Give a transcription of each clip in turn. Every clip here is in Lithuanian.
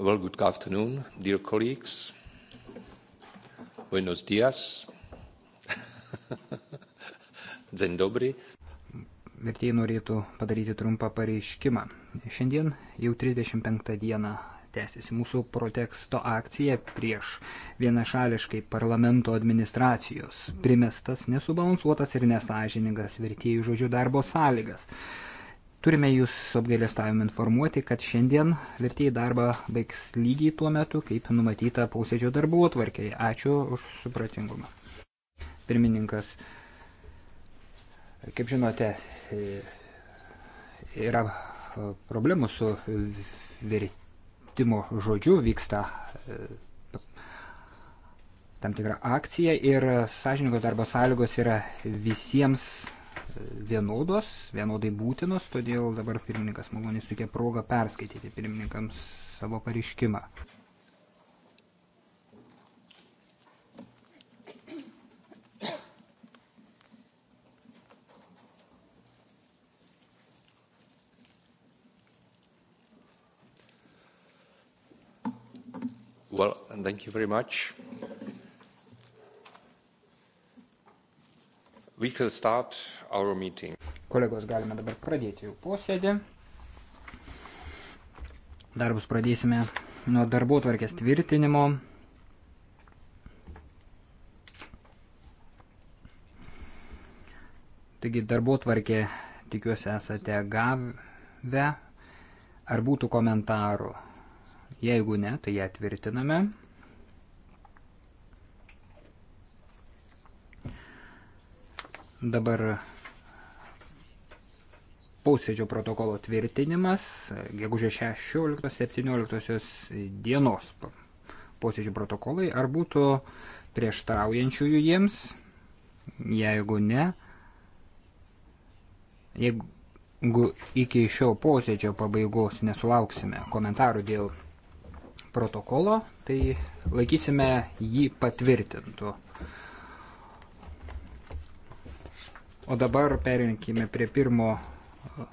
Well, good afternoon, dear colleagues. Buenos dias. Dzień dobry. Vertėjai norėtų padaryti trumpą pareiškimą. Šiandien jau 35 dieną tęsiasi mūsų proteksto akcija prieš vienašališkai parlamento administracijos primestas, nesubalansuotas ir nesažiningas vertėjų žodžių darbo sąlygas. Turime jūs apgailestavim informuoti, kad šiandien vertėjai darbą baigs lygiai tuo metu, kaip numatyta posėdžio darbų atvarkėje. Ačiū už supratingumą. Pirmininkas, kaip žinote, yra problemų su vertimo žodžiu, vyksta e, tam tikra akcija ir sąžininkos darbo sąlygos yra visiems vienodos, vienodai būtinos, todėl dabar pirmininkas Malonės tokia proga perskaityti pirmininkams savo pareiškimą. Well, thank you very much. Kolegos, galime dabar pradėti jau posėdį. Darbus pradėsime nuo darbų tvarkės tvirtinimo. Taigi darbų tvarkė, tikiuosi, esate gavę. Ar būtų komentarų? Jeigu ne, tai ją tvirtiname. Dabar posėdžio protokolo tvirtinimas, gegužė 16-17 dienos posėdžio protokolai, ar būtų prieštraujančiųjų jiems, jeigu ne, jeigu iki šio posėdžio pabaigos nesulauksime komentarų dėl protokolo, tai laikysime jį patvirtintų. O dabar perinkime prie pirmo e,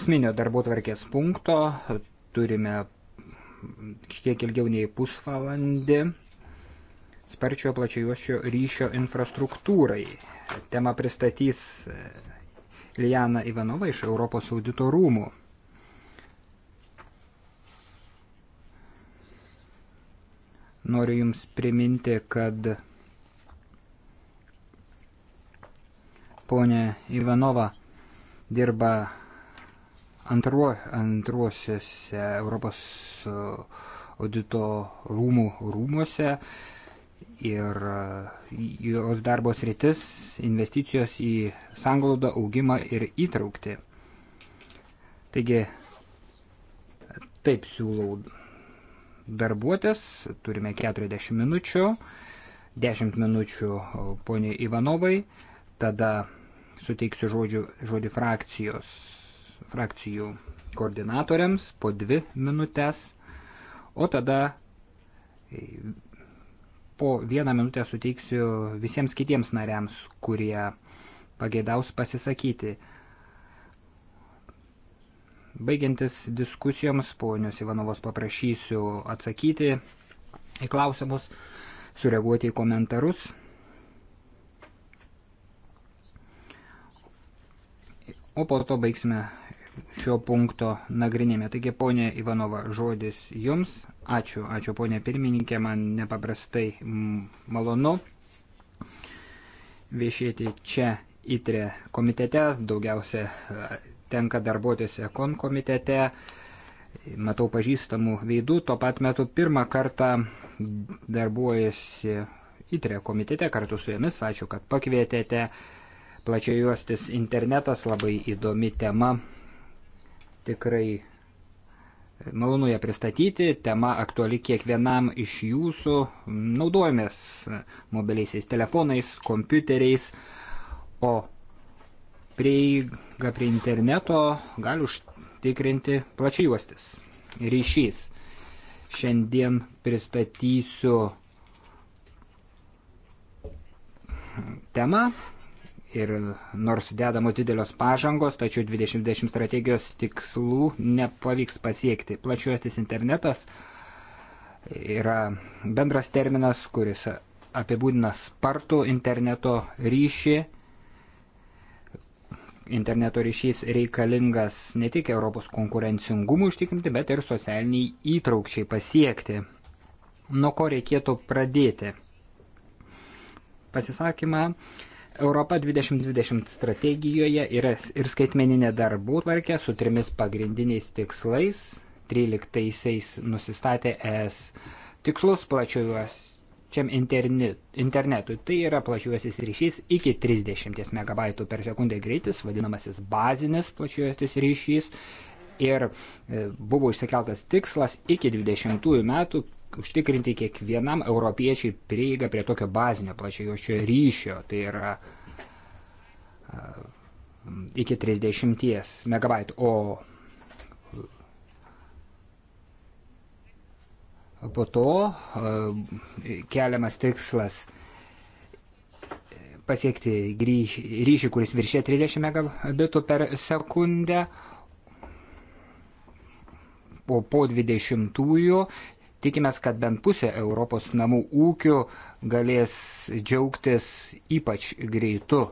esminio darbo tvarkės punkto. Turime kiek ilgiau nei pusvalandį sparčiojo plačiojuosčio ryšio infrastruktūrai. Tema pristatys e, Lijana Ivanova iš Europos audito rūmų. Noriu Jums priminti, kad ponė Ivanova dirba antruo, antruosiuose Europos audito rūmų rūmuose ir jos darbos rytis investicijos į sanglaudą, augimą ir įtraukti. Taigi, taip siūlau darbuotis, turime 40 minučių, 10 minučių poniai Ivanovai, tada suteiksiu žodžių, žodį frakcijos, frakcijų koordinatoriams po 2 minutės, o tada e, po 1 minutę suteiksiu visiems kitiems nariams, kurie pageidaus pasisakyti. Baigiantis diskusijoms, ponios Ivanovos paprašysiu atsakyti į klausimus, sureaguoti į komentarus. O po to baigsime šio punkto nagrinėme. Taigi, ponė Ivanova, žodis jums. Ačiū, ačiū ponė pirmininkė, man nepaprastai malonu viešėti čia įtrė komitete, daugiausia tenka darbuotis Ekon komitete, matau pažįstamų veidų, tuo pat metu pirmą kartą darbuojasi ITRE komitete kartu su jumis, ačiū, kad pakvietėte. Plačiai juostis internetas labai įdomi tema, tikrai malonu ją pristatyti, tema aktuali kiekvienam iš jūsų, naudojamės mobiliaisiais telefonais, kompiuteriais, o prieiga prie interneto gali užtikrinti plačiuostis ryšys. Šiandien pristatysiu temą ir nors dedamos didelios pažangos, tačiau 2020 strategijos tikslų nepavyks pasiekti. Plačiuostis internetas yra bendras terminas, kuris apibūdina spartų interneto ryšį interneto ryšys reikalingas ne tik Europos konkurencingumui užtikrinti, bet ir socialiniai įtraukčiai pasiekti. Nuo ko reikėtų pradėti? Pasisakymą Europa 2020 strategijoje yra ir skaitmeninė darbų tvarkė su trimis pagrindiniais tikslais. 13-aisiais nusistatė ES tikslus plačiojos pačiam internetui. Tai yra plačiuosis ryšys iki 30 MB per sekundę greitis, vadinamasis bazinis plačiuosis ryšys. Ir e, buvo išsikeltas tikslas iki 20 metų užtikrinti kiekvienam europiečiai prieigą prie tokio bazinio plačiuošio ryšio. Tai yra e, iki 30 MB. O po to e, keliamas tikslas e, pasiekti ryšį, kuris viršė 30 megabitų per sekundę, o po 20-ųjų tikimės, kad bent pusė Europos namų ūkių galės džiaugtis ypač greitu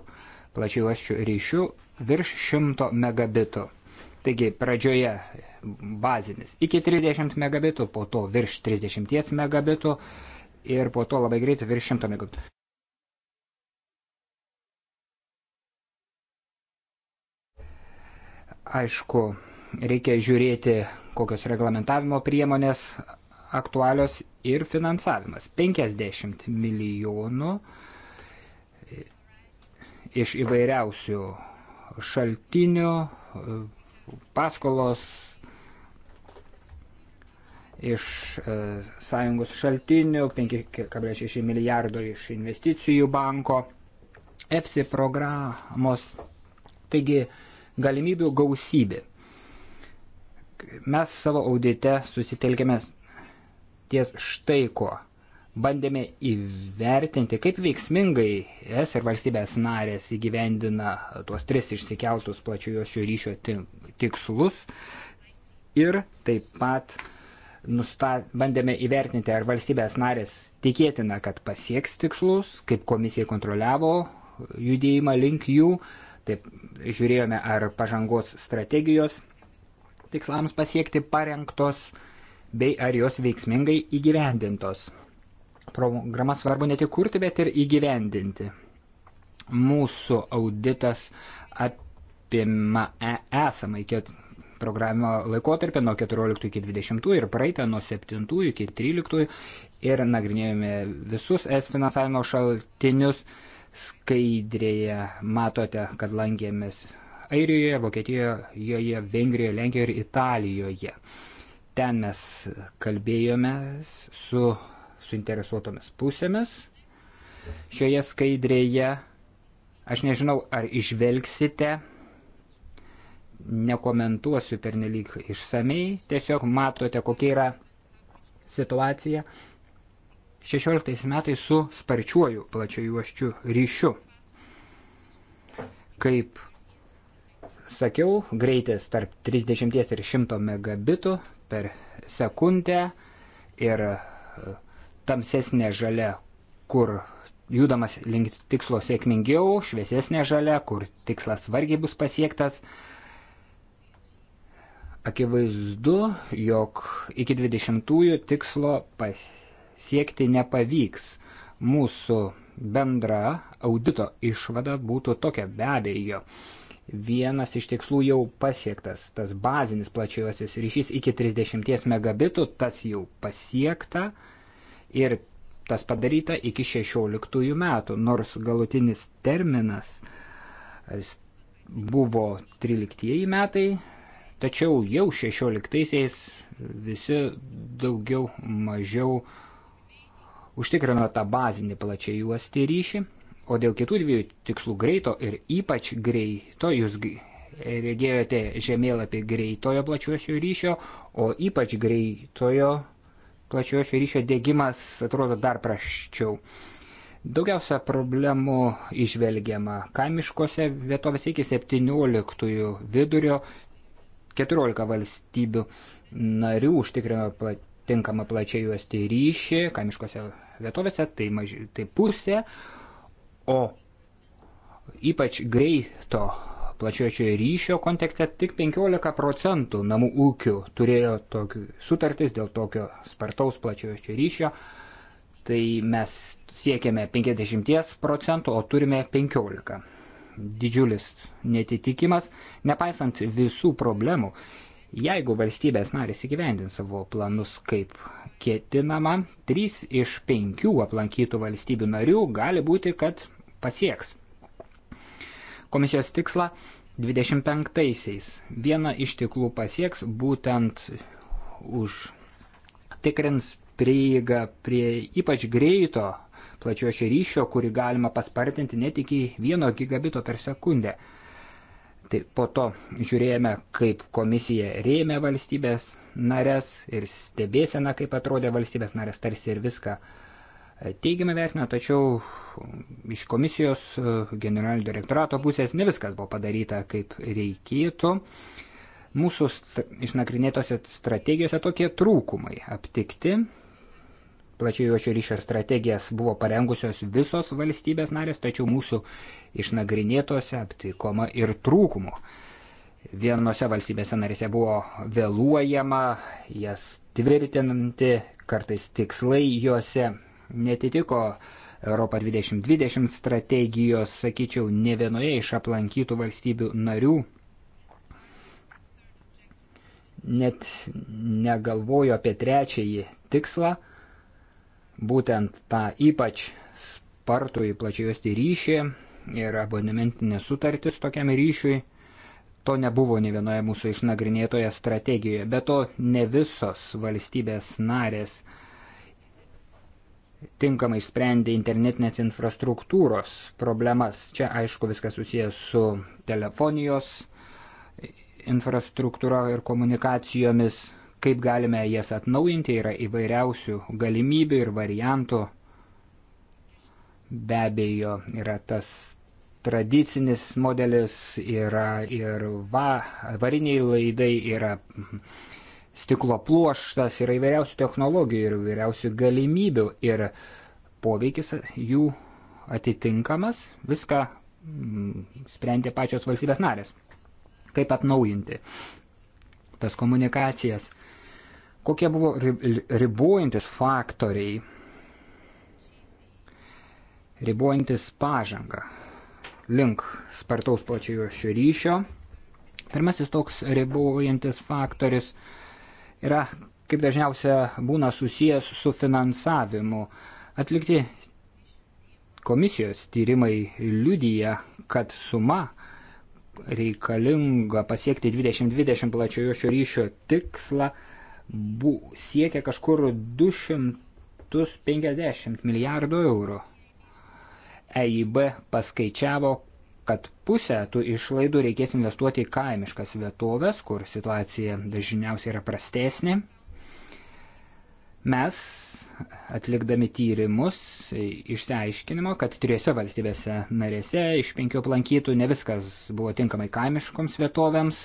plačiuoščiu ryšiu virš 100 megabitų. Taigi pradžioje bazinis iki 30 megabitų, po to virš 30 megabitų ir po to labai greitai virš 100 megabitų. Aišku, reikia žiūrėti, kokios reglamentavimo priemonės aktualios ir finansavimas. 50 milijonų iš įvairiausių šaltinių paskolos iš e, sąjungos šaltinių, 5,6 milijardo iš investicijų banko, EFSI programos, taigi galimybių gausybė. Mes savo audite susitelkėme ties štai ko bandėme įvertinti, kaip veiksmingai es ir valstybės narės įgyvendina tuos tris išsikeltus plačiojosio ryšio tikslus ir taip pat nustat, bandėme įvertinti, ar valstybės narės tikėtina, kad pasieks tikslus, kaip komisija kontroliavo judėjimą link jų, taip žiūrėjome, ar pažangos strategijos tikslams pasiekti parengtos, bei ar jos veiksmingai įgyvendintos. Programas svarbu ne tik kurti, bet ir įgyvendinti. Mūsų auditas apima e, esamą iki programą laikotarpį nuo 14 iki 20 ir praeitą nuo 7 iki 13 ir nagrinėjome visus es finansavimo šaltinius. Skaidrėje matote, kad lankėmės Airijoje, Vokietijoje, Vengrijoje, Lenkijoje ir Italijoje. Ten mes kalbėjome su suinteresuotomis pusėmis. Šioje skaidrėje aš nežinau, ar išvelgsite, nekomentuosiu pernelyg išsamei, tiesiog matote, kokia yra situacija 16 metais su sparčiuoju plačiojuoščiu ryšiu. Kaip sakiau, greitis tarp 30 ir 100 megabitų per sekundę ir tamsesnė žalia, kur judamas link tikslo sėkmingiau, šviesesnė žalia, kur tikslas vargiai bus pasiektas. Akivaizdu, jog iki 20-ųjų tikslo pasiekti nepavyks. Mūsų bendra audito išvada būtų tokia be abejo. Vienas iš tikslų jau pasiektas, tas bazinis plačiuosis ryšys iki 30 megabitų, tas jau pasiektas ir tas padaryta iki 16 metų, nors galutinis terminas e, buvo 13 metai, tačiau jau 16-aisiais visi daugiau mažiau užtikrino tą bazinį plačiai juostį ryšį, o dėl kitų dviejų tikslų greito ir ypač greito jūs regėjote žemėlapį greitojo plačiuosio ryšio, o ypač greitojo plačiojo šio ryšio dėgymas atrodo dar praščiau. Daugiausia problemų išvelgiama kaimiškose vietovėse iki 17 vidurio 14 valstybių narių užtikrino pla, tinkamą plačiai juosti ryšį kaimiškose vietovėse, tai, maž, tai pusė, o ypač greito plačiočioje ryšio kontekste tik 15 procentų namų ūkių turėjo tokių sutartis dėl tokio spartaus plačiočiojo ryšio. Tai mes siekiame 50 procentų, o turime 15. Didžiulis netitikimas, nepaisant visų problemų. Jeigu valstybės narės įgyvendins savo planus kaip ketinama, 3 iš 5 aplankytų valstybių narių gali būti, kad pasieks komisijos tikslą 25-aisiais. Vieną iš tiklų pasieks būtent už tikrins prieigą prie ypač greito plačiošio ryšio, kurį galima paspartinti net iki 1 gigabito per sekundę. Tai po to žiūrėjome, kaip komisija rėmė valstybės narės ir stebėsena, kaip atrodė valstybės narės, tarsi ir viską uh, teigiamai vertina, tačiau iš komisijos e, generalinio direktorato pusės ne viskas buvo padaryta kaip reikėtų. Mūsų išnagrinėtose strategijose tokie trūkumai aptikti. Plačiai juočio ryšio strategijas buvo parengusios visos valstybės narės, tačiau mūsų išnagrinėtose aptikoma ir trūkumų. Vienose valstybėse narėse buvo vėluojama, jas tvirtinanti, kartais tikslai juose netitiko Europa 2020 strategijos, sakyčiau, ne vienoje iš aplankytų valstybių narių net negalvojo apie trečiąjį tikslą, būtent tą ypač spartų į plačiajuostį ryšį ir abonementinės sutartis tokiam ryšiui. To nebuvo ne vienoje mūsų išnagrinėtoje strategijoje, bet to ne visos valstybės narės tinkamai sprendė internetinės infrastruktūros problemas. Čia aišku viskas susijęs su telefonijos infrastruktūra ir komunikacijomis, kaip galime jas atnaujinti, yra įvairiausių galimybių ir variantų. Be abejo, yra tas tradicinis modelis, yra ir va, variniai laidai, yra stiklo pluoštas, yra įvairiausių technologijų ir įvairiausių galimybių ir poveikis jų atitinkamas, viską mm, sprendė pačios valstybės narės. Kaip atnaujinti tas komunikacijas? Kokie buvo ribojantis faktoriai, ribojantis pažangą link spartaus plačiojo šio ryšio? Pirmasis toks ribojantis faktorius – yra, kaip dažniausia, būna susijęs su finansavimu. Atlikti komisijos tyrimai liudyja, kad suma reikalinga pasiekti 2020 plačiojo šio ryšio tikslą bu, siekia kažkur 250 milijardų eurų. EIB paskaičiavo, kad pusę tų išlaidų reikės investuoti į kaimiškas vietovės, kur situacija dažniausiai yra prastesnė. Mes atlikdami tyrimus išsiaiškinimo, kad trijose valstybėse narėse iš penkių aplankytų ne viskas buvo tinkamai kaimiškoms vietovėms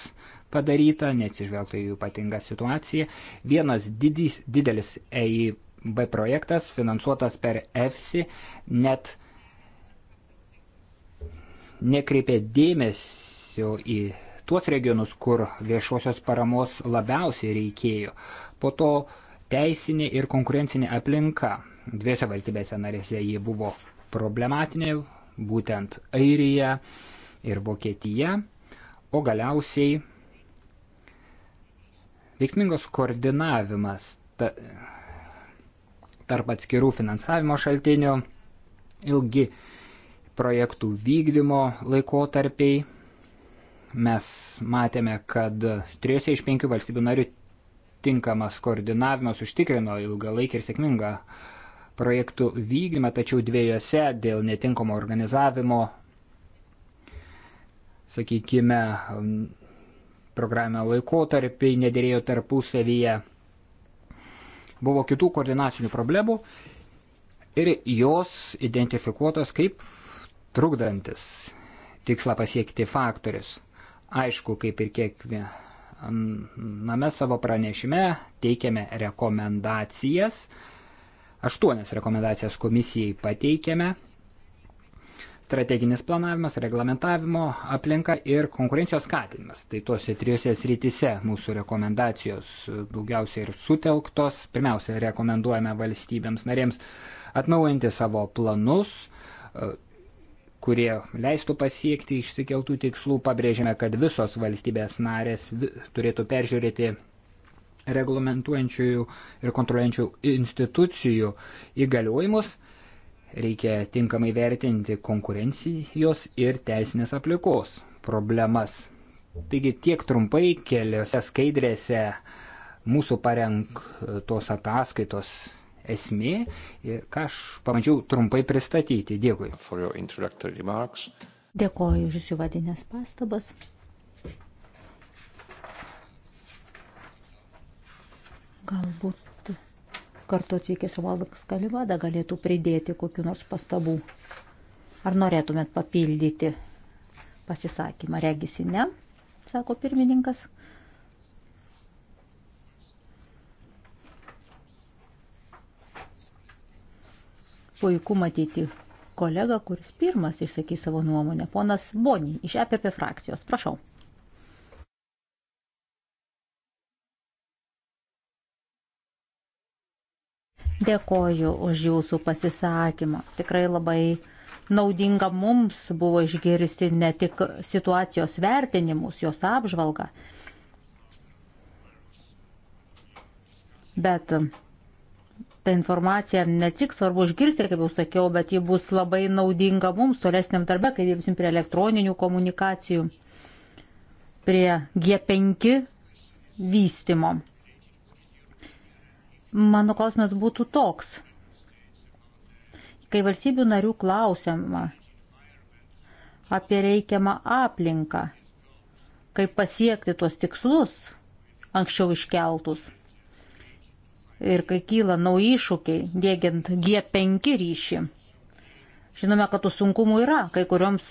padaryta, neatsižvelgta į jų ypatingą situaciją. Vienas didys, didelis EIB projektas finansuotas per EFSI net nekreipia dėmesio į tuos regionus, kur viešosios paramos labiausiai reikėjo. Po to teisinė ir konkurencinė aplinka. Dviese valstybėse narėse ji buvo problematinė, būtent Airija ir Vokietija, o galiausiai veiksmingos koordinavimas ta, tarp atskirų finansavimo šaltinių, ilgi projektų vykdymo laikotarpiai. Mes matėme, kad trijose iš penkių valstybių narių tinkamas koordinavimas užtikrino ilgalaikį ir sėkmingą projektų vykdymą, tačiau dviejose dėl netinkamo organizavimo, sakykime, programinio laikotarpiai nedėrėjo tarpusavyje, buvo kitų koordinacinių problemų ir jos identifikuotos kaip trukdantis tikslą pasiekti faktorius. Aišku, kaip ir kiekviename savo pranešime teikiame rekomendacijas, aštuonias rekomendacijas komisijai pateikėme. Strateginis planavimas, reglamentavimo aplinka ir konkurencijos skatinimas. Tai tuose trijose srityse mūsų rekomendacijos daugiausiai ir sutelktos. Pirmiausia, rekomenduojame valstybėms narėms atnaujinti savo planus, kurie leistų pasiekti išsikeltų tikslų. Pabrėžėme, kad visos valstybės narės turėtų peržiūrėti reglamentuojančiųjų ir kontroliuojančių institucijų įgaliojimus. Reikia tinkamai vertinti konkurencijos ir teisinės aplikos problemas. Taigi tiek trumpai keliose skaidrėse mūsų parengtos ataskaitos esmė, ką aš pamandžiau trumpai pristatyti. Dėkui. Dėkoju už jūsų vadinės pastabas. Galbūt kartu atvykęs valdas Kalivada galėtų pridėti kokiu nors pastabų. Ar norėtumėt papildyti pasisakymą? Regisi ne, sako pirmininkas. puiku matyti kolegą, kuris pirmas išsakys savo nuomonę. Ponas Boni iš EPP frakcijos. Prašau. Dėkoju už jūsų pasisakymą. Tikrai labai naudinga mums buvo išgirsti ne tik situacijos vertinimus, jos apžvalgą, bet tą informaciją ne tik svarbu išgirsti, kaip jau sakiau, bet ji bus labai naudinga mums tolesniam darbe, kai dirbsim prie elektroninių komunikacijų, prie G5 vystimo. Mano klausimas būtų toks. Kai valstybių narių klausiama apie reikiamą aplinką, kaip pasiekti tuos tikslus anksčiau iškeltus, ir kai kyla nauji iššūkiai, dėgiant G5 ryšį. Žinome, kad tų sunkumų yra, kai kurioms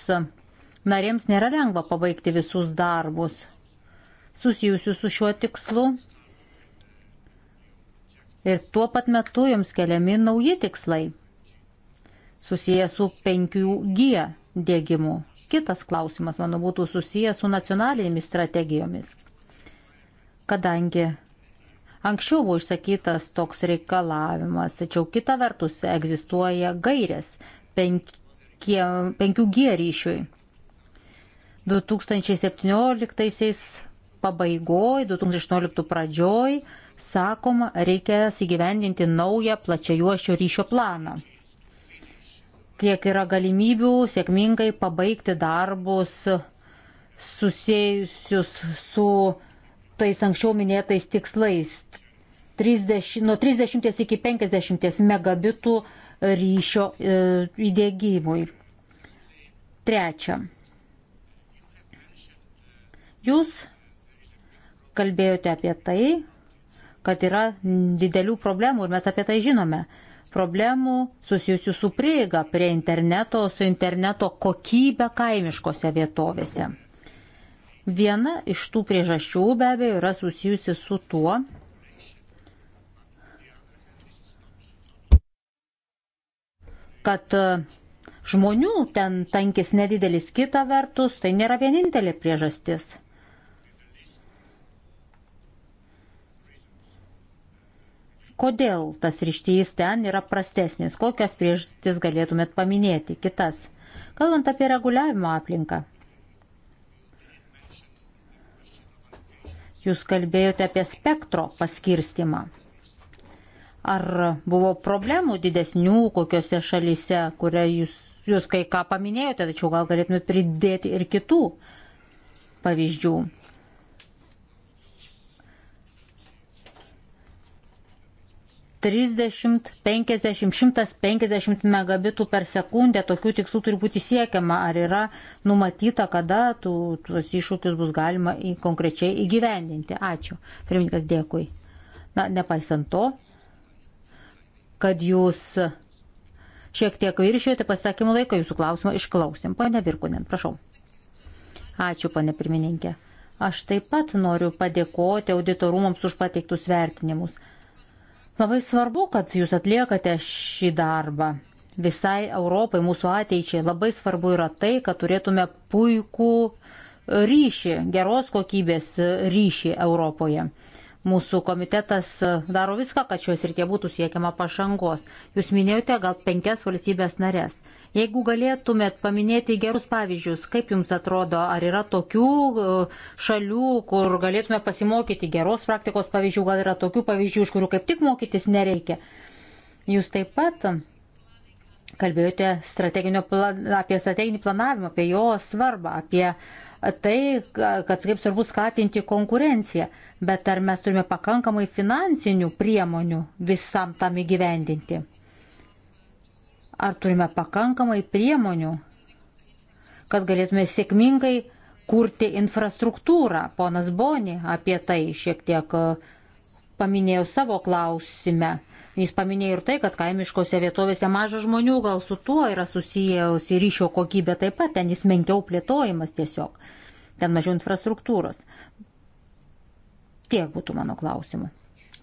narėms nėra lengva pabaigti visus darbus susijusius su šiuo tikslu. Ir tuo pat metu jums keliami nauji tikslai susijęs su 5G dėgymu. Kitas klausimas, manau, būtų susijęs su nacionalinėmis strategijomis. Kadangi Anksčiau buvo išsakytas toks reikalavimas, tačiau kita vertus egzistuoja gairės 5G ryšiui. 2017 pabaigoj, 2018 pradžioj sakoma, reikės įgyvendinti naują plačiajuošio ryšio planą. Kiek yra galimybių sėkmingai pabaigti darbus susijusius su tais anksčiau minėtais tikslais 30, nuo 30 iki 50 megabitų ryšio e, įdėgymui. Trečia. Jūs kalbėjote apie tai, kad yra didelių problemų ir mes apie tai žinome. Problemų susijusių su prieiga prie interneto, su interneto kokybe kaimiškose vietovėse. Viena iš tų priežasčių be abejo yra susijusi su tuo, kad e, žmonių ten tankis nedidelis kita vertus, tai nėra vienintelė priežastis. Kodėl tas ryštys ten yra prastesnis? Kokias priežastis galėtumėt paminėti? Kitas. Kalbant apie reguliavimo aplinką. Jūs kalbėjote apie spektro paskirstimą. Ar buvo problemų didesnių kokiuose šalyse, kuria jūs, jūs kai ką paminėjote, tačiau gal galėtumėte pridėti ir kitų pavyzdžių. 30, 50, 150 megabitų per sekundę tokių tikslų turi būti siekiama. Ar yra numatyta, kada tų, tuos iššūkius bus galima į, konkrečiai įgyvendinti? Ačiū. Pirmininkas, dėkui. Na, nepaisant to, kad jūs šiek tiek viršijote pasakymų laiką, jūsų klausimą išklausim. Pane Virkunen, prašau. Ačiū, pane pirmininkė. Aš taip pat noriu padėkoti auditorumams už pateiktus vertinimus. Labai svarbu, kad jūs atliekate šį darbą. Visai Europai, mūsų ateičiai labai svarbu yra tai, kad turėtume puikų ryšį, geros kokybės ryšį Europoje. Mūsų komitetas e, daro viską, kad šios ir tie būtų siekiama pažangos. Jūs minėjote gal penkias valstybės narės. Jeigu galėtumėt paminėti gerus pavyzdžius, kaip jums atrodo, ar yra tokių e, šalių, kur galėtume pasimokyti geros praktikos pavyzdžių, gal yra tokių pavyzdžių, iš kurių kaip tik mokytis nereikia. Jūs taip pat kalbėjote strateginio, plan, apie strateginį planavimą, apie jo svarbą, apie uh, tai, kad kaip svarbu skatinti konkurenciją, bet ar mes turime pakankamai finansinių priemonių visam tam įgyvendinti? Ar turime pakankamai priemonių, kad galėtume sėkmingai kurti infrastruktūrą? Ponas Boni apie tai šiek tiek e, paminėjau savo klausime. Jis paminėjo ir tai, kad kaimiškose vietovėse maža žmonių, gal su tuo yra susijusi ryšio kokybė taip pat, ten jis menkiau plėtojimas tiesiog, ten mažiau infrastruktūros. Tiek būtų mano klausimų.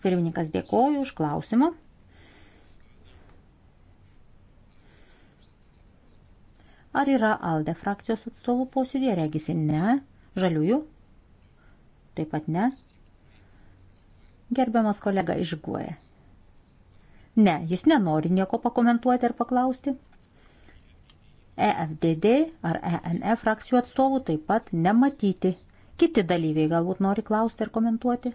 Pirmininkas dėkoju už klausimą. Ar yra Alde frakcijos atstovų posėdėje? Regisi ne. Žaliųjų? Taip pat ne. Gerbiamas kolega išguoja. Ne, jis nenori nieko pakomentuoti ar paklausti. EFDD ar ENF frakcijų atstovų taip pat nematyti. Kiti dalyviai galbūt nori klausti ar komentuoti.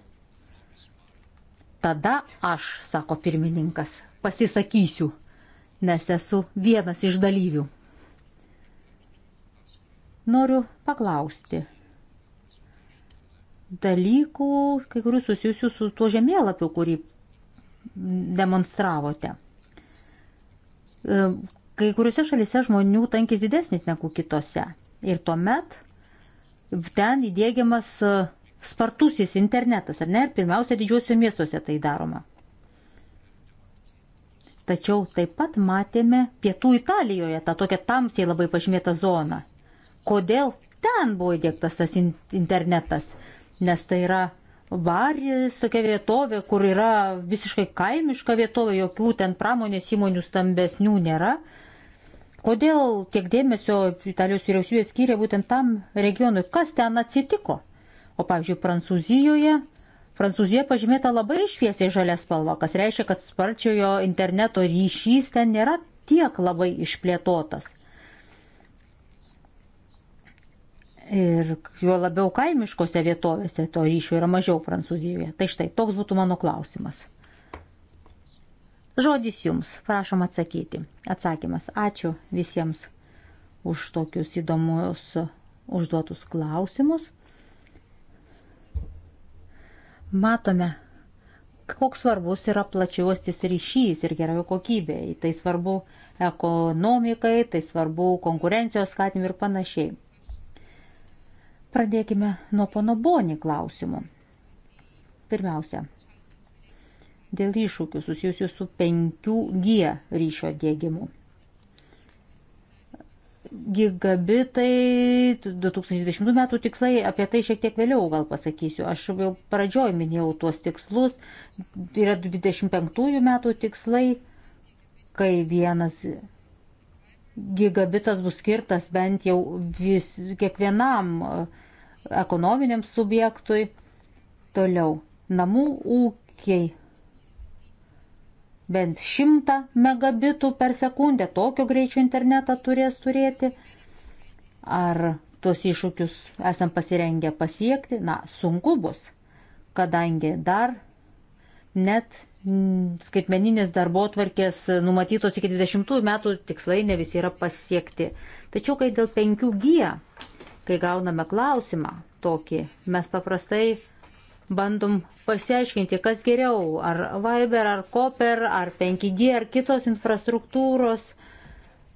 Tada aš, sako pirmininkas, pasisakysiu, nes esu vienas iš dalyvių. Noriu paklausti dalykų, kai kurių susijusių su tuo žemėlapiu, kurį demonstravote. E, kai kuriuose šalise žmonių tankis didesnis negu kitose. Ir tuomet ten įdėgiamas e, spartusis internetas, ar ne? Ir pirmiausia, didžiuosiuose miestuose tai daroma. Tačiau taip pat matėme pietų Italijoje tą tokią tamsiai labai pažymėtą zoną. Kodėl ten buvo įdėktas tas internetas? Nes tai yra Varis tokia vietovė, kur yra visiškai kaimiška vietovė, jokių ten pramonės įmonių stambesnių nėra. Kodėl tiek dėmesio Italijos vyriausybė skyrė būtent tam regionui? Kas ten atsitiko? O pavyzdžiui, Prancūzijoje. Prancūzija pažymėta labai šviesiai žalia spalva, kas reiškia, kad sparčiojo interneto ryšys ten nėra tiek labai išplėtotas. Ir juo labiau kaimiškose vietovėse to ryšio yra mažiau Prancūzijoje. Tai štai, toks būtų mano klausimas. Žodis jums, prašom atsakyti. Atsakymas. Ačiū visiems už tokius įdomus užduotus klausimus. Matome, koks svarbus yra plačiuostis ryšys ir gera jo kokybė. Tai svarbu ekonomikai, tai svarbu konkurencijos skatimui ir panašiai. Pradėkime nuo pono Boni klausimų. Pirmiausia, dėl iššūkių susijusių su 5G ryšio dėgymu. Gigabitai 2020 metų tikslai, apie tai šiek tiek vėliau gal pasakysiu. Aš jau pradžioj minėjau tuos tikslus. Yra 25 metų tikslai, kai vienas gigabitas bus skirtas bent jau vis, kiekvienam e, ekonominiam subjektui. Toliau namų ūkiai bent 100 megabitų per sekundę tokio greičio internetą turės turėti. Ar tuos iššūkius esam pasirengę pasiekti? Na, sunku bus, kadangi dar net Mm, skaitmeninės darbo tvarkės numatytos iki 20 metų tikslai ne visi yra pasiekti. Tačiau, kai dėl 5G, kai gauname klausimą tokį, mes paprastai bandom pasiaiškinti, kas geriau, ar Viber, ar Copper, ar 5G, ar kitos infrastruktūros.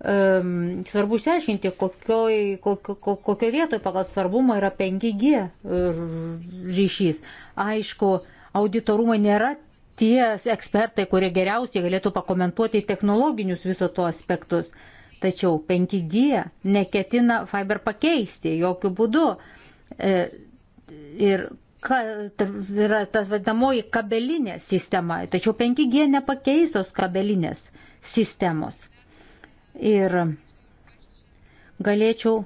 Um, svarbu išsiaiškinti, kokioj, kokio, kokio vietoje pagal svarbumą yra 5G e, ryšys. Aišku, auditorumai nėra tie ekspertai, kurie geriausiai galėtų pakomentuoti technologinius viso to aspektus. Tačiau 5G neketina Fiber pakeisti jokių būdų. E, ir ka, yra tas vadinamoji kabelinė sistema. Tačiau 5G nepakeisos kabelinės sistemos. Ir galėčiau e,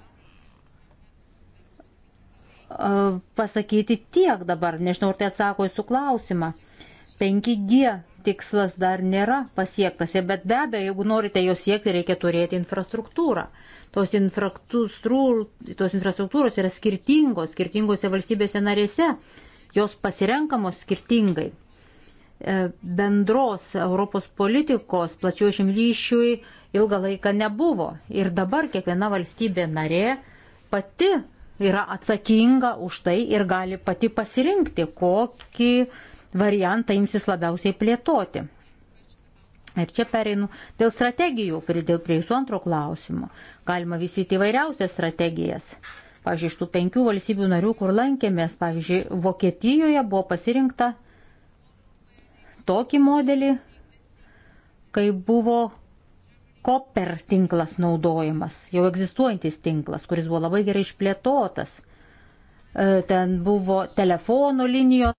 pasakyti tiek dabar, nežinau, ar tai atsako į su klausimą. 5G tikslas dar nėra pasiektas, bet be abejo, jeigu norite jo siekti, reikia turėti infrastruktūrą. Tos, tos infrastruktūros yra skirtingos, skirtingose valstybėse narėse, jos pasirenkamos skirtingai. E, bendros Europos politikos plačių šimlyšiui ilgą laiką nebuvo ir dabar kiekviena valstybė narė pati yra atsakinga už tai ir gali pati pasirinkti, kokį variantą imsis labiausiai plėtoti. Ir čia pereinu dėl strategijų, dėl prie jūsų antro klausimo. Galima visyti įvairiausias strategijas. Pavyzdžiui, iš tų penkių valstybių narių, kur lankėmės, pavyzdžiui, Vokietijoje buvo pasirinkta tokį modelį, kai buvo koper tinklas naudojamas, jau egzistuojantis tinklas, kuris buvo labai gerai išplėtotas. E, ten buvo telefono linijos.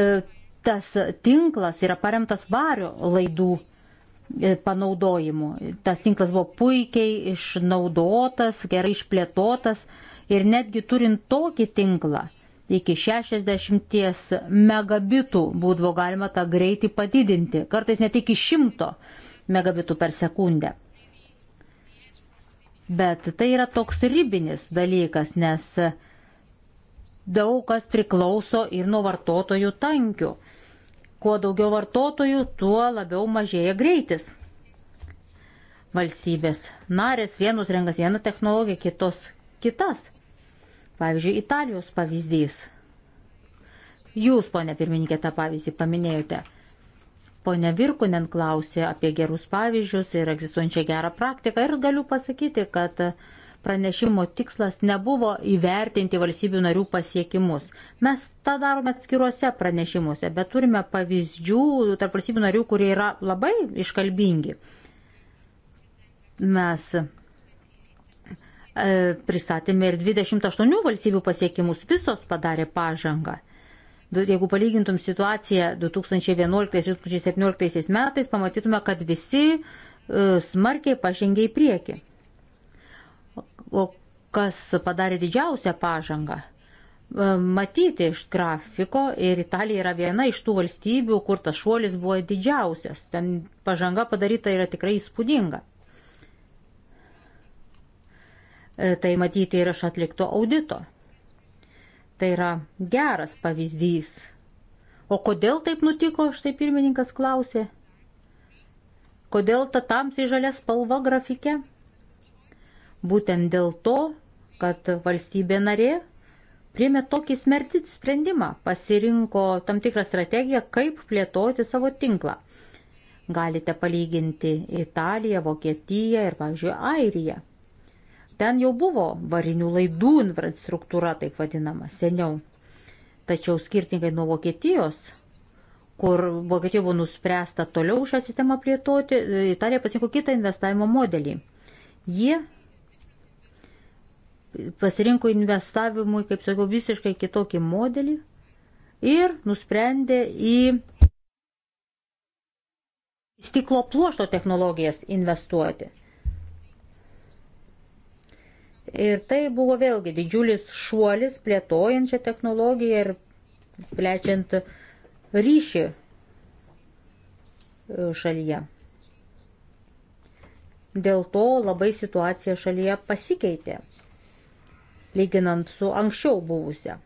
E, tas tinklas yra paremtas vario laidų e, panaudojimu. Tas tinklas buvo puikiai išnaudotas, gerai išplėtotas ir netgi turint tokį tinklą iki 60 megabitų būdavo galima tą greitį padidinti, kartais net iki 100 megabitų per sekundę. Bet tai yra toks ribinis dalykas, nes daug kas priklauso ir nuo vartotojų tankių. Kuo daugiau vartotojų, tuo labiau mažėja greitis. Valstybės narės vienus renkas vieną technologiją, kitos kitas. Pavyzdžiui, Italijos pavyzdys. Jūs, ponė pirmininkė, tą pavyzdį paminėjote. Pone Virkunen klausė apie gerus pavyzdžius ir egzistuojančią gerą praktiką ir galiu pasakyti, kad uh, pranešimo tikslas nebuvo įvertinti valstybių narių pasiekimus. Mes tą darome atskiruose pranešimuose, bet turime pavyzdžių tarp valstybių narių, kurie yra labai iškalbingi. Mes e, pristatėme ir 28 valstybių pasiekimus, visos padarė pažangą. Jeigu palygintum situaciją 2011-2017 metais, pamatytume, kad visi e, smarkiai pažengė į priekį. O kas padarė didžiausią pažangą? E, matyti iš grafiko ir Italija yra viena iš tų valstybių, kur tas šuolis buvo didžiausias. Ten pažanga padaryta yra tikrai įspūdinga. E, tai matyti ir iš atlikto audito. Tai yra geras pavyzdys. O kodėl taip nutiko, štai pirmininkas klausė. Kodėl ta tamsiai žalia spalva grafike? būtent dėl to, kad valstybė narė priemė tokį smertit sprendimą, pasirinko tam tikrą strategiją, kaip plėtoti savo tinklą. Galite palyginti Italiją, Vokietiją ir, pavyzdžiui, Airiją. Ten jau buvo varinių laidų infrastruktūra, taip vadinama, seniau. Tačiau skirtingai nuo Vokietijos, kur Vokietijoje buvo nuspręsta toliau šią sistemą plėtoti, Italija pasirinko kitą investavimo modelį. Jie pasirinko investavimui, kaip sakiau, visiškai kitokį modelį ir nusprendė į stiklo pluošto technologijas investuoti. Ir tai buvo vėlgi didžiulis šuolis plėtojant šią technologiją ir plečiant ryšį e, šalyje. Dėl to labai situacija šalyje pasikeitė lyginant su anksčiau buvusią.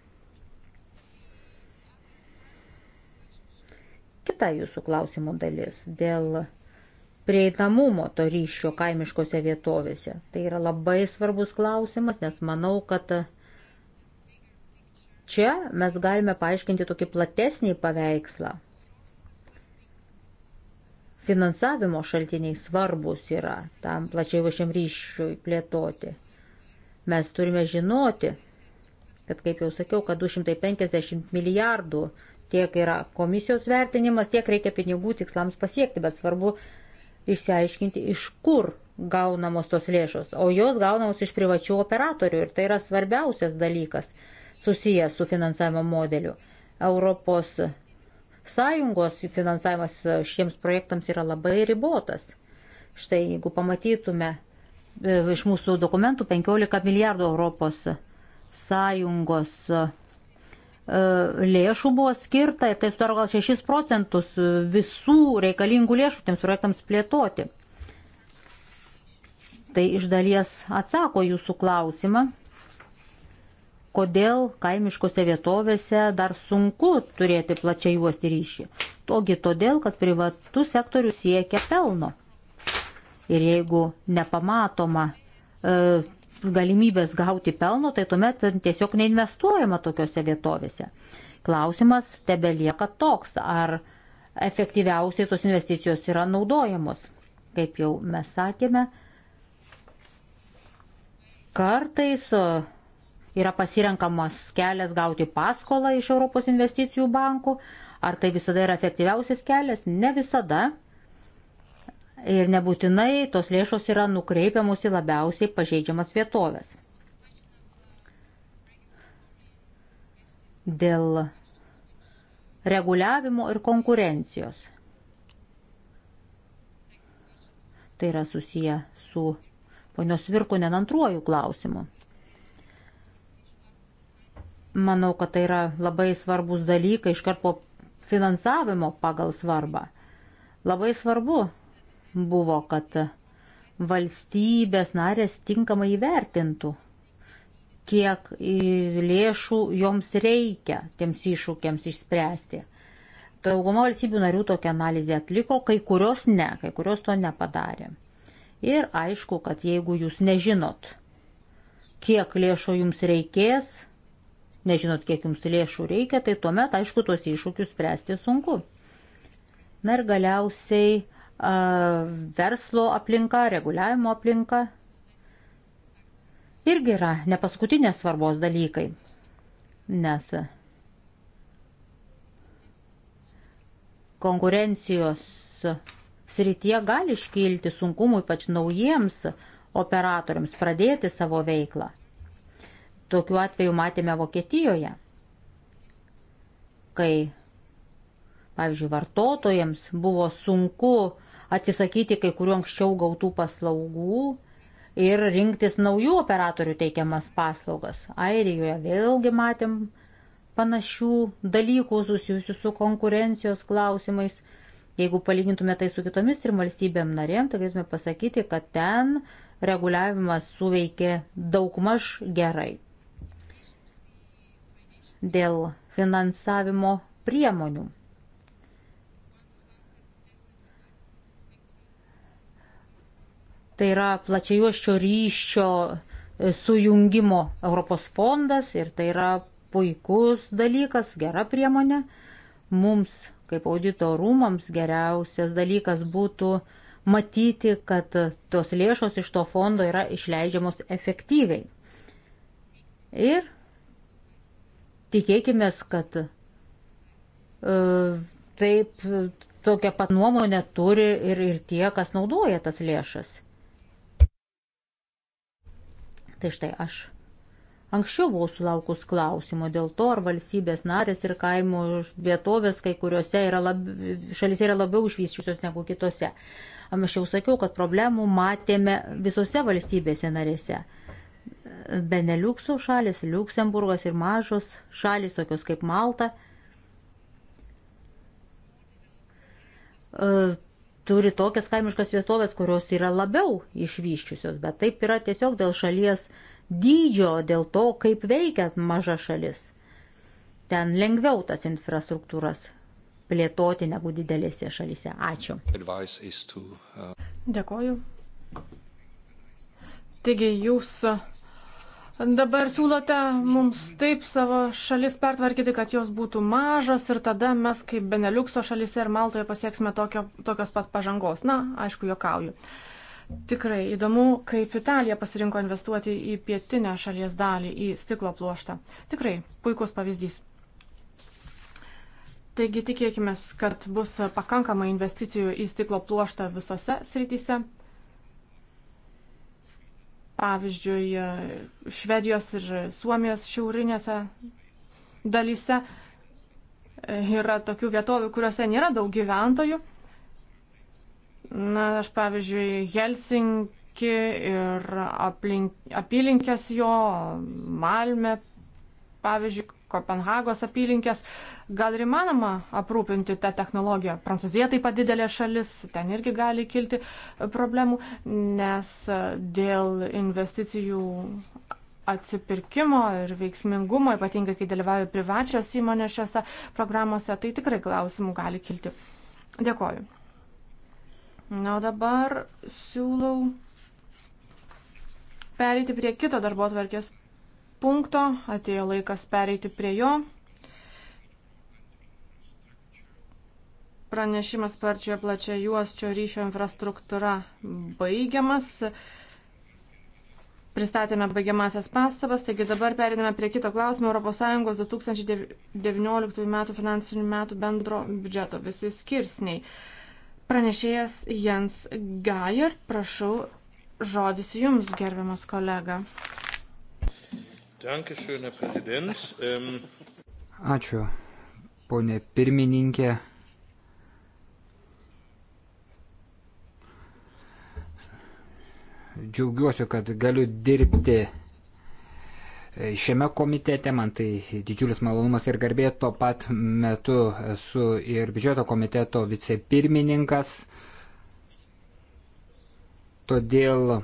Kita jūsų klausimų dalis dėl prieinamumo to ryšio kaimiškose vietovėse. Tai yra labai svarbus klausimas, nes manau, kad čia mes galime paaiškinti tokį platesnį paveikslą. Finansavimo šaltiniai svarbus yra tam plačiai važiam ryšiui plėtoti. Mes turime žinoti, kad, kaip jau sakiau, kad 250 milijardų tiek yra komisijos vertinimas, tiek reikia pinigų tikslams pasiekti, bet svarbu išsiaiškinti, iš kur gaunamos tos lėšos, o jos gaunamos iš privačių operatorių ir tai yra svarbiausias dalykas susijęs su finansavimo modeliu. Europos sąjungos finansavimas šiems projektams yra labai ribotas. Štai jeigu pamatytume E, iš mūsų dokumentų 15 milijardų Europos sąjungos e, lėšų buvo skirta ir tai sudaro gal 6 procentus visų reikalingų lėšų tiems projektams plėtoti. Tai iš dalies atsako jūsų klausimą, kodėl kaimiškose vietovėse dar sunku turėti plačiai juosti ryšį. Togi todėl, kad privatus sektorius siekia pelno. Ir jeigu nepamatoma e, galimybės gauti pelno, tai tuomet tiesiog neinvestuojama tokiuose vietovėse. Klausimas tebelieka toks, ar efektyviausiai tos investicijos yra naudojamos. Kaip jau mes sakėme, kartais e, yra pasirenkamas kelias gauti paskolą iš Europos investicijų bankų. Ar tai visada yra efektyviausias kelias? Ne visada ir nebūtinai tos lėšos yra nukreipiamos į labiausiai pažeidžiamas vietovės. Dėl reguliavimo ir konkurencijos. Tai yra susiję su ponios Virku nenantruoju klausimu. Manau, kad tai yra labai svarbus dalykai iškart po finansavimo pagal svarbą. Labai svarbu buvo, kad valstybės narės tinkamai įvertintų, kiek lėšų joms reikia tiems iššūkiams išspręsti. Dauguma valstybių narių tokią analizę atliko, kai kurios ne, kai kurios to nepadarė. Ir aišku, kad jeigu jūs nežinot, kiek lėšų jums reikės, nežinot, kiek jums lėšų reikia, tai tuomet, aišku, tuos iššūkius spręsti sunku. Na ir galiausiai verslo aplinka, reguliavimo aplinka irgi yra nepaskutinės svarbos dalykai. Nes konkurencijos srityje gali iškilti sunkumų ypač naujiems operatoriams pradėti savo veiklą. Tokiu atveju matėme Vokietijoje, kai, pavyzdžiui, vartotojams buvo sunku atsisakyti kai kurių anksčiau gautų paslaugų ir rinktis naujų operatorių teikiamas paslaugas. Airijoje vėlgi matėm panašių dalykų susijusių su konkurencijos klausimais. Jeigu palygintume tai su kitomis trim valstybėm narėm, tai galėtume pasakyti, kad ten reguliavimas suveikė daugmaž gerai. Dėl finansavimo priemonių. Tai yra plačiajuoščio ryšio e, sujungimo Europos fondas ir tai yra puikus dalykas, gera priemonė. Mums, kaip audito rūmams, geriausias dalykas būtų matyti, kad tos lėšos iš to fondo yra išleidžiamos efektyviai. Ir tikėkime, kad e, taip tokią pat nuomonę turi ir, ir tie, kas naudoja tas lėšas. Tai štai aš Anksčiau buvau sulaukus klausimo dėl to, ar valstybės narės ir kaimo vietovės kai kuriuose yra lab, šalise yra labiau išvyščiusios negu kitose. Aš jau sakiau, kad problemų matėme visose valstybėse narėse. Beneliukso šalis, Luksemburgas ir mažos šalis, tokios kaip Malta, turi tokias kaimiškas vietovės, kurios yra labiau išvyščiusios, bet taip yra tiesiog dėl šalies dydžio, dėl to, kaip veikia maža šalis. Ten lengviau tas infrastruktūras plėtoti negu didelėse šalise. Ačiū. Uh, Dėkoju. Taigi jūs Dabar siūlote mums taip savo šalis pertvarkyti, kad jos būtų mažos ir tada mes kaip Beneliukso šalise ir Maltoje pasieksime tokio, tokios pat pažangos. Na, aišku, jokauju. Tikrai įdomu, kaip Italija pasirinko investuoti į pietinę šalies dalį, į stiklo pluoštą. Tikrai puikus pavyzdys. Taigi tikėkime, kad bus pakankamai investicijų į stiklo pluoštą visose srityse pavyzdžiui, Švedijos ir Suomijos šiaurinėse dalyse yra tokių vietovių, kuriuose nėra daug gyventojų. Na, aš pavyzdžiui, Helsinki ir aplink, apylinkės jo, Malme, pavyzdžiui, Kopenhagos apylinkės, gal ir įmanoma aprūpinti tą technologiją. Prancūzija taip pat didelė šalis, ten irgi gali kilti problemų, nes dėl investicijų atsipirkimo ir veiksmingumo, ypatingai kai dalyvauja privačios įmonės šiuose programuose, tai tikrai klausimų gali kilti. Dėkoju. Na, o dabar siūlau pereiti prie kito darbo atvarkės punkto, atėjo laikas pereiti prie jo. Pranešimas parčioje plačia juosčio ryšio infrastruktūra baigiamas. Pristatėme baigiamasias pastabas, taigi dabar periname prie kito klausimo ES 2019 m. finansinių metų bendro biudžeto visi skirsniai. Pranešėjas Jens Gajer, prašau, žodis jums, gerbiamas kolega. Dankeschön, Herr Präsident. Ähm... Ačiū, ponė pirmininkė. Džiaugiuosi, kad galiu dirbti šiame komitete, man tai didžiulis malonumas ir garbė, tuo pat metu esu ir biudžeto komiteto vicepirmininkas. Todėl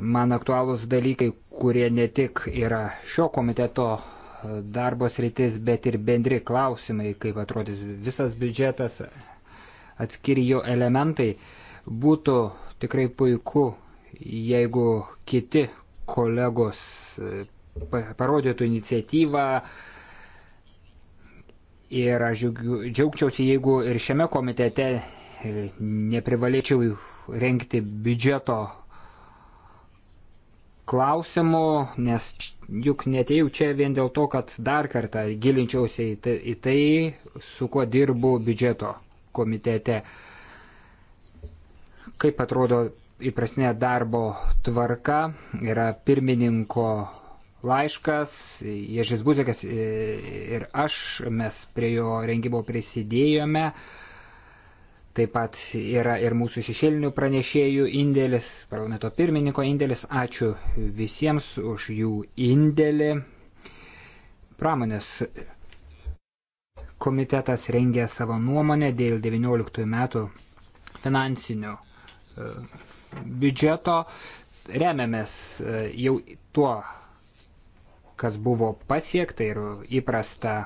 man aktualūs dalykai, kurie ne tik yra šio komiteto darbos rytis, bet ir bendri klausimai, kaip atrodys visas biudžetas, atskiri jo elementai. Būtų tikrai puiku, jeigu kiti kolegos parodytų iniciatyvą, Ir aš džiaugčiausi, jeigu ir šiame komitete e, neprivalėčiau rengti biudžeto klausimų, nes juk netėjau čia vien dėl to, kad dar kartą gilinčiausiai į tai, su kuo dirbu biudžeto komitete. Kaip atrodo įprasnė darbo tvarka, yra pirmininko laiškas, Ježis Buzekas ir aš, mes prie jo rengimo prisidėjome. Taip pat yra ir mūsų šešėlinių pranešėjų indėlis, parlamento pirmininko indėlis. Ačiū visiems už jų indėlį. Pramonės komitetas rengė savo nuomonę dėl 19 metų finansinio e, biudžeto. Remiamės e, jau tuo, kas buvo pasiekta ir įprasta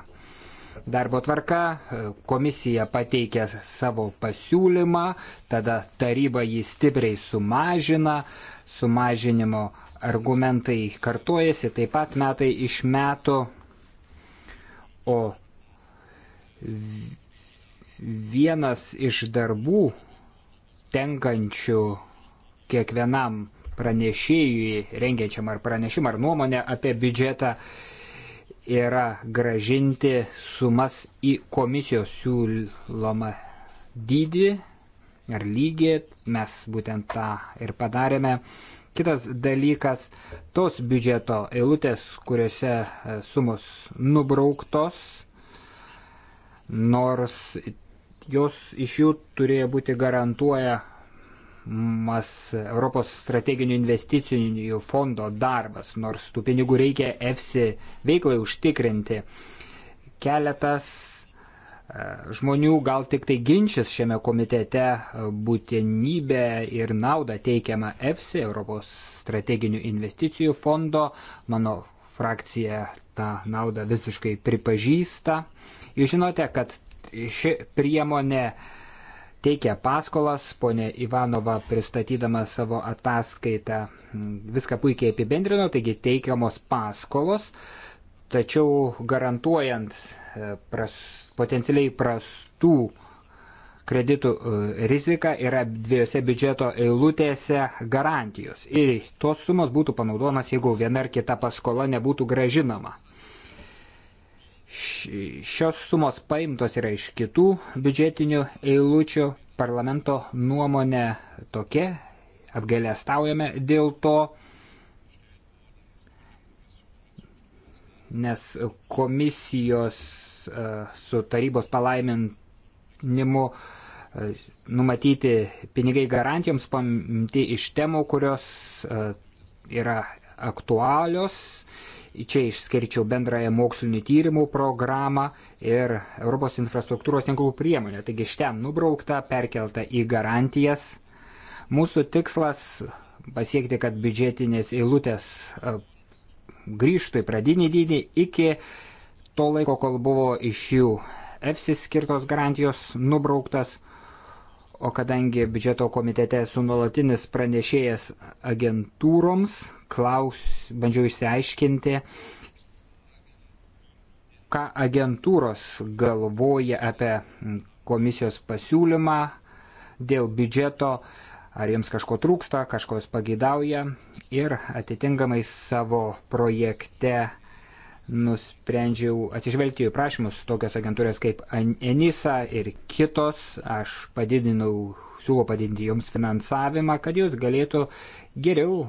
darbo tvarka, komisija pateikė savo pasiūlymą, tada taryba jį stipriai sumažina, sumažinimo argumentai kartojasi taip pat metai iš metų, o vienas iš darbų tenkančių kiekvienam pranešėjui, rengiančiam ar pranešimą ar nuomonę apie biudžetą, yra gražinti sumas į komisijos siūlomą dydį ar lygį. Mes būtent tą ir padarėme. Kitas dalykas, tos biudžeto eilutės, kuriuose e, sumos nubrauktos, nors jos iš jų turėjo būti garantuoja Mas Europos strateginių investicijų fondo darbas, nors tų pinigų reikia EFSI veiklai užtikrinti. Keletas e, žmonių gal tik tai ginčis šiame komitete e, būtinybę ir naudą teikiamą EFSI, Europos strateginių investicijų fondo. Mano frakcija tą naudą visiškai pripažįsta. Jūs žinote, kad ši priemonė uh, teikia paskolas, ponė Ivanova pristatydama savo ataskaitą viską puikiai apibendrino, taigi teikiamos paskolos, tačiau garantuojant e, pras, potencialiai prastų kreditų e, rizika yra dviejose biudžeto eilutėse garantijos. Ir tos sumos būtų panaudojamas, jeigu viena ar kita paskola nebūtų gražinama. Šios sumos paimtos yra iš kitų biudžetinių eilučių. Parlamento nuomonė tokia, apgailestaujame dėl to, nes komisijos e, su tarybos palaiminimu e, numatyti pinigai garantijoms pamti iš temų, kurios e, yra aktualios Čia išskirčiau bendrąją mokslinių tyrimų programą ir Europos infrastruktūros tinklų priemonę. Taigi iš ten nubraukta, perkelta į garantijas. Mūsų tikslas pasiekti, kad biudžetinės eilutės e, grįžtų į pradinį dydį iki to laiko, kol buvo iš jų EFSI skirtos garantijos nubrauktas. O kadangi biudžeto komitete esu nuolatinis pranešėjas agentūroms, klaus, bandžiau išsiaiškinti, ką agentūros galvoja apie komisijos pasiūlymą dėl biudžeto, ar jiems kažko trūksta, kažkos pagidauja ir atitinkamai savo projekte nusprendžiau atsižvelgti į prašymus tokios agentūros kaip Enisa ir kitos. Aš padidinau, siūlau padidinti joms finansavimą, kad jos galėtų geriau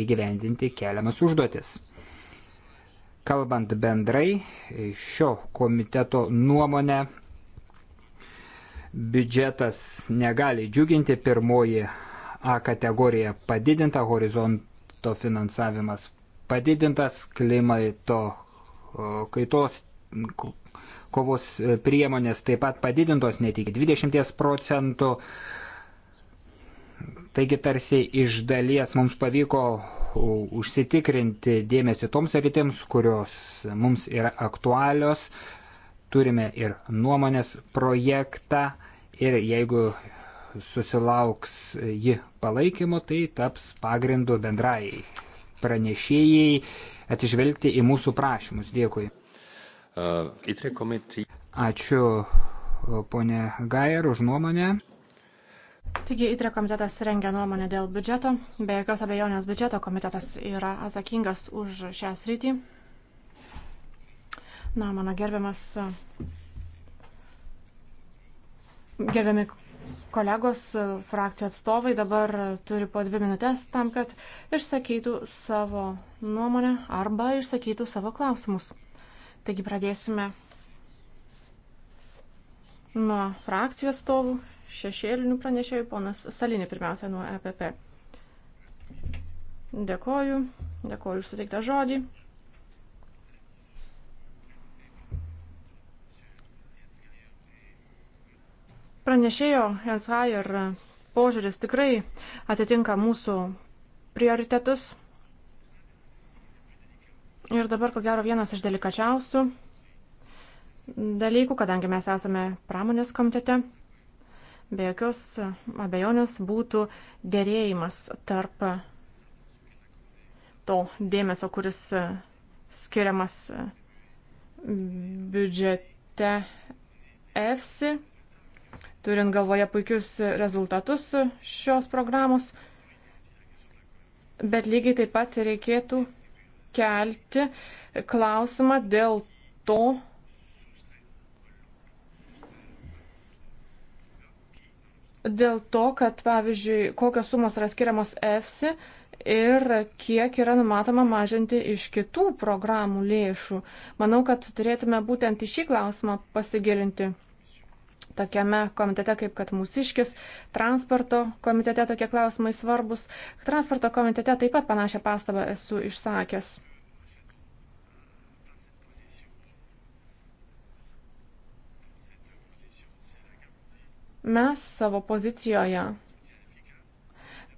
įgyvendinti keliamas užduotis. Kalbant bendrai, šio komiteto nuomonę biudžetas negali džiuginti, pirmoji A kategorija padidinta, horizonto finansavimas padidintas, klimato kaitos kovos priemonės taip pat padidintos net iki 20 procentų, Taigi tarsi iš dalies mums pavyko užsitikrinti dėmesį toms rytims, kurios mums yra aktualios. Turime ir nuomonės projektą ir jeigu susilauks ji palaikymo, tai taps pagrindu bendrai pranešėjai atižvelgti į mūsų prašymus. Dėkui. Uh, Ačiū ponė Gajer už nuomonę. Taigi įtrio komitetas rengia nuomonę dėl biudžeto. Be jokios abejonės biudžeto komitetas yra atsakingas už šią sritį. Na, mano gerbiamas, gerbiami kolegos, frakcijų atstovai dabar turi po dvi minutės tam, kad išsakytų savo nuomonę arba išsakytų savo klausimus. Taigi pradėsime nuo frakcijų atstovų šešėlinių pranešėjų, ponas Salinė pirmiausia nuo EPP. Dėkoju, dėkoju už suteiktą žodį. Pranešėjo Henshajer požiūris tikrai atitinka mūsų prioritetus. Ir dabar, ko gero, vienas iš delikačiausių dalykų, kadangi mes esame pramonės komitete be jokios abejonės būtų dėrėjimas tarp to dėmesio, kuris skiriamas biudžete EFSI, turint galvoje puikius rezultatus šios programos, bet lygiai taip pat reikėtų kelti klausimą dėl to, dėl to, kad, pavyzdžiui, kokios sumos yra skiriamos EFSI ir kiek yra numatoma mažinti iš kitų programų lėšų. Manau, kad turėtume būtent į šį klausimą pasigilinti tokiame komitete kaip kad mūsiškis, transporto komitete tokie klausimai svarbus. Transporto komitete taip pat panašią pastabą esu išsakęs. Mes savo pozicijoje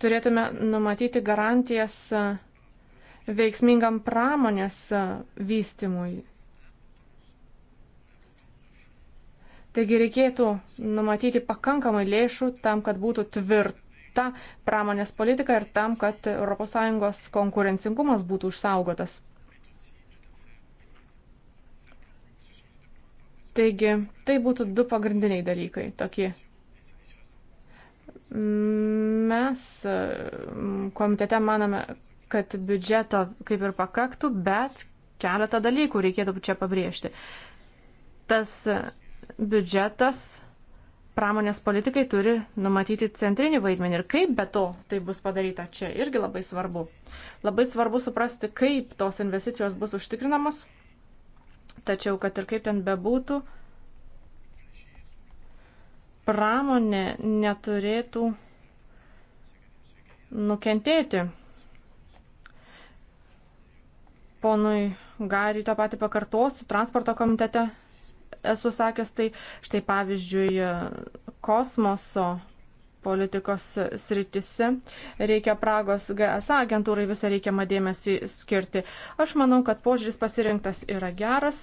turėtume numatyti garantijas veiksmingam pramonės vystimui. Taigi reikėtų numatyti pakankamai lėšų tam, kad būtų tvirta pramonės politika ir tam, kad ES konkurencingumas būtų išsaugotas. Taigi tai būtų du pagrindiniai dalykai, tokie Mes komitete manome, kad biudžeto kaip ir pakaktų, bet keletą dalykų reikėtų čia pabrėžti. Tas biudžetas pramonės politikai turi numatyti centrinį vaidmenį ir kaip be to tai bus padaryta čia irgi labai svarbu. Labai svarbu suprasti, kaip tos investicijos bus užtikrinamos, tačiau kad ir kaip ten bebūtų, būtų, pramonė neturėtų nukentėti. Ponui Gariui tą patį pakartosiu, transporto komitete esu sakęs, tai štai pavyzdžiui kosmoso politikos sritise. Reikia Pragos GSA agentūrai visą reikiamą dėmesį skirti. Aš manau, kad požiūris pasirinktas yra geras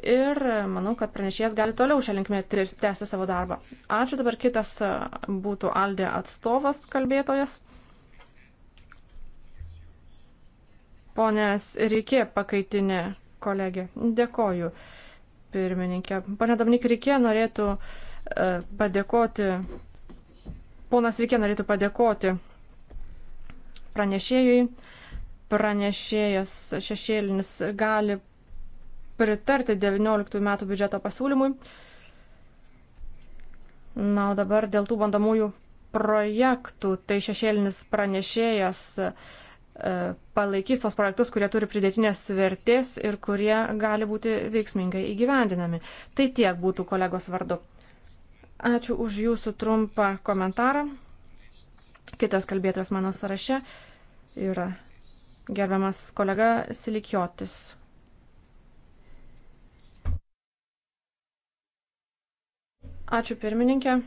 ir manau, kad pranešėjas gali toliau šią linkmę tęsti savo darbą. Ačiū dabar kitas būtų Aldė atstovas kalbėtojas. Ponės Rykė pakaitinė kolegė. Dėkoju, pirmininkė. Pane Dominik Rykė norėtų e, padėkoti Ponas Rikė norėtų padėkoti pranešėjui. Pranešėjas šešėlinis gali pritarti 19 metų biudžeto pasiūlymui. Na, o dabar dėl tų bandomųjų projektų, tai šešėlinis pranešėjas e, palaikys tos projektus, kurie turi pridėtinės vertės ir kurie gali būti veiksmingai įgyvendinami. Tai tiek būtų kolegos vardu. Ačiū už jūsų trumpą komentarą. Kitas kalbėtas mano sąraše yra gerbiamas kolega Silikiotis. Ačiū pirmininkė.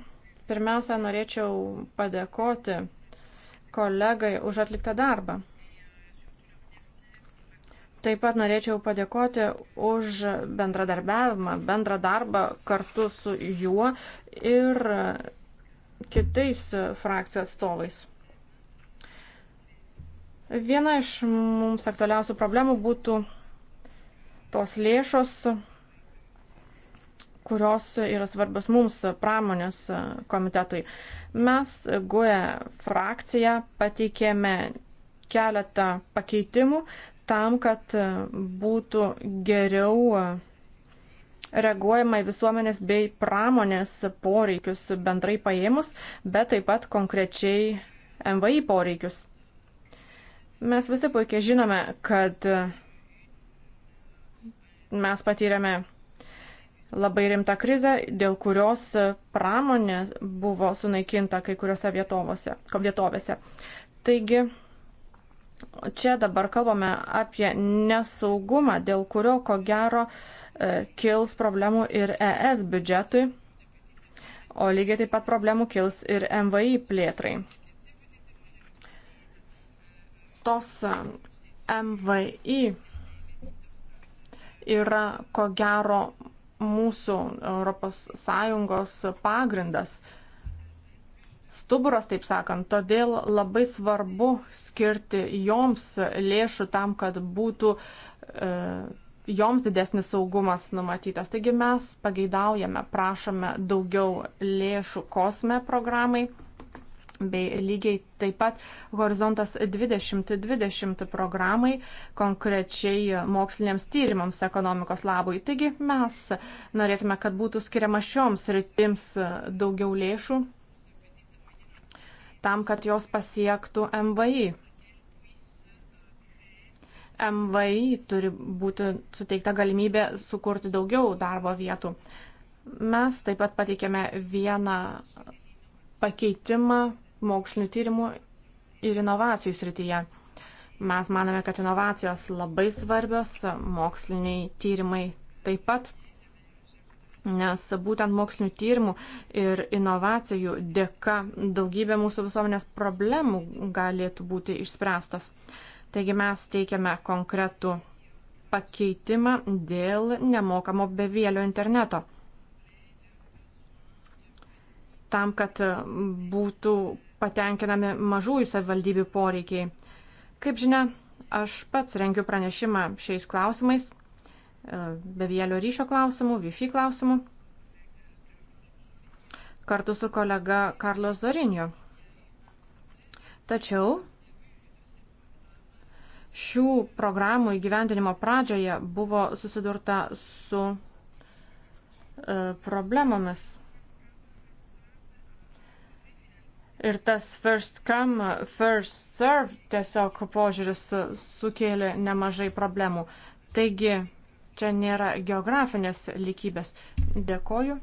Pirmiausia, norėčiau padėkoti kolegai už atliktą darbą. Taip pat norėčiau padėkoti už bendradarbiavimą, bendrą darbą kartu su juo ir kitais frakcijų atstovais. Viena iš mums aktualiausių problemų būtų tos lėšos, kurios yra svarbios mums pramonės komitetui. Mes GUE frakciją pateikėme keletą pakeitimų, tam, kad e, būtų geriau e, reaguojama į visuomenės bei pramonės poreikius bendrai paėmus, bet taip pat konkrečiai MVI poreikius. Mes visi puikiai žinome, kad e, mes patyrėme labai rimtą krizę, dėl kurios pramonė buvo sunaikinta kai kuriuose vietovose. vietovėse. Taigi, čia dabar kalbame apie nesaugumą, dėl kurio ko gero e, kils problemų ir ES biudžetui, o lygiai taip pat problemų kils ir MVI plėtrai. Tos e, MVI yra ko gero mūsų ES pagrindas stuburas, taip sakant. Todėl labai svarbu skirti joms lėšų tam, kad būtų e, joms didesnis saugumas numatytas. Taigi mes pageidaujame, prašome daugiau lėšų kosme programai. Bei lygiai taip pat horizontas 2020 programai konkrečiai moksliniams tyrimams ekonomikos labui. Taigi mes norėtume, kad būtų skiriama šioms rytims daugiau lėšų tam, kad jos pasiektų MVI. MVI turi būti suteikta galimybė sukurti daugiau darbo vietų. Mes taip pat pateikėme vieną pakeitimą mokslinių tyrimų ir inovacijų srityje. Mes manome, kad inovacijos labai svarbios, moksliniai tyrimai taip pat. Nes būtent mokslinių tyrimų ir inovacijų dėka daugybė mūsų visuomenės problemų galėtų būti išspręstos. Taigi mes teikiame konkretų pakeitimą dėl nemokamo bevėlio interneto. Tam, kad būtų patenkinami mažųjų savivaldybių poreikiai. Kaip žinia, aš pats rengiu pranešimą šiais klausimais bevėlio ryšio klausimų, Wi-Fi klausimų, kartu su kolega Karlos Zorinio. Tačiau šių programų įgyvendinimo pradžioje buvo susidurta su e, problemomis. Ir tas first come, first serve tiesiog požiūris sukėlė nemažai problemų. Taigi, čia nėra geografinės lygybės. Dėkoju.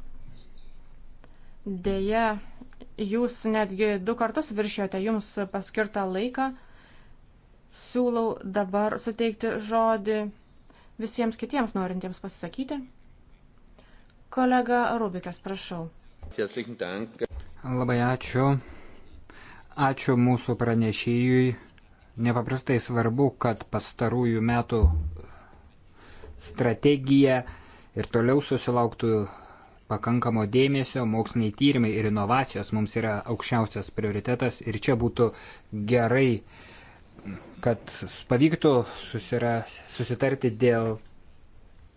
Deja, jūs netgi du kartus viršijote jums paskirtą laiką. Siūlau dabar suteikti žodį visiems kitiems norintiems pasisakyti. Kolega Rubikas, prašau. Labai ačiū. Ačiū mūsų pranešėjui. Nepaprastai svarbu, kad pastarųjų metų strategija ir toliau susilauktų pakankamo dėmesio, moksliniai tyrimai ir inovacijos mums yra aukščiausias prioritetas ir čia būtų gerai, kad pavyktų susira, susitarti dėl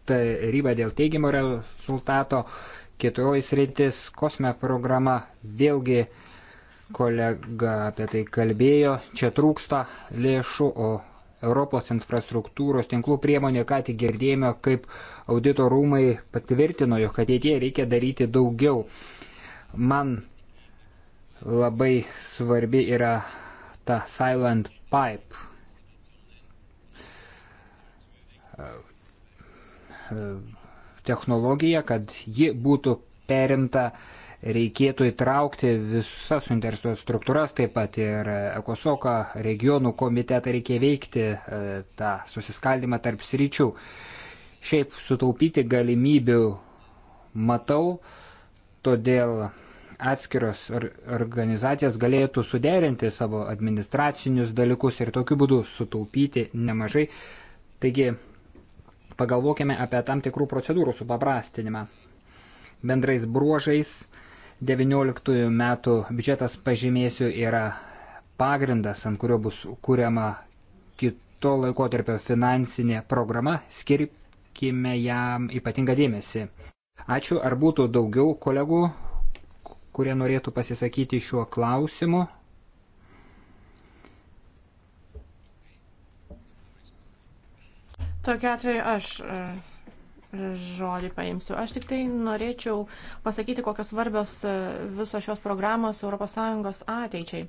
taryba dėl teigiamo rezultato, kitoji sritis kosme programa, vėlgi kolega apie tai kalbėjo, čia trūksta lėšų, o Europos infrastruktūros tinklų priemonė, ką tik girdėjome, kaip audito rūmai patvirtino, jog ateitie reikia daryti daugiau. Man labai svarbi yra ta silent pipe. technologija, kad ji būtų perimta uh, reikėtų įtraukti visas suinteresuotas struktūras, taip pat ir Ekosoka, regionų komitetą reikia veikti e, tą susiskaldimą tarp sričių. Šiaip sutaupyti galimybių matau, todėl atskiros organizacijos galėtų suderinti savo administracinius dalykus ir tokiu būdu sutaupyti nemažai. Taigi pagalvokime apie tam tikrų procedūrų supaprastinimą. Bendrais bruožais 19 metų biudžetas, pažymėsiu, yra pagrindas, ant kurio bus kuriama kito laikotarpio finansinė programa, skirkime jam ypatingą dėmesį. Ačiū, ar būtų daugiau kolegų, kurie norėtų pasisakyti šiuo klausimu? Tokiu atveju aš žodį paimsiu. Aš tik tai norėčiau pasakyti, kokios svarbios e, visos šios programos ES ateičiai.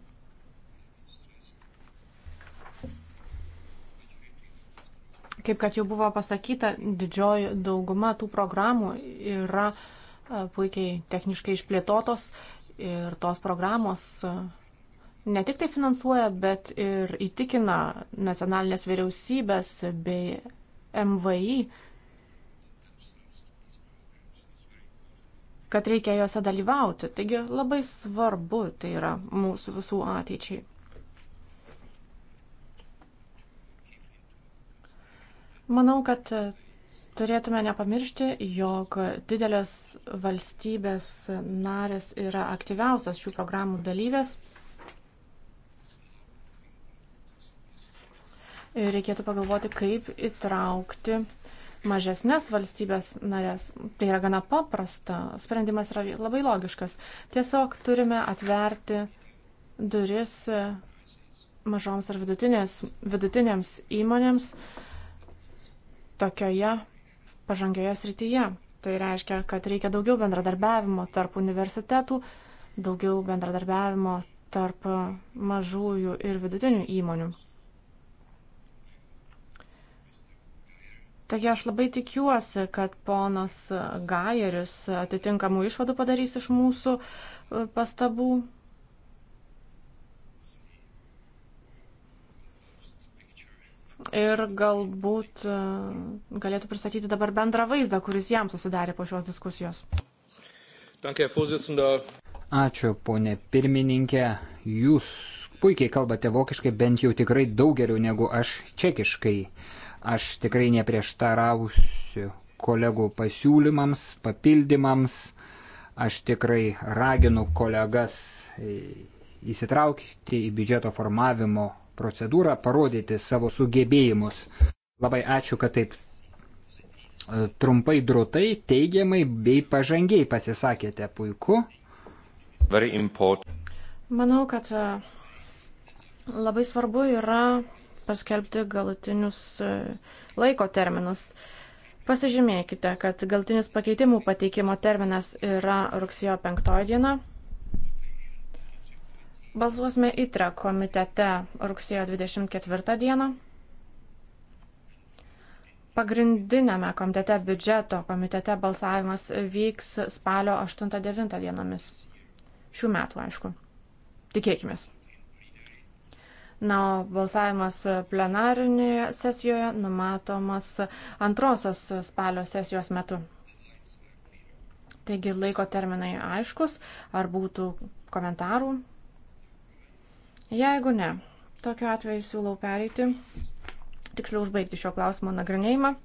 Kaip kad jau buvo pasakyta, didžioji dauguma tų programų yra e, puikiai techniškai išplėtotos ir tos programos e, ne tik tai finansuoja, bet ir įtikina nacionalinės vyriausybės bei MVI kad reikia juose dalyvauti. Taigi labai svarbu tai yra mūsų visų ateičiai. Manau, kad turėtume nepamiršti, jog didelės valstybės narės yra aktyviausias šių programų dalyvės. Ir reikėtų pagalvoti, kaip įtraukti mažesnės valstybės narės. Tai yra gana paprasta, sprendimas yra labai logiškas. Tiesiog turime atverti duris mažoms ar vidutinėms įmonėms tokioje pažangioje srityje. Tai reiškia, kad reikia daugiau bendradarbiavimo tarp universitetų, daugiau bendradarbiavimo tarp mažųjų ir vidutinių įmonių. Taigi aš labai tikiuosi, kad ponas Gajeris atitinkamų išvadų padarys iš mūsų e, pastabų. Ir galbūt e, galėtų pristatyti dabar bendrą vaizdą, kuris jam susidarė po šios diskusijos. Ačiū, ponė pirmininkė. Jūs puikiai kalbate vokiškai, bent jau tikrai daug geriau negu aš čekiškai. Uh, Aš tikrai neprieštarausiu kolegų pasiūlymams, papildymams. Aš tikrai raginu kolegas e, įsitraukti į biudžeto formavimo procedūrą, parodyti savo sugebėjimus. Labai ačiū, kad taip e, trumpai, drūtai, teigiamai bei pažangiai pasisakėte. Puiku. Manau, kad e, labai svarbu yra paskelbti galutinius e, laiko terminus. Pasižymėkite, kad galtinis pakeitimų pateikimo terminas yra rugsėjo 5 diena. Balsuosime ITRE komitete rugsėjo 24 dieną. Pagrindinėme komitete biudžeto komitete balsavimas vyks spalio 8-9 dienomis. Šių metų, aišku. Tikėkimės. Na, o balsavimas plenarinėje sesijoje numatomas antrosios spalio sesijos metu. Taigi laiko terminai aiškus, ar būtų komentarų. Jeigu ne, tokiu atveju siūlau pereiti, tiksliau užbaigti šio klausimo nagrinėjimą.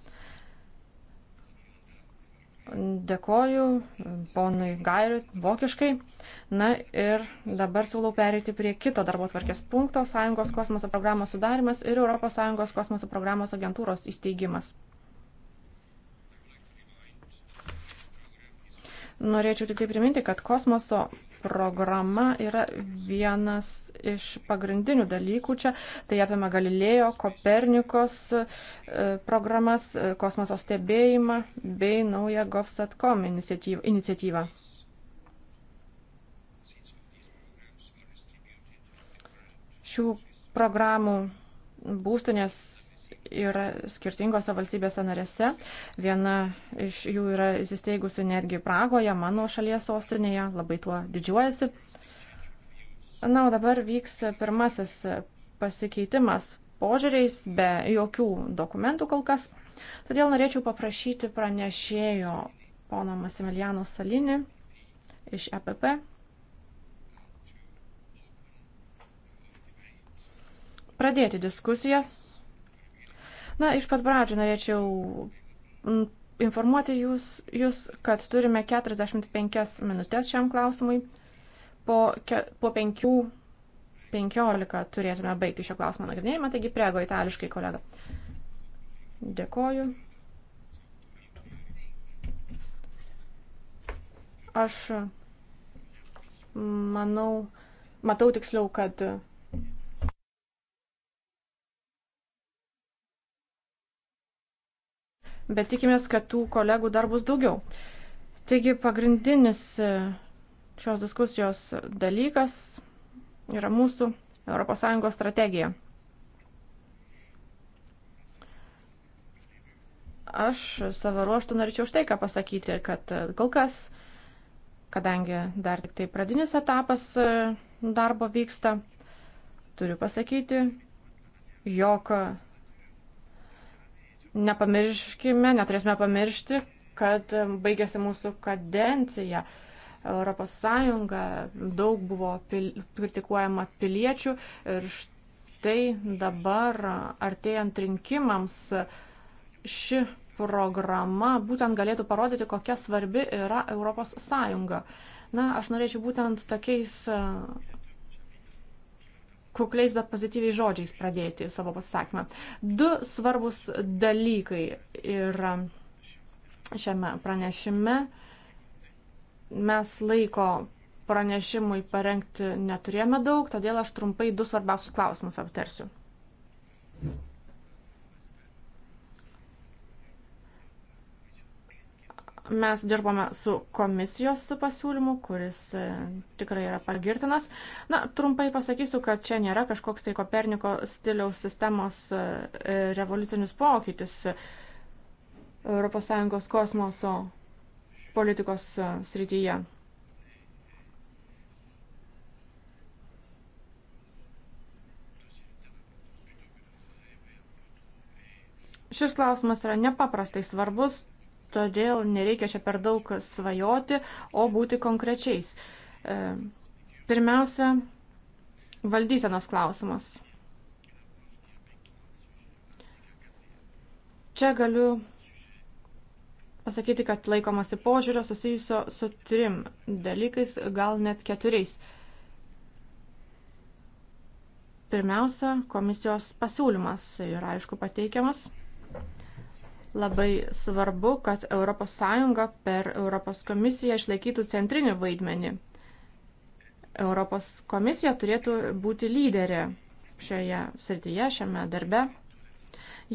Dėkoju ponui Gairiui vokiškai. Na ir dabar siūlau pereiti prie kito darbo tvarkės punkto - Sąjungos kosmoso programos sudarimas ir ES kosmoso programos agentūros įsteigimas. Norėčiau tik tai priminti, kad kosmoso programa yra vienas iš pagrindinių dalykų čia. Tai apima Galilėjo, Kopernikos e, programas, e, kosmoso stebėjimą bei naują GovSatcom iniciatyvą. Šių programų būstinės yra skirtingose valstybėse narėse. Viena iš jų yra įsisteigusi netgi Pragoje, mano šalies sostinėje, labai tuo didžiuojasi. Na, o dabar vyks pirmasis pasikeitimas požiūriais be jokių dokumentų kol kas. Todėl norėčiau paprašyti pranešėjo pono Masimiliano Salinį iš EPP pradėti diskusiją Na, iš pat pradžių norėčiau mm, informuoti jūs, jūs, kad turime 45 minutės šiam klausimui. Po, ke, po 5.15 turėtume baigti šio klausimo nagrinėjimą, taigi priego itališkai kolega. Dėkoju. Aš mm, manau, matau tiksliau, kad bet tikimės, kad tų kolegų dar bus daugiau. Taigi pagrindinis e, šios diskusijos dalykas yra mūsų ES strategija. Aš savo ruoštų norėčiau štai ką pasakyti, kad e, kol kas, kadangi dar tik tai pradinis etapas e, darbo vyksta, turiu pasakyti, jog nepamirškime, neturėsime pamiršti, kad baigėsi mūsų kadencija. Europos Sąjunga daug buvo pil kritikuojama piliečių ir štai dabar, artėjant rinkimams, ši programa būtent galėtų parodyti, kokia svarbi yra Europos Sąjunga. Na, aš norėčiau būtent tokiais kukliais, bet pozityviai žodžiais pradėti savo pasisakymą. Du svarbus dalykai yra šiame pranešime. Mes laiko pranešimui parengti neturėjome daug, todėl aš trumpai du svarbiausius klausimus aptarsiu. Thank you. mes dirbame su komisijos pasiūlymu, kuris e, tikrai yra pagirtinas. Na, trumpai pasakysiu, kad čia nėra kažkoks tai Koperniko stiliaus sistemos e, revoliucinis pokytis ES kosmoso politikos e, srityje. Šis klausimas yra nepaprastai svarbus, todėl nereikia čia per daug svajoti, o būti konkrečiais. E, pirmiausia, valdysenos klausimas. Čia galiu pasakyti, kad laikomasi požiūrio susijusio su trim dalykais, gal net keturiais. Pirmiausia, komisijos pasiūlymas yra aišku pateikiamas. Labai svarbu, kad ES per ES komisiją išlaikytų centrinį vaidmenį. ES komisija turėtų būti lyderė šioje srityje, šiame darbe.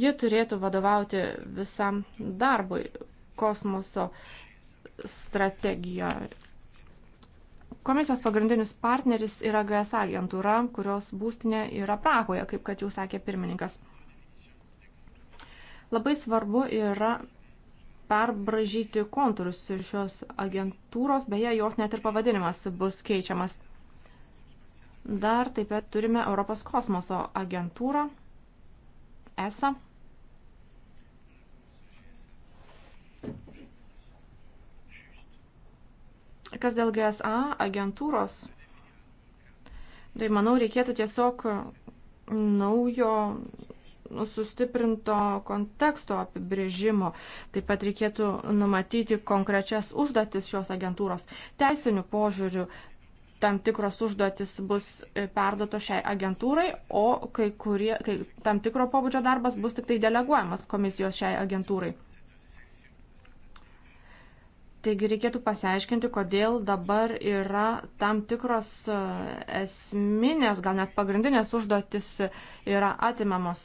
Ji turėtų vadovauti visam darbui kosmoso strategijoje. Komisijos pagrindinis partneris yra GS agentūra, kurios būstinė yra Prahoje, kaip kad jau sakė pirmininkas. Labai svarbu yra perbražyti kontūrus šios agentūros, beje, jos net ir pavadinimas bus keičiamas. Dar taip pat turime Europos kosmoso agentūrą, ESA. Kas dėl GSA agentūros, tai manau reikėtų tiesiog naujo Nu, sustiprinto konteksto apibrėžimo. Taip pat reikėtų numatyti konkrečias užduotis šios agentūros. Teisinių požiūrių tam tikros užduotis bus perduotos šiai agentūrai, o kai kurie, kai tam tikro pobūdžio darbas bus tik tai deleguojamas komisijos šiai agentūrai. Taigi reikėtų pasiaiškinti, kodėl dabar yra tam tikros e, esminės, gal net pagrindinės užduotis yra atimamos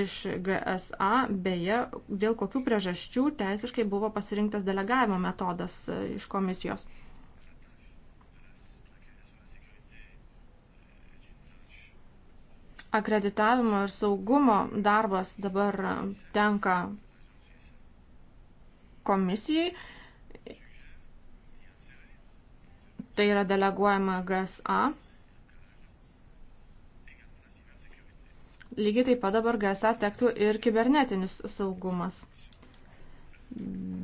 iš GSA, beje, dėl kokių priežasčių teisiškai buvo pasirinktas delegavimo metodas e, iš komisijos. akreditavimo ir saugumo darbas dabar tenka komisijai Tai yra deleguojama GSA. Lygiai taip pat dabar GSA tektų ir kibernetinis saugumas.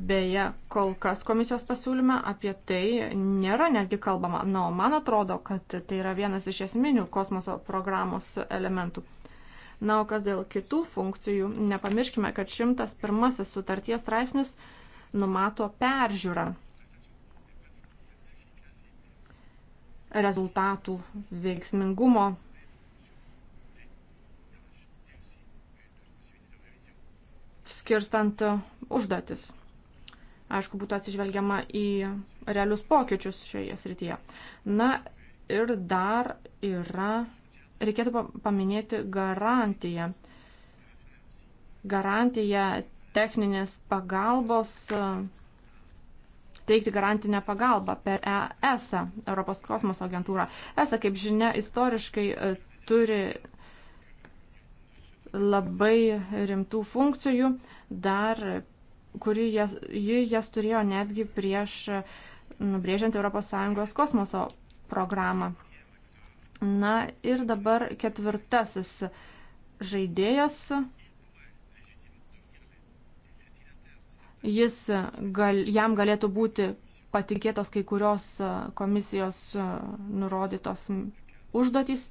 Beje, kol kas komisijos pasiūlyme apie tai nėra netgi kalbama. Na, no, man atrodo, kad tai yra vienas iš esminių kosmoso programos elementų. Na, o kas dėl kitų funkcijų, nepamirškime, kad 101 sutarties straipsnis numato peržiūrą. rezultatų veiksmingumo. skirstant užduotis. Aišku, būtų atsižvelgiama į realius pokyčius šioje srityje. Na ir dar yra, reikėtų paminėti garantiją. Garantija techninės pagalbos teikti garantinę pagalbą per ESA, Europos kosmoso agentūrą. ESA, kaip žinia, istoriškai e, turi labai rimtų funkcijų, dar, kuri jas, ji jas turėjo netgi prieš e, nubrėžiant ES kosmoso programą. Na ir dabar ketvirtasis žaidėjas jis gal, jam galėtų būti patikėtos kai kurios komisijos nurodytos užduotys.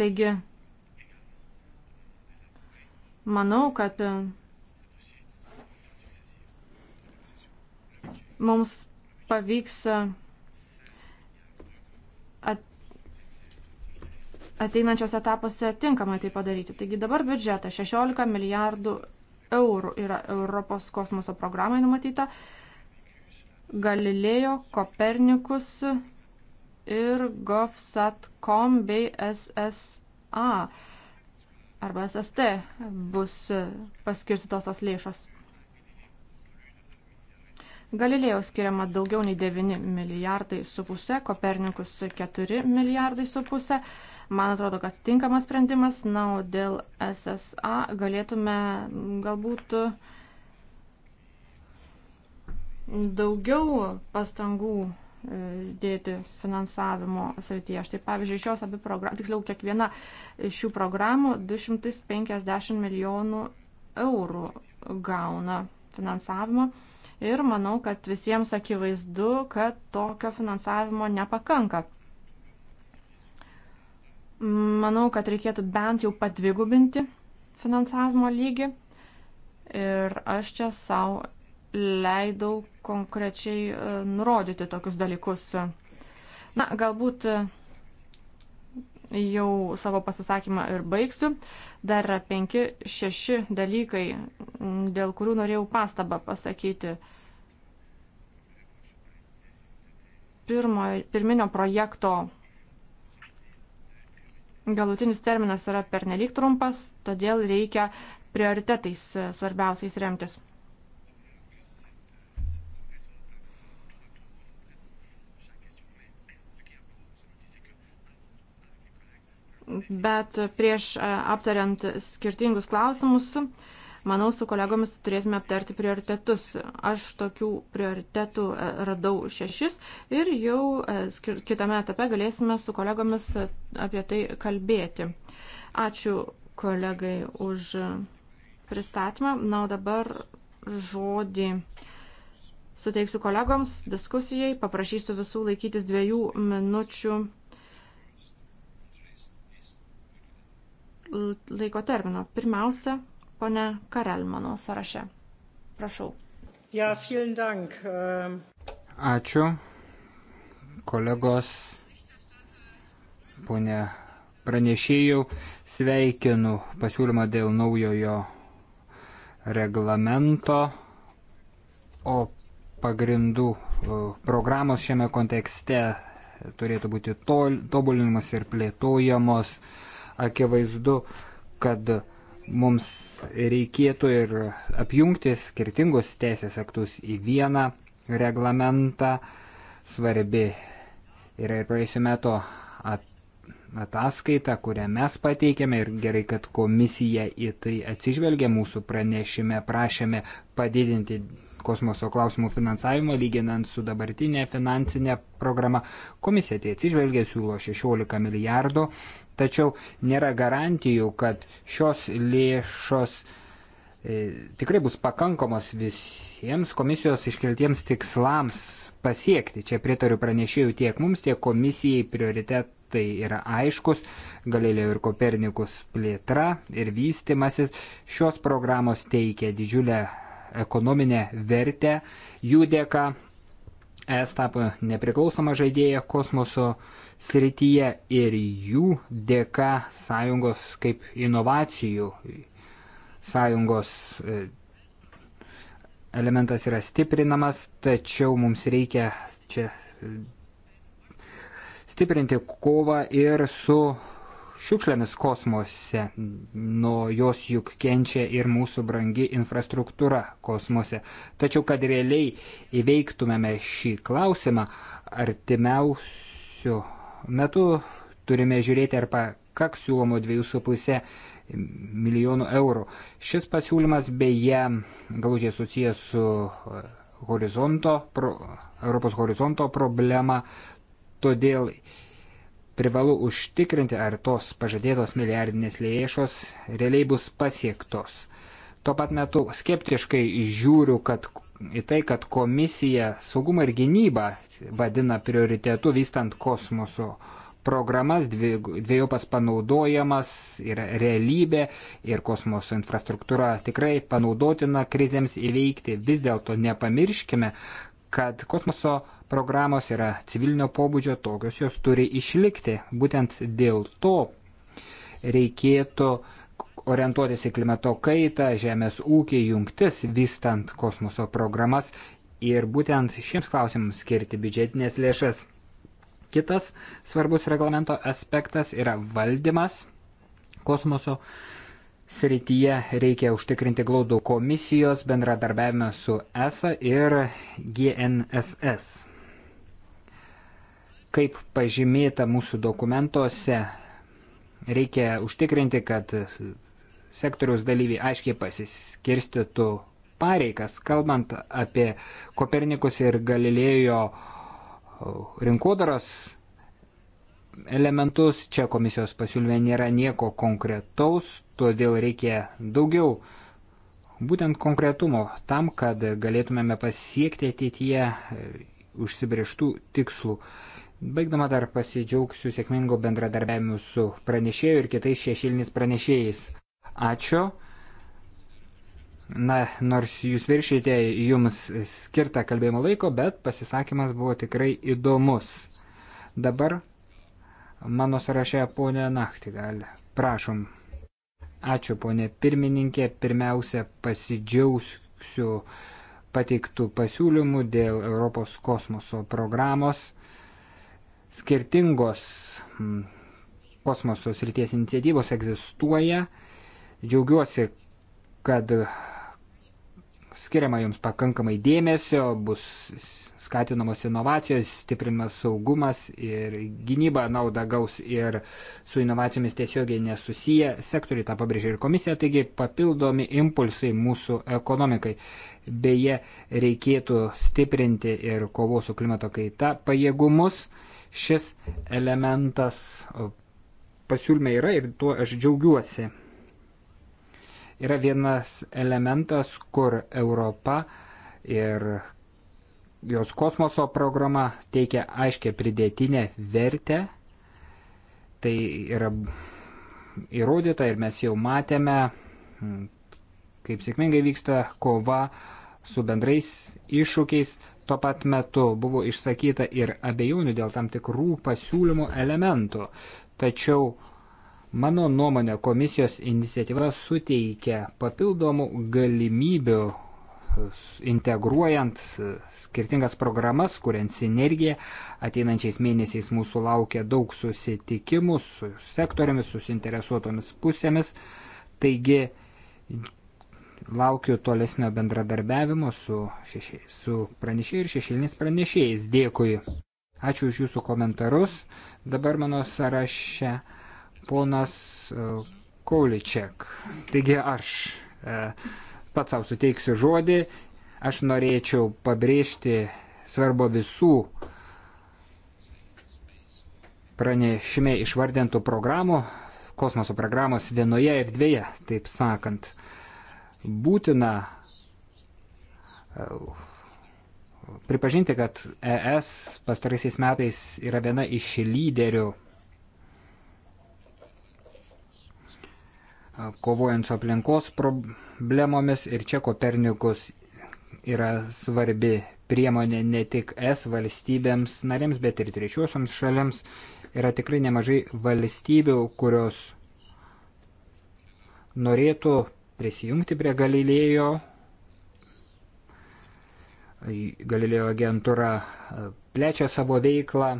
Taigi, manau, kad mums pavyks ateinančios etapuose tinkamai tai padaryti. Taigi dabar biudžetas 16 milijardų eurų yra Europos kosmoso programai numatyta. Galilėjo, Kopernikus ir GovSatcom bei SSA arba SST bus paskirstytos tos lėšos. Galilėjo skiriama daugiau nei 9 milijardai su pusė, Kopernikus 4 milijardai su pusė. Uh, man atrodo, kad tinkamas sprendimas. Na, o dėl SSA galėtume galbūt daugiau pastangų e, dėti finansavimo srityje. Štai pavyzdžiui, šios abi programos, tiksliau kiekviena iš šių programų 250 milijonų eurų gauna finansavimo. Ir manau, kad visiems akivaizdu, kad tokio finansavimo nepakanka. Manau, kad reikėtų bent jau padvigubinti finansavimo lygį. Ir aš čia savo leidau konkrečiai e, nurodyti tokius dalykus. Na, galbūt e, jau savo pasisakymą ir baigsiu. Dar yra penki, šeši dalykai, dėl kurių norėjau pastabą pasakyti. Pirmo, pirminio projekto galutinis terminas yra pernelyg trumpas, todėl reikia prioritetais e, svarbiausiais remtis. Bet prieš e, aptariant skirtingus klausimus, Manau, su kolegomis turėsime aptarti prioritetus. Aš tokių prioritetų e, radau šešis ir jau e, kitame etape galėsime su kolegomis e, apie tai kalbėti. Ačiū kolegai už pristatymą. Na, o dabar žodį suteiksiu kolegoms diskusijai, paprašysiu visų laikytis dviejų minučių laiko termino. Pirmiausia, Pone Karel mano sąraše. Prašau. Ja, vielen dank. Ähm. Ačiū, kolegos, ponė pranešėjau, sveikinu pasiūlymą dėl naujojo reglamento, o pagrindų programos šiame kontekste turėtų būti tol, tobulinimas ir plėtojamos. Akivaizdu, kad uh, mums reikėtų ir apjungti skirtingus teisės aktus į vieną reglamentą. Svarbi yra ir praėjusiu metu ataskaita, kurią mes pateikėme ir gerai, kad komisija į tai atsižvelgė. Mūsų pranešime prašėme padidinti kosmoso klausimų finansavimą lyginant su dabartinė finansinė programa. Komisija tai atsižvelgė, siūlo 16 milijardo tačiau nėra garantijų, kad šios lėšos e, tikrai bus pakankamos visiems komisijos iškeltiems tikslams pasiekti. Čia pritariu pranešėjų tiek mums, tiek komisijai prioritetai yra aiškus, galėlėjo ir Kopernikus plėtra ir vystimasis. Šios programos teikia didžiulę ekonominę vertę, jų dėka es tapo nepriklausoma žaidėja kosmoso srityje ir jų dėka sąjungos kaip inovacijų sąjungos e, elementas yra stiprinamas, tačiau mums reikia čia e, stiprinti kovą ir su šiukšlėmis kosmose. Nuo jos juk kenčia ir mūsų brangi infrastruktūra kosmose. Tačiau, kad realiai įveiktumėme šį klausimą, artimiausių metu turime žiūrėti ar pakaks siūlomų 2,5 milijonų eurų. Šis pasiūlymas beje glaudžiai susijęs su horizonto, pro, Europos horizonto problema, todėl privalu užtikrinti, ar tos pažadėtos milijardinės lėšos realiai bus pasiektos. Tuo pat metu skeptiškai žiūriu, kad į tai, kad komisija saugumą ir gynybą vadina prioritetu vystant kosmoso programas, dviejopas panaudojamas yra realybė ir kosmoso infrastruktūra tikrai panaudotina krizėms įveikti. Vis dėlto nepamirškime, kad kosmoso programos yra civilinio pobūdžio, tokios jos turi išlikti. Būtent dėl to reikėtų uh, orientuotis į klimato kaitą, žemės ūkį, jungtis, vystant kosmoso programas ir būtent šiems klausimams skirti biudžetinės lėšas. Kitas svarbus reglamento aspektas yra valdymas kosmoso srityje reikia užtikrinti glaudų komisijos bendradarbiavimą su ESA ir GNSS. Kaip pažymėta mūsų dokumentuose, reikia užtikrinti, kad sektoriaus dalyviai aiškiai pasiskirstytų pareigas, kalbant apie Kopernikus ir Galilėjo rinkodaros elementus. Čia komisijos pasiūlyme nėra nieko konkretaus, todėl reikia daugiau būtent konkretumo tam, kad galėtumėme pasiekti ateityje e, užsibrieštų tikslų. Baigdama dar pasidžiaugsiu sėkmingo bendradarbiavimu su pranešėju ir kitais šešiliniais pranešėjais. Ačiū. Na, nors jūs viršite jums skirtą kalbėjimo laiko, bet pasisakymas buvo tikrai įdomus. Dabar mano sąraše ponė Naktį gali. Prašom. Ačiū, ponė pirmininkė. Pirmiausia, pasidžiausiu pateiktų pasiūlymų dėl Europos kosmoso programos. Skirtingos mm, kosmoso srities iniciatyvos egzistuoja. Džiaugiuosi, kad skiriama jums pakankamai dėmesio, bus skatinamos inovacijos, stiprinamas saugumas ir gynyba naudą gaus ir su inovacijomis tiesiogiai nesusiję sektoriai, tą pabrėžia ir komisija, taigi papildomi impulsai mūsų ekonomikai. Beje, reikėtų stiprinti ir kovos su klimato kaita pajėgumus. Šis elementas pasiūlyme yra ir tuo aš džiaugiuosi yra vienas elementas, kur Europa ir jos kosmoso programa teikia aiškę pridėtinę vertę. Tai yra įrodyta ir mes jau matėme, kaip sėkmingai vyksta kova su bendrais iššūkiais. Tuo pat metu buvo išsakyta ir abejonių dėl tam tikrų pasiūlymų elementų. Tačiau Mano nuomonė, komisijos iniciatyva suteikia papildomų galimybių integruojant skirtingas programas, kuriant sinergiją. Ateinančiais mėnesiais mūsų laukia daug susitikimų su sektoriamis, su suinteresuotomis pusėmis. Taigi laukiu tolesnio bendradarbiavimo su, šešiai, su pranešėjai ir šešėliniais pranešėjais. Dėkui. Ačiū už jūsų komentarus. Dabar mano sąraše ponas e, Kauličiak. Taigi aš e, pats savo suteiksiu žodį. Aš norėčiau pabrėžti svarbo visų pranešime išvardintų programų, kosmoso programos vienoje ir dvieje, taip sakant, būtina e, pripažinti, kad ES pastaraisiais metais yra viena iš lyderių kovojant su aplinkos problemomis ir čia Kopernikus yra svarbi priemonė ne tik S valstybėms narėms, bet ir trečiosioms šalims. Yra tikrai nemažai valstybių, kurios norėtų prisijungti prie Galilėjo. Galilėjo agentūra e, plečia savo veiklą.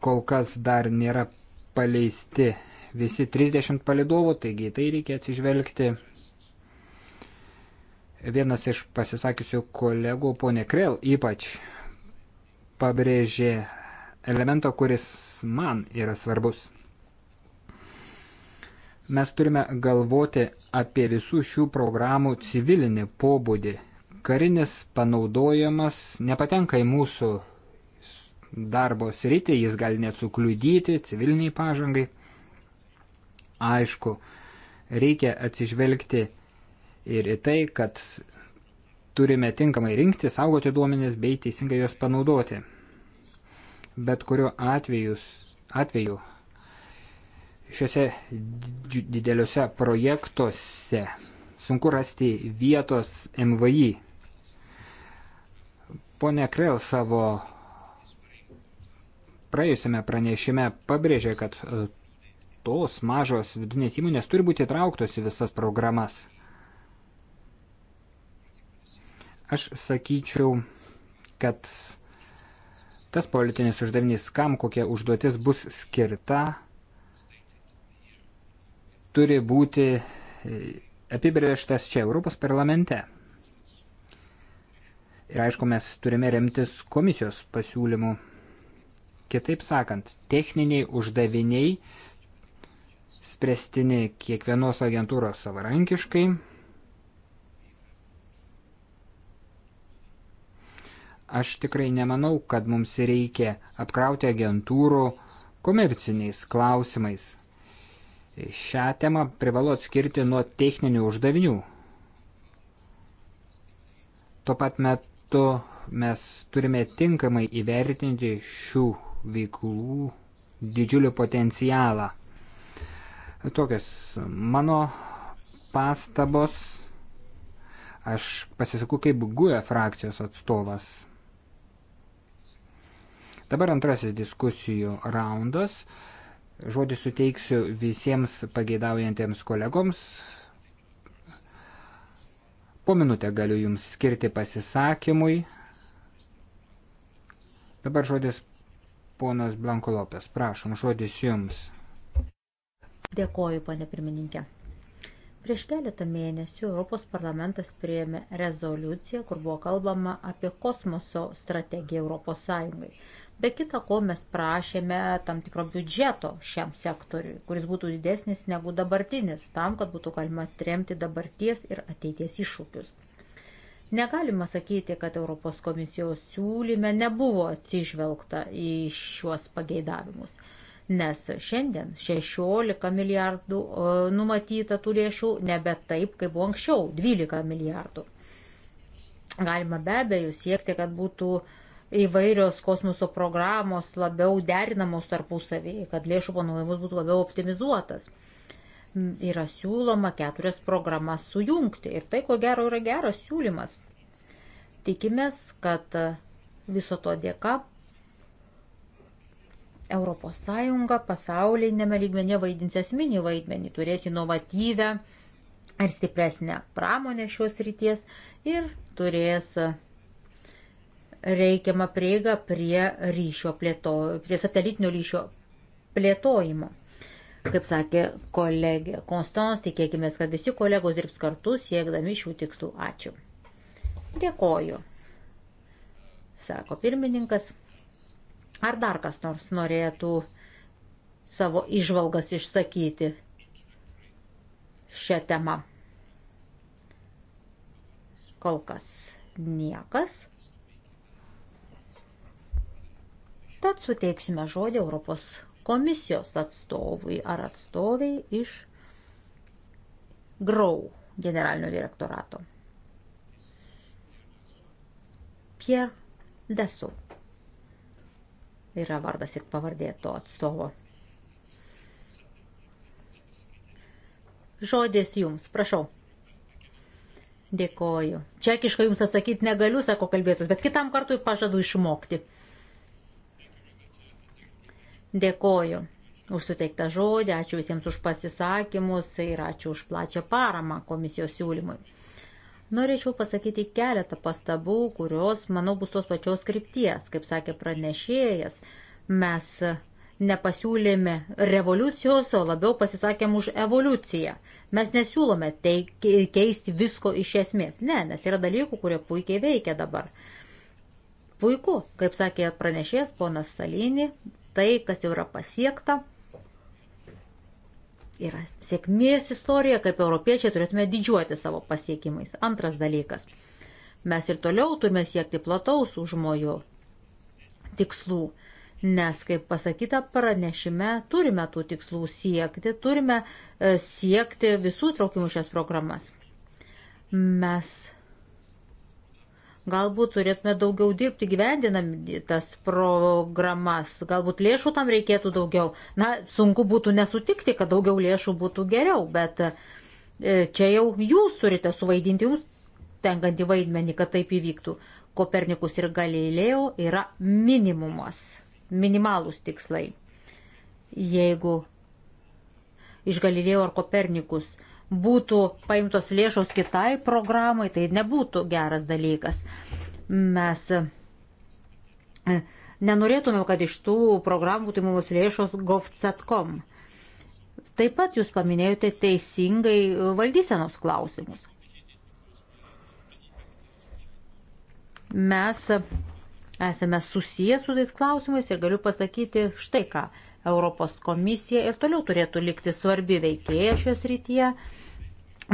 Kol kas dar nėra paleisti visi 30 palidovų, taigi tai reikia atsižvelgti. Vienas iš pasisakiusių kolegų, ponė Krell, ypač pabrėžė elemento, kuris man yra svarbus. Mes turime galvoti apie visų šių programų civilinį pobūdį. Karinis panaudojimas nepatenka į mūsų darbo sritį, jis gali net sukliudyti civiliniai pažangai. Aišku, reikia atsižvelgti ir į tai, kad turime tinkamai rinkti, saugoti duomenis bei teisingai juos panaudoti. Bet kuriuo atvejus, atveju šiuose dideliuose projektuose sunku rasti vietos MVI. Pone Krell savo praėjusiame pranešime pabrėžė, kad e, tos mažos vidinės įmonės turi būti įtrauktos į visas programas. Aš sakyčiau, kad tas politinis uždavinys, kam kokia užduotis bus skirta, turi būti e, apibrėžtas čia Europos parlamente. Ir aišku, mes turime remtis komisijos pasiūlymų Kitaip sakant, techniniai uždaviniai spręstini kiekvienos agentūros savarankiškai. Aš tikrai nemanau, kad mums reikia apkrauti agentūrų komerciniais klausimais. Šią temą privalu atskirti nuo techninių uždavinių. Tuo pat metu mes turime tinkamai įvertinti šių veiklų didžiulį potencialą. Tokios mano pastabos. Aš pasisakau kaip GUE frakcijos atstovas. Dabar antrasis diskusijų raundas. Žodį suteiksiu visiems pageidaujantiems kolegoms. Po minutę galiu jums skirti pasisakymui. Dabar žodis Ponas Blanko Lopės, prašom, žodis jums. Dėkoju, ponė pirmininkė. Prieš keletą mėnesių Europos parlamentas priėmė rezoliuciją, kur buvo kalbama apie kosmoso strategiją Europos Sąjungai. Be kita ko mes prašėme tam tikro biudžeto šiam sektoriui, kuris būtų didesnis negu dabartinis, tam, kad būtų galima atremti dabarties ir ateities iššūkius. Negalima sakyti, kad Europos komisijos siūlyme nebuvo atsižvelgta į šiuos pageidavimus, nes šiandien 16 milijardų e, numatyta tų lėšų nebe taip, kaip buvo anksčiau - 12 milijardų. Galima be abejo siekti, kad būtų įvairios kosmoso programos labiau derinamos tarpusavėje, kad lėšų panaudojimas būtų labiau optimizuotas yra siūloma keturias programas sujungti. Ir tai, ko gero, yra geras siūlymas. Tikimės, kad viso to dėka ES pasaulinėme lygmenė vaidins esminį vaidmenį, turės inovatyvę ir stipresnę pramonę šios ryties ir turės reikiamą prieigą prie ryšio plėto, prie satelitinio ryšio plėtojimo. Kaip sakė kolegė Konstans, tikėkime, kad visi kolegos dirbs kartu siekdami šių tikslų. Ačiū. Dėkoju, sako pirmininkas. Ar dar kas nors norėtų savo išvalgas išsakyti šią temą? Kol kas niekas. Tad suteiksime žodį Europos komisijos atstovui ar atstoviai iš Grau generalinio direktorato. Pierre Desu yra vardas ir pavardė to atstovo. Žodis jums, prašau. Dėkoju. Čekiškai jums atsakyti negaliu, sako kalbėtus, bet kitam kartui pažadu išmokti. Dėkoju už suteiktą žodį, ačiū visiems už pasisakymus ir ačiū už plačią paramą komisijos siūlymui. Norėčiau pasakyti keletą pastabų, kurios, manau, bus tos pačios krypties. Kaip sakė pranešėjas, mes nepasiūlėme revoliucijos, o labiau pasisakėm už evoliuciją. Mes nesiūlome tai keisti visko iš esmės. Ne, nes yra dalykų, kurie puikiai veikia dabar. Puiku, kaip sakė pranešėjas ponas Salinį, tai, kas jau yra pasiekta. Yra sėkmės istorija, kaip europiečiai turėtume didžiuoti savo pasiekimais. Antras dalykas. Mes ir toliau turime siekti plataus užmojo tikslų, nes, kaip pasakyta pranešime, turime tų tikslų siekti, turime e, siekti visų traukimų šias programas. Mes Galbūt turėtume daugiau dirbti gyvendinami tas programas, galbūt lėšų tam reikėtų daugiau. Na, sunku būtų nesutikti, kad daugiau lėšų būtų geriau, bet e, čia jau jūs turite suvaidinti jums tenkantį vaidmenį, kad taip įvyktų. Kopernikus ir Galilėjo yra minimumas, minimalūs tikslai. Jeigu iš Galilėjo ar Kopernikus būtų paimtos lėšos kitai programai, tai nebūtų geras dalykas. Mes e, nenorėtumėm, kad iš tų programų būtų mums lėšos gov.com. Taip pat jūs paminėjote teisingai valdysenos klausimus. Mes esame susiję su tais klausimais ir galiu pasakyti štai ką. Europos komisija ir toliau turėtų likti svarbi veikėja šios rytyje.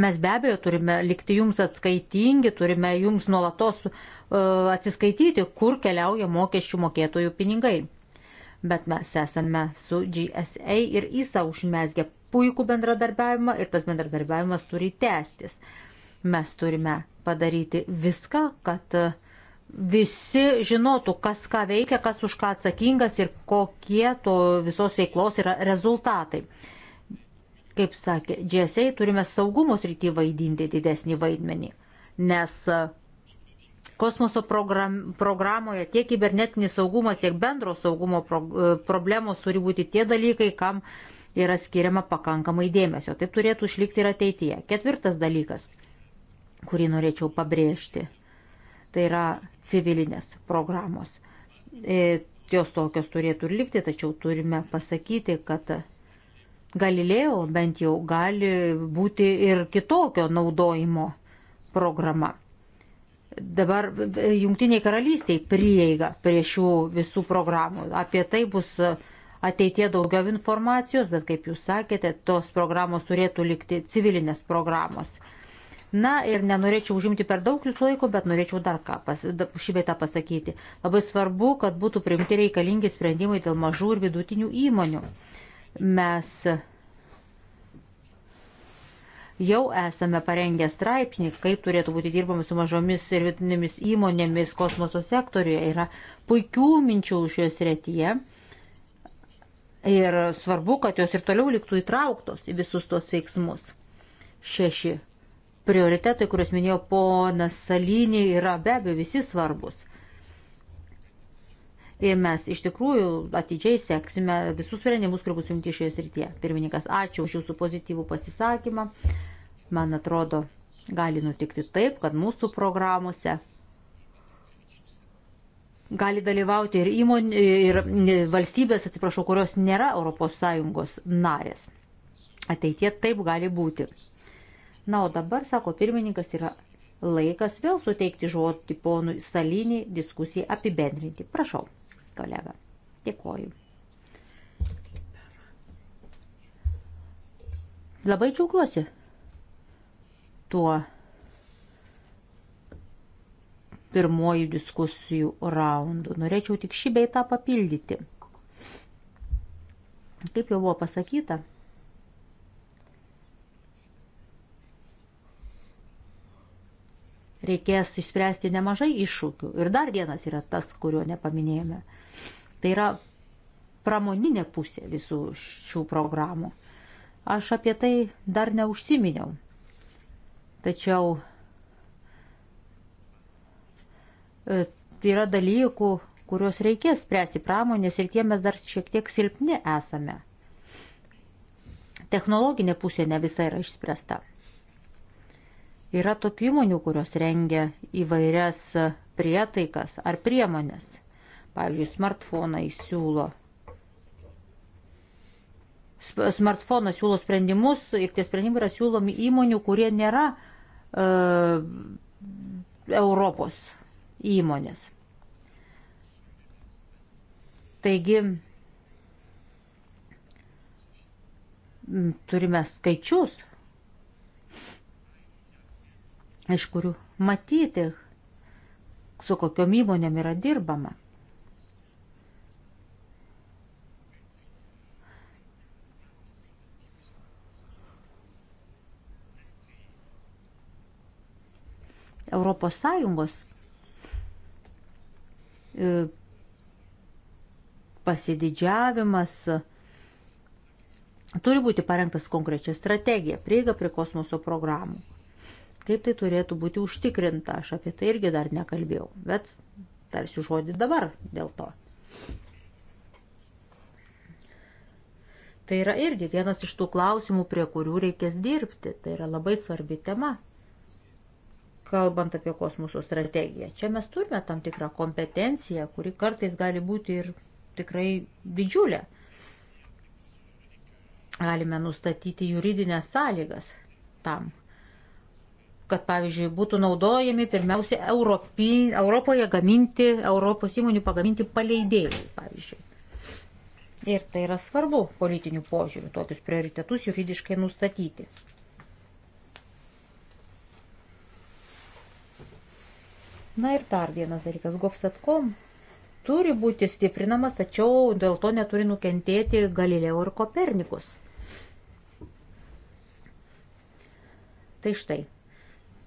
Mes be abejo turime likti jums atskaitingi, turime jums nuolatos uh, atsiskaityti, kur keliauja mokesčių mokėtojų pinigai. Bet mes esame su GSA ir ISA užmesgę puikų bendradarbiavimą ir tas bendradarbiavimas turi tęstis. Mes turime padaryti viską, kad uh, visi žinotų, kas ką veikia, kas už ką atsakingas ir kokie to visos veiklos yra rezultatai. Kaip sakė Džesiai, turime saugumos rytį vaidinti didesnį vaidmenį, nes e, kosmoso program, programoje tiek kibernetinis saugumas, tiek bendro saugumo pro, e, problemos turi būti tie dalykai, kam yra skiriama pakankamai dėmesio. Taip turėtų išlikti ir ateityje. Ketvirtas dalykas, kurį norėčiau pabrėžti tai yra civilinės programos. E, jos tokios turėtų ir likti, tačiau turime pasakyti, kad Galilėjo bent jau gali būti ir kitokio naudojimo programa. Dabar Junktiniai karalystiai prieiga prie šių visų programų. Apie tai bus ateitie daugiau informacijos, bet kaip jūs sakėte, tos programos turėtų likti civilinės programos. Na ir nenorėčiau užimti per daug jūsų laiko, bet norėčiau dar ką pas, šį beitą pasakyti. Labai svarbu, kad būtų priimti reikalingi sprendimai dėl mažų ir vidutinių įmonių. Mes jau esame parengę straipsnį, kaip turėtų būti dirbama su mažomis ir vidutinėmis įmonėmis kosmoso sektoriuje. Yra puikių minčių šioje srityje. Ir svarbu, kad jos ir toliau liktų įtrauktos į visus tos veiksmus. 6 prioritetai, kuriuos minėjo ponas Salinį, yra be abejo visi svarbus. Ir mes iš tikrųjų atidžiai seksime visus sprendimus, kurie bus jungti šioje srityje. Pirmininkas, ačiū už jūsų pozityvų pasisakymą. Man atrodo, gali nutikti taip, kad mūsų programuose gali dalyvauti ir, įmon, ir valstybės, atsiprašau, kurios nėra ES narės. Ateitie taip gali būti. Na, o dabar, sako pirmininkas, yra laikas vėl suteikti žodį ponui Salinį diskusijai apibendrinti. Prašau, kolega. Dėkoju. Labai džiaugiuosi tuo pirmojų diskusijų raundų. Norėčiau tik šį beitą papildyti. Kaip jau buvo pasakyta, reikės išspręsti nemažai iššūkių. Ir dar vienas yra tas, kurio nepaminėjome. Tai yra pramoninė pusė visų šių programų. Aš apie tai dar neužsiminiau. Tačiau e, yra dalykų, kuriuos reikės spręsti pramonės ir tie mes dar šiek tiek silpni esame. Technologinė pusė ne visa yra išspręsta. Yra tokių įmonių, kurios rengia įvairias prietaikas ar priemonės. Pavyzdžiui, smartfonai siūlo. Smartfonas siūlo sprendimus ir tie sprendimai yra siūlomi įmonių, kurie nėra uh, Europos įmonės. Taigi turime skaičius, iš kurių matyti, su kokiom įmonėm yra dirbama. Europos Sąjungos e, pasididžiavimas turi būti parengtas konkrečia strategija, prieiga prie kosmoso programų. Kaip tai turėtų būti užtikrinta, aš apie tai irgi dar nekalbėjau, bet tarsiu žodį dabar dėl to. Tai yra irgi vienas iš tų klausimų, prie kurių reikės dirbti. Tai yra labai svarbi tema, kalbant apie kosmoso strategiją. Čia mes turime tam tikrą kompetenciją, kuri kartais gali būti ir tikrai didžiulė. Galime nustatyti juridinės sąlygas tam kad, pavyzdžiui, būtų naudojami pirmiausia Europi, Europoje gaminti, Europos įmonių pagaminti paleidėjai, pavyzdžiui. Ir tai yra svarbu politinių požiūrių, tokius prioritetus juridiškai nustatyti. Na ir dar vienas dalykas, gofsatkom turi būti stiprinamas, tačiau dėl to neturi nukentėti Galileo ir Kopernikus. Tai štai,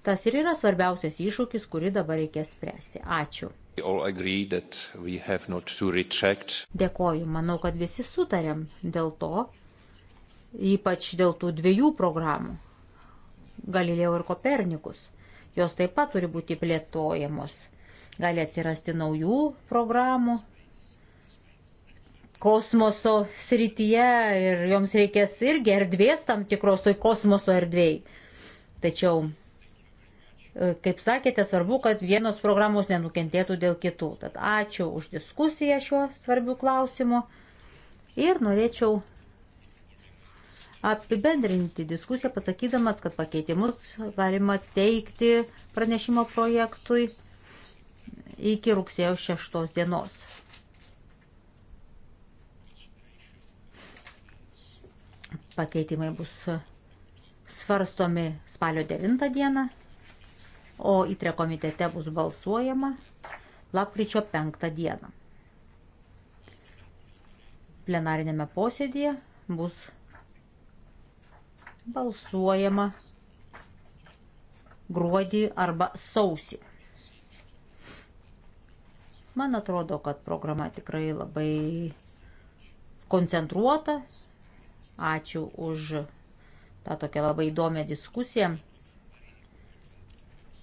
Tas ir yra svarbiausias iššūkis, kurį dabar reikės spręsti. Ačiū. Dėkoju, manau, kad visi sutarėm dėl to, ypač dėl tų dviejų programų - Galilėjo ir Kopernikus. Jos taip pat turi būti plėtojamos. Gali atsirasti naujų programų kosmoso srityje ir joms reikės irgi erdvės tam tikros toj kosmoso erdvėjai. Tačiau E, kaip sakėte, svarbu, kad vienos programos nenukentėtų dėl kitų. Tad ačiū už diskusiją šiuo svarbiu klausimu ir norėčiau apibendrinti diskusiją pasakydamas, kad pakeitimus galima teikti pranešimo projektui iki rugsėjo 6 dienos. Pakeitimai bus svarstomi spalio 9 dieną o įtre komitete bus balsuojama lapkričio 5 dieną. Plenarinėme posėdėje bus balsuojama gruodį arba sausį. Man atrodo, kad programa tikrai labai koncentruota. Ačiū už tą tokią labai įdomią diskusiją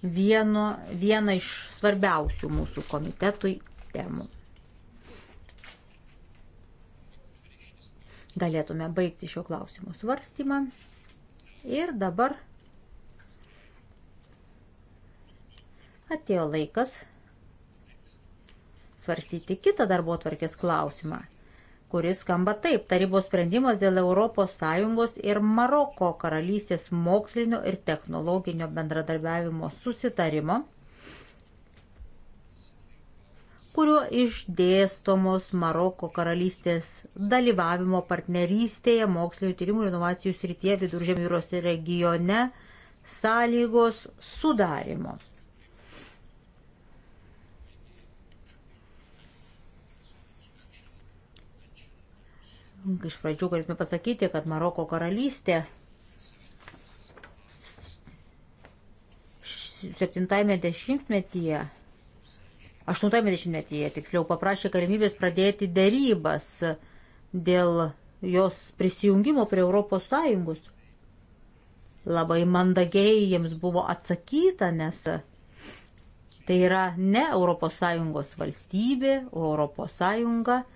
vieno, vieną iš svarbiausių mūsų komitetui temų. Galėtume baigti šio klausimo svarstymą. Ir dabar atėjo laikas svarstyti kitą darbo tvarkės klausimą – kuris skamba taip - tarybos sprendimas dėl ES ir Maroko karalystės mokslinio ir technologinio bendradarbiavimo susitarimo, kuriuo išdėstomos Maroko karalystės dalyvavimo partnerystėje mokslinio tyrimų ir inovacijų srityje viduržėmio jūros regione sąlygos sudarimo. Iš pradžių galime pasakyti, kad Maroko karalystė 70-ame dešimtmetyje, 8-ame dešimtmetyje tiksliau paprašė galimybės pradėti dėrybas dėl jos prisijungimo prie Europos Sąjungos. Labai mandagiai jiems buvo atsakyta, nes tai yra ne Europos Sąjungos valstybė, o Europos Sąjunga –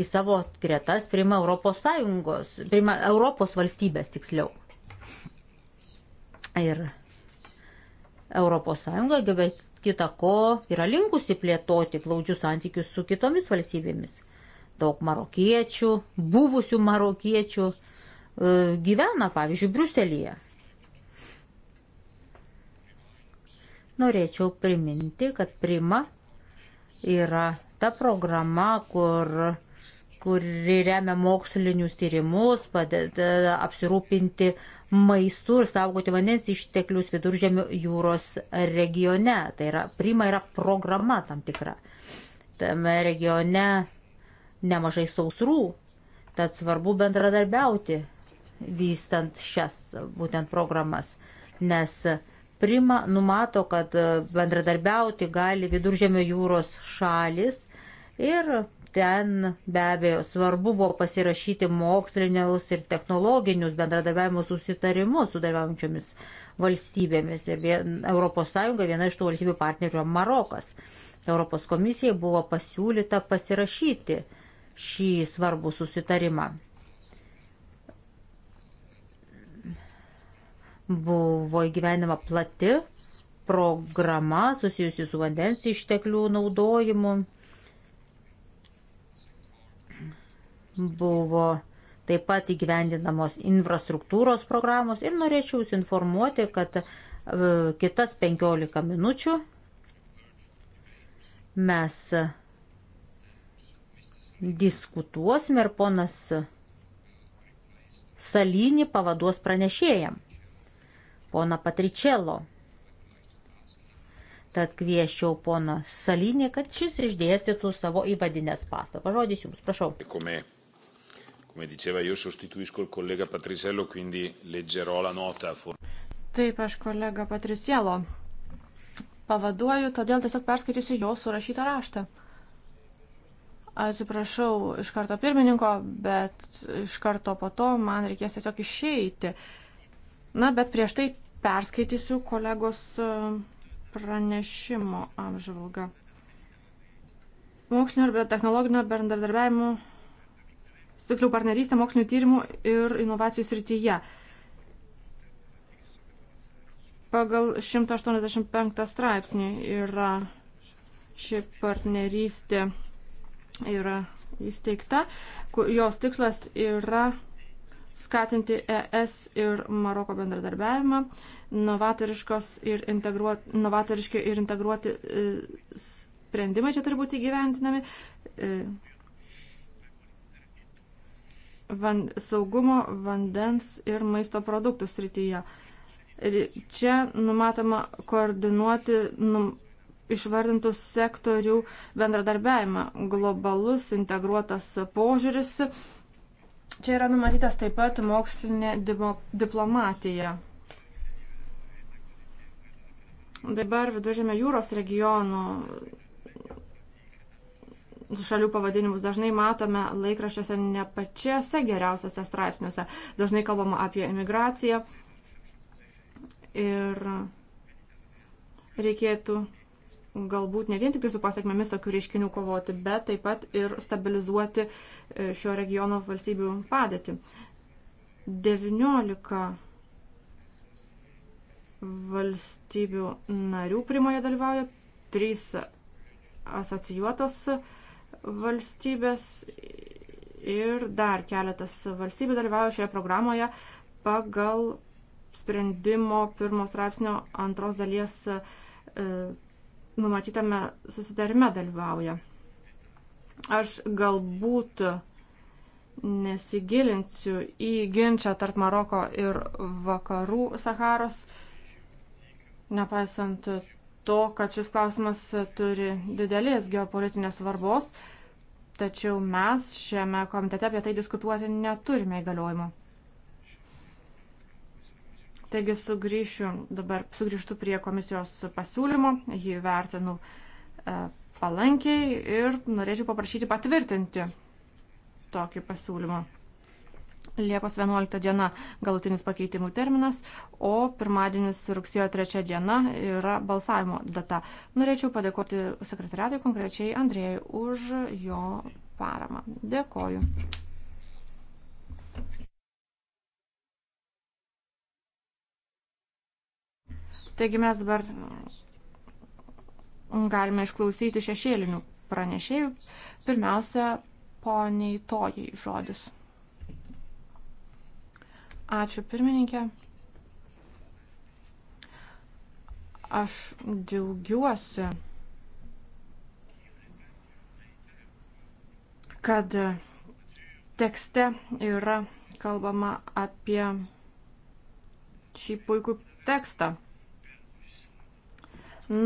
į savo gretas priima Europos Sąjungos, priima Europos valstybės tiksliau. Ir Europos Sąjunga, be kita ko, yra linkusi plėtoti glaudžius santykius su kitomis valstybėmis. Daug marokiečių, buvusių marokiečių e, gyvena, pavyzdžiui, Bruselėje. Norėčiau priminti, kad Prima yra ta programa, kur kuri remia mokslinius tyrimus, padeda apsirūpinti maistu ir saugoti vandens išteklius viduržėmio jūros regione. Tai yra, prima yra programa tam tikra. Tame regione nemažai sausrų, tad svarbu bendradarbiauti vystant šias būtent programas, nes prima numato, kad bendradarbiauti gali viduržėmio jūros šalis ir Ten be abejo svarbu buvo pasirašyti mokslinius ir technologinius bendradarbiavimo susitarimus su dalyvaujančiomis valstybėmis. Ir vien, ES viena iš tų valstybių partnerių yra Marokas. Europos komisijai buvo pasiūlyta pasirašyti šį svarbų susitarimą. Buvo įgyvenima plati programa susijusi su vandens išteklių naudojimu buvo taip pat įgyvendinamos infrastruktūros programos ir norėčiau Jūs informuoti, kad e, kitas 15 minučių mes diskutuosime ir ponas Salinį pavaduos pranešėjam, pona Patričelo. Tad kvieščiau poną Salinį, kad šis išdėstytų savo įvadinės pastabą. Žodis jums, prašau. Dėkumė. Come diceva, io sostituisco il collega Patriciello, quindi leggerò la nota. Taip, aš kolega Patriciello pavaduoju, todėl tiesiog perskaitysiu jo surašytą raštą. Atsiprašau iš karto pirmininko, bet iš karto po to man reikės tiesiog išeiti. Na, bet prieš tai perskaitysiu kolegos e, pranešimo apžvalgą. Mokslinio ir technologinio bendradarbiavimo tiksliau partnerystę mokslinio tyrimų ir inovacijų srityje. Pagal 185 straipsnį yra ši partnerystė yra įsteigta, jos tikslas yra skatinti ES ir Maroko bendradarbiavimą, ir integruot, novatoriški ir integruoti e, sprendimai čia turi būti gyventinami, e, van, saugumo vandens ir maisto produktų srityje. Čia numatoma koordinuoti num, išvardintų sektorių bendradarbiavimą, globalus integruotas požiūris. Čia yra numatytas taip pat mokslinė diplomatija. Dabar viduržėme jūros regionų šalių pavadinimus dažnai matome laikraščiuose ne pačiose geriausiose straipsniuose. Dažnai kalbama apie imigraciją ir reikėtų galbūt ne vien tik su pasiekmėmis tokių reiškinių kovoti, bet taip pat ir stabilizuoti e, šio regiono valstybių padėtį. 19 valstybių narių primoje dalyvauja, 3 asocijuotos valstybės valstybės ir dar keletas valstybių dalyvauja šioje programoje pagal sprendimo pirmo straipsnio antros dalies e, numatytame susitarime dalyvauja. Aš galbūt nesigilinsiu į ginčą tarp Maroko ir vakarų Saharos, nepaisant to, kad šis klausimas turi didelės geopolitinės svarbos, tačiau mes šiame komitete apie tai diskutuoti neturime įgaliojimo. Taigi sugrįšiu, dabar sugrįžtu prie komisijos pasiūlymo, jį vertinu e, palankiai ir norėčiau paprašyti patvirtinti tokį pasiūlymą. Liepos 11 diena galutinis pakeitimų terminas, o pirmadienis rugsėjo 3 diena yra balsavimo data. Norėčiau padėkoti sekretariatui, konkrečiai Andrėjai, už jo paramą. Dėkoju. Taigi mes dabar galime išklausyti šešėlinių pranešėjų. Pirmiausia, poniai tojai žodis. Ačiū pirmininkė. Aš džiaugiuosi, kad tekste yra kalbama apie šį puikų tekstą.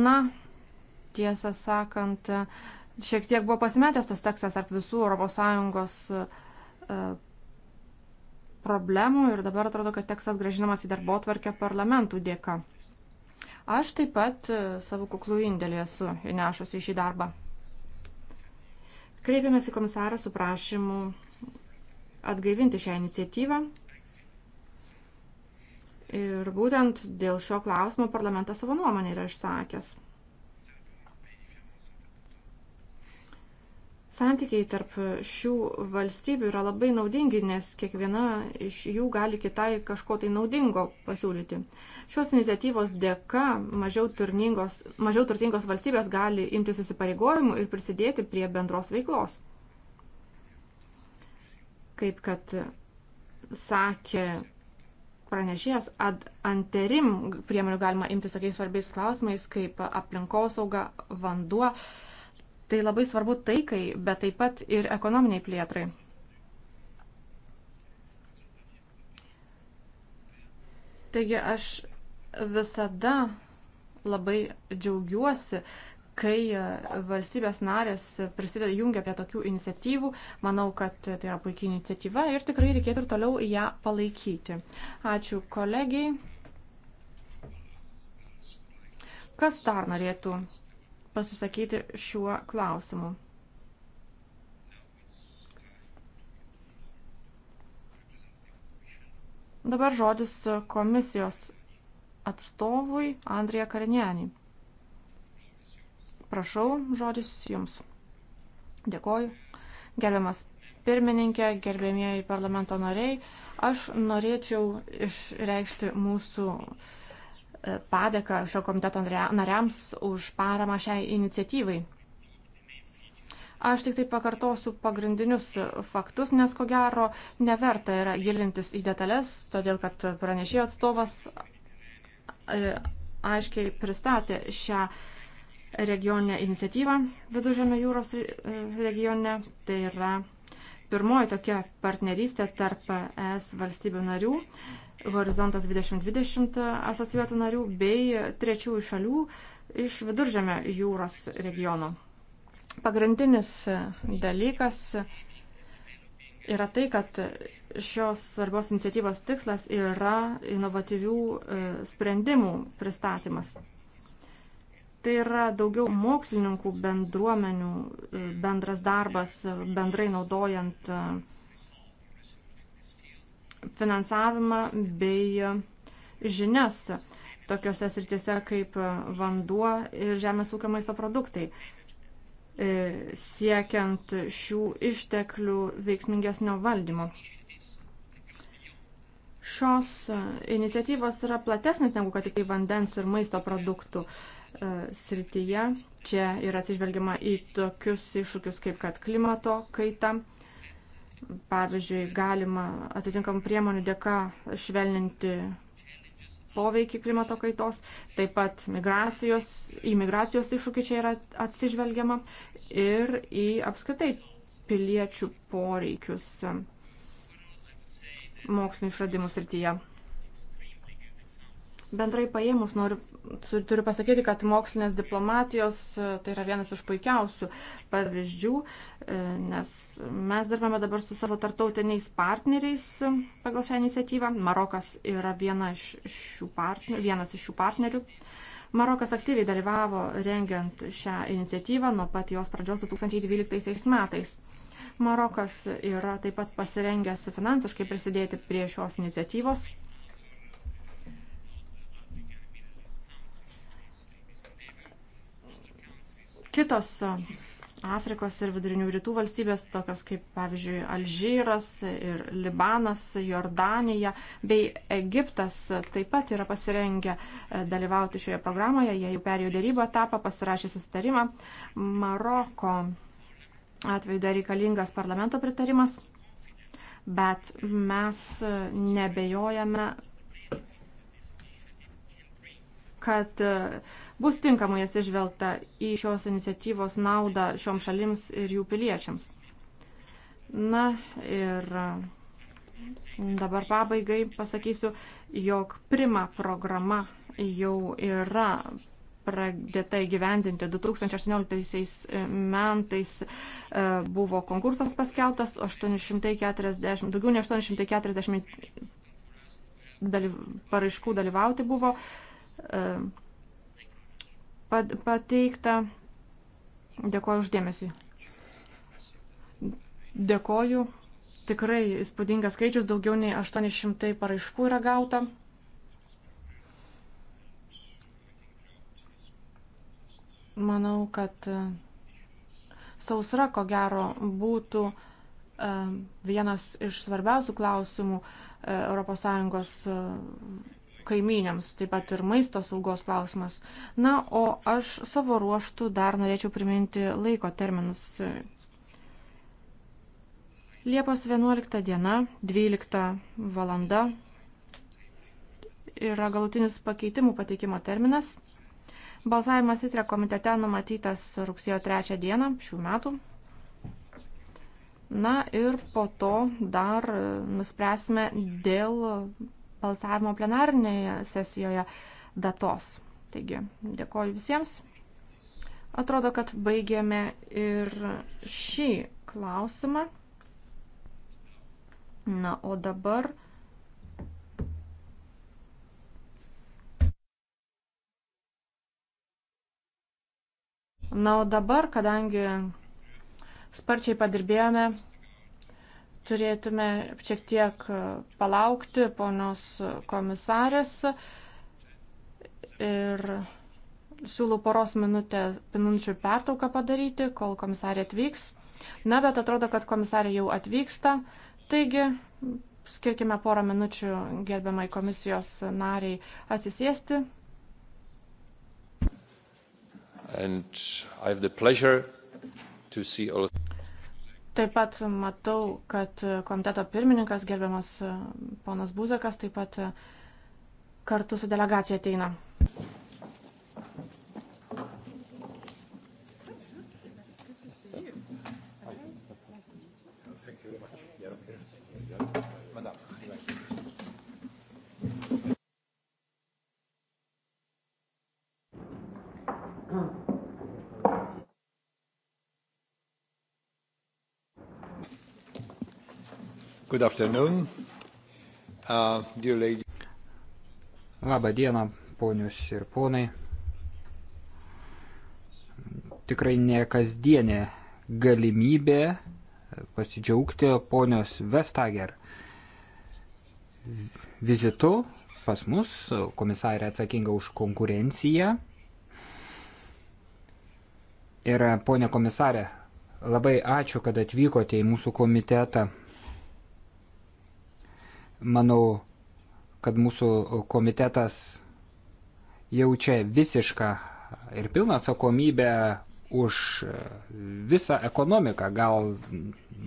Na, tiesą sakant, šiek tiek buvo pasimetęs tas tekstas tarp visų ES problemų ir dabar atrodo, kad tekstas gražinamas į darbo tvarkę parlamentų dėka. Aš taip pat e, savo kuklų indėlį esu įnešusi į šį darbą. Kreipėmės į komisarą su prašymu atgaivinti šią iniciatyvą. Ir būtent dėl šio klausimo parlamentas savo nuomonę yra išsakęs. Santykiai tarp šių valstybių yra labai naudingi, nes kiekviena iš jų gali kitai kažko tai naudingo pasiūlyti. Šios iniciatyvos dėka mažiau, mažiau turtingos valstybės gali imtis įsipareigojimų ir prisidėti prie bendros veiklos. Kaip kad sakė pranešėjas ad anterim priemonių galima imtis tokiais svarbiais klausimais kaip aplinkosauga, vanduo, Tai labai svarbu taikai, bet taip pat ir ekonominiai plėtrai. Taigi aš visada labai džiaugiuosi, kai valstybės narės prisideda jungia prie tokių iniciatyvų. Manau, kad tai yra puikiai iniciatyva ir tikrai reikėtų ir toliau ją palaikyti. Ačiū kolegijai. Kas dar norėtų pasisakyti šiuo klausimu. Dabar žodis komisijos atstovui Andrija Karinianį. Prašau, žodis jums. Dėkoju. Gerbiamas pirmininkė, gerbėmieji parlamento nariai, aš norėčiau išreikšti mūsų uh, padėką šio komiteto nariams už paramą šiai iniciatyvai. Aš tik tai pakartosiu pagrindinius faktus, nes ko gero neverta yra gilintis į detalės, todėl kad pranešėjo atstovas e, aiškiai pristatė šią regioninę iniciatyvą Vidužėme jūros regione. Tai yra pirmoji tokia partnerystė tarp ES valstybių narių. Horizontas 2020 asociuotų narių bei trečiųjų šalių iš viduržėme jūros regiono. Pagrindinis dalykas yra tai, kad šios svarbios iniciatyvos tikslas yra inovatyvių e, sprendimų pristatymas. Tai yra daugiau mokslininkų bendruomenių e, bendras darbas, bendrai naudojant uh, finansavimą bei žinias tokiuose srityse kaip vanduo ir žemės ūkio maisto produktai, e, siekiant šių išteklių veiksmingesnio valdymo. Šios iniciatyvos yra platesnės negu kad tik tai vandens ir maisto produktų e, srityje. Čia yra atsižvelgiama į tokius iššūkius kaip kad klimato kaita, pavyzdžiui, galima atitinkamų priemonių dėka švelninti poveikį klimato kaitos, taip pat migracijos, į migracijos iššūkį čia yra atsižvelgiama ir į apskritai piliečių poreikius mokslinio išradimų srityje. Bendrai paėmus noriu, turiu pasakyti, kad mokslinės diplomatijos e, tai yra vienas iš puikiausių pavyzdžių, e, nes mes dirbame dabar su savo tartautiniais partneriais e, pagal šią iniciatyvą. Marokas yra viena iš šių partner, vienas iš šių partnerių. Marokas aktyviai dalyvavo rengiant šią iniciatyvą nuo pat jos pradžios 2012 metais. Marokas yra taip pat pasirengęs finansiškai prisidėti prie šios iniciatyvos. kitos Afrikos ir vidurinių rytų valstybės, tokios kaip pavyzdžiui Alžyras ir Libanas, Jordanija bei Egiptas taip pat yra pasirengę e, dalyvauti šioje programoje, jie jau perėjo dėrybą etapą, pasirašė susitarimą. Maroko atveju dar reikalingas parlamento pritarimas, bet mes nebejojame, kad uh, bus tinkamai atsižvelgta į šios iniciatyvos naudą šioms šalims ir jų piliečiams. Na ir dabar pabaigai pasakysiu, jog prima programa jau yra pradėta įgyvendinti 2018 e, metais e, buvo konkursams paskeltas 840, daugiau nei 840 dalyv, paraiškų dalyvauti buvo. E, pateikta. Dėkuoju uždėmesį. Dėkoju. Tikrai įspūdingas skaičius, daugiau nei 800 paraiškų yra gauta. Manau, kad e, sausra, ko gero, būtų e, vienas iš svarbiausių klausimų ES kaimynėms, taip pat ir maisto saugos klausimas. Na, o aš savo ruoštų dar norėčiau priminti laiko terminus. Liepos 11 diena, 12 valanda yra galutinis pakeitimų pateikimo terminas. Balsavimas įtrė komitete numatytas rugsėjo 3 dieną šių metų. Na ir po to dar nuspręsime dėl balsavimo plenarinėje sesijoje datos. Taigi, dėkoju visiems. Atrodo, kad baigėme ir šį klausimą. Na, o dabar. Na, o dabar, kadangi sparčiai padirbėjome, turėtume šiek tiek e, palaukti ponios komisarės ir siūlau poros minutę, minučių pertrauką padaryti, kol komisarė atvyks. Na, bet atrodo, kad komisarė jau atvyksta, taigi skirkime porą minučių gerbiamai komisijos nariai atsisėsti. And I have the pleasure to see all of you. Taip pat matau, kad komiteto pirmininkas, gerbiamas ponas Buzekas, taip pat kartu su delegacija ateina. Good afternoon, uh, dear lady. Labą dieną, ponius ir ponai. Tikrai ne kasdienė galimybė pasidžiaugti ponios Vestager vizitu pas mus, komisarė atsakinga už konkurenciją. Ir ponė komisarė, labai ačiū, kad atvykote į mūsų komitetą Manau, kad mūsų komitetas jaučia visišką ir pilną atsakomybę už visą ekonomiką. Gal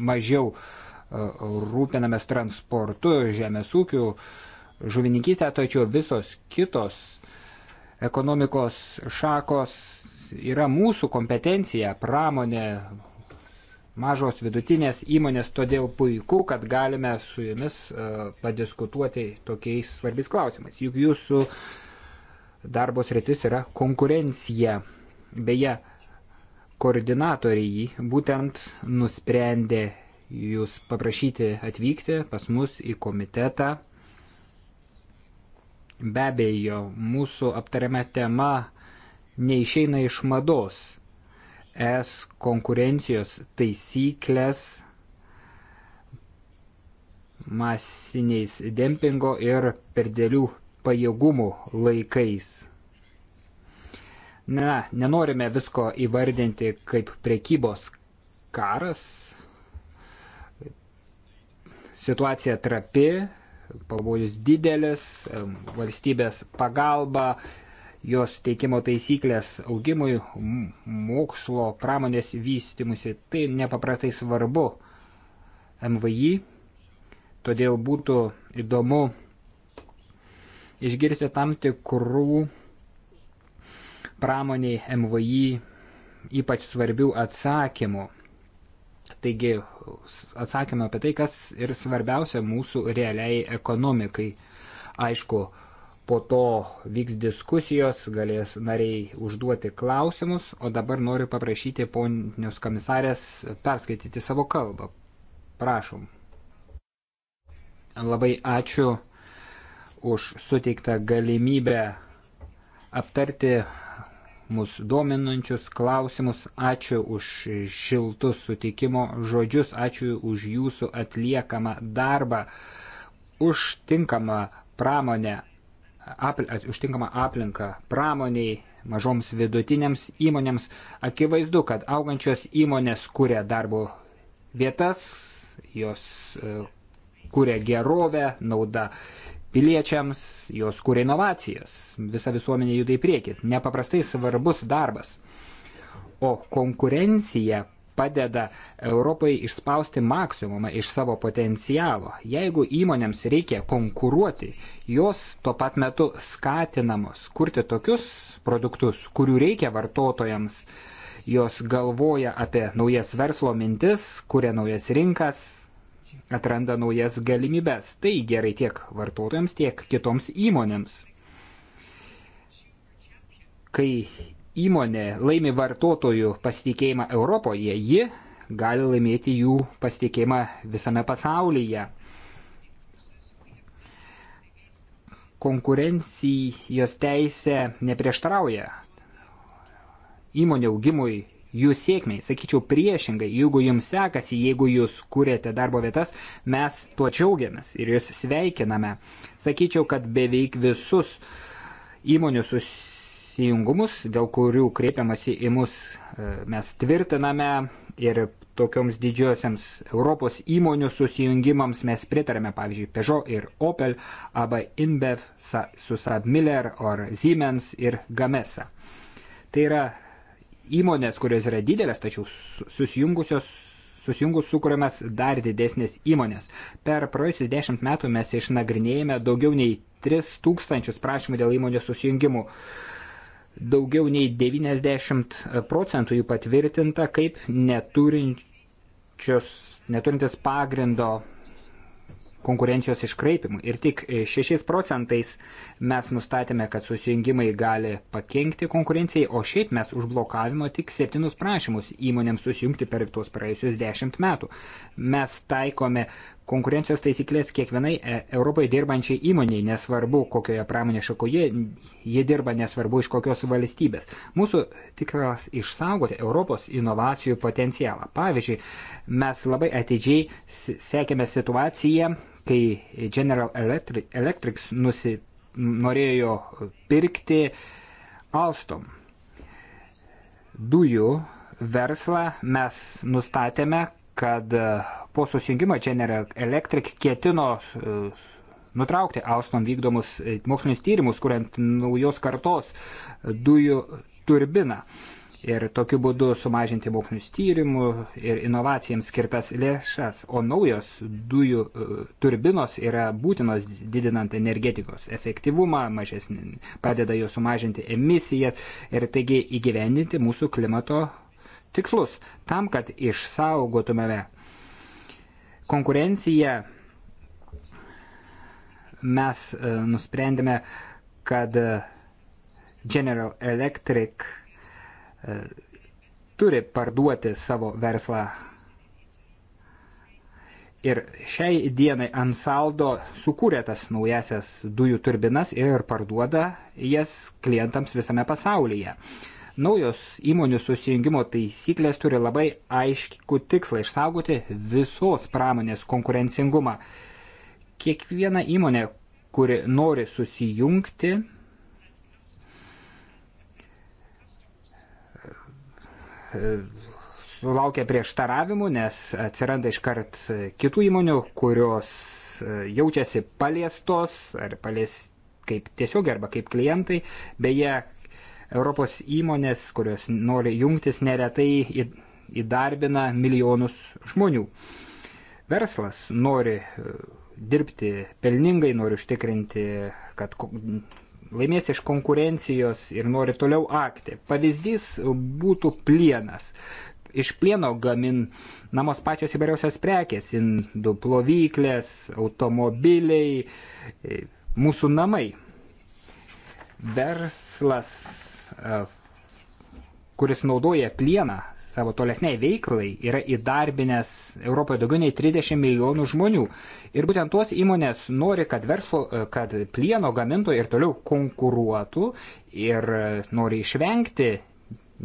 mažiau e, rūpinamės transportu, žemės ūkiu, žuvininkystę, tačiau visos kitos ekonomikos šakos yra mūsų kompetencija, pramonė, mažos vidutinės įmonės, todėl puiku, kad galime su jumis e, padiskutuoti tokiais svarbiais klausimais. Juk jūsų darbos rytis yra konkurencija. Beje, koordinatoriai būtent nusprendė jūs paprašyti atvykti pas mus į komitetą. Be abejo, mūsų aptariama tema neišeina iš mados es konkurencijos taisyklės masiniais dempingo ir perdėlių pajėgumų laikais. Na, nenorime visko įvardinti kaip prekybos karas. Situacija trapi, pavojus didelis, valstybės pagalba jos teikimo taisyklės augimui, mokslo, pramonės vystimusi, tai nepaprastai svarbu MVI, todėl būtų įdomu išgirsti tam tikrų pramoniai MVI ypač svarbių atsakymų. Taigi atsakymą apie tai, kas ir svarbiausia mūsų realiai ekonomikai. Aišku, po to vyks diskusijos, galės nariai užduoti klausimus, o dabar noriu paprašyti ponios komisarės perskaityti savo kalbą. Prašom. Labai ačiū už suteiktą galimybę aptarti mūsų dominančius klausimus. Ačiū už šiltus sutikimo žodžius, ačiū už jūsų atliekamą darbą, už tinkamą pramonę apl užtinkamą aplinką pramoniai, mažoms vidutinėms įmonėms. Akivaizdu, kad augančios įmonės kuria darbo vietas, jos e, kuria gerovę, naudą piliečiams, jos kuria inovacijas. Visa visuomenė juda į priekį. Nepaprastai svarbus darbas. O konkurencija padeda Europai išspausti maksimumą iš savo potencialo. Jeigu įmonėms reikia konkuruoti, jos tuo pat metu skatinamos kurti tokius produktus, kurių reikia vartotojams. Jos galvoja apie naujas verslo mintis, kuria naujas rinkas, atranda naujas galimybes. Tai gerai tiek vartotojams, tiek kitoms įmonėms. Kai įmonė laimi vartotojų pasitikėjimą Europoje, ji gali laimėti jų pasitikėjimą visame pasaulyje. Konkurencijos teisė neprieštrauja įmonė augimui jų sėkmiai. Sakyčiau priešingai, jeigu jums sekasi, jeigu jūs kūrėte darbo vietas, mes tuo džiaugiamės ir jūs sveikiname. Sakyčiau, kad beveik visus įmonių sus neteisėtingumus, dėl kurių kreipiamasi į mus e, mes tvirtiname ir tokioms didžiosiams Europos įmonių susijungimams mes pritarėme, pavyzdžiui, Peugeot ir Opel, arba InBev su Saab Miller, or Siemens ir Gamesa. Tai yra įmonės, kurios yra didelės, tačiau susijungusios susijungus sukūrėmės dar didesnės įmonės. Per praėjusius dešimt metų mes išnagrinėjame daugiau nei 3000 prašymų dėl įmonės susijungimų daugiau nei 90 procentų jų patvirtinta kaip neturinčios, neturintis pagrindo konkurencijos iškraipimui. Ir tik 6 procentais mes nustatėme, kad susijungimai gali pakengti konkurencijai, o šiaip mes užblokavimo tik 7 prašymus įmonėms susijungti per tuos praėjusius 10 metų. Mes taikome konkurencijos taisyklės kiekvienai e, Europoje dirbančiai įmoniai, nesvarbu kokioje pramonės šakoje jie dirba, nesvarbu iš kokios valstybės. Mūsų tikras išsaugoti Europos inovacijų potencialą. Pavyzdžiui, mes labai atidžiai sekėme situaciją, kai General Electric, Electric nusi, norėjo pirkti Alstom dujų verslą, mes nustatėme, kad po susijungimo General Electric ketino e, nutraukti Alstom vykdomus e, mokslinius tyrimus, kuriant naujos kartos e, dujų turbiną. Ir tokiu būdu sumažinti mokslinius tyrimų ir inovacijams skirtas lėšas. O naujos dujų turbinos yra būtinos didinant energetikos efektyvumą, mažesnį, padeda jų sumažinti emisijas ir taigi įgyvendinti mūsų klimato tikslus. Tam, kad išsaugotumėme konkurenciją mes e, nusprendėme, kad e, General Electric e, turi parduoti savo verslą. Ir šiai dienai Ansaldo sukūrė tas naujasias dujų turbinas ir parduoda jas klientams visame pasaulyje. Uh, Naujos įmonių susijungimo taisyklės turi labai aiškų tikslą išsaugoti visos pramonės konkurencingumą. Kiekviena įmonė, kuri nori susijungti, sulaukia prieštaravimų, nes atsiranda iškart kitų įmonių, kurios jaučiasi paliestos ar palies kaip tiesiogiai arba kaip klientai. Beje, Europos įmonės, kurios nori jungtis, neretai įdarbina milijonus žmonių. Verslas nori e, dirbti pelningai, nori užtikrinti, kad laimės iš konkurencijos ir nori toliau akti. Pavyzdys būtų plienas. Iš plieno gaminamos pačios įvairiausios prekės - indų plovyklės, automobiliai, e, mūsų namai. Verslas E, kuris naudoja plieną savo tolesniai veiklai, yra įdarbinęs Europoje daugiau nei 30 milijonų žmonių. Ir būtent tuos įmonės nori, kad, verslo, e, kad plieno gamintojai ir toliau konkuruotų ir e, nori išvengti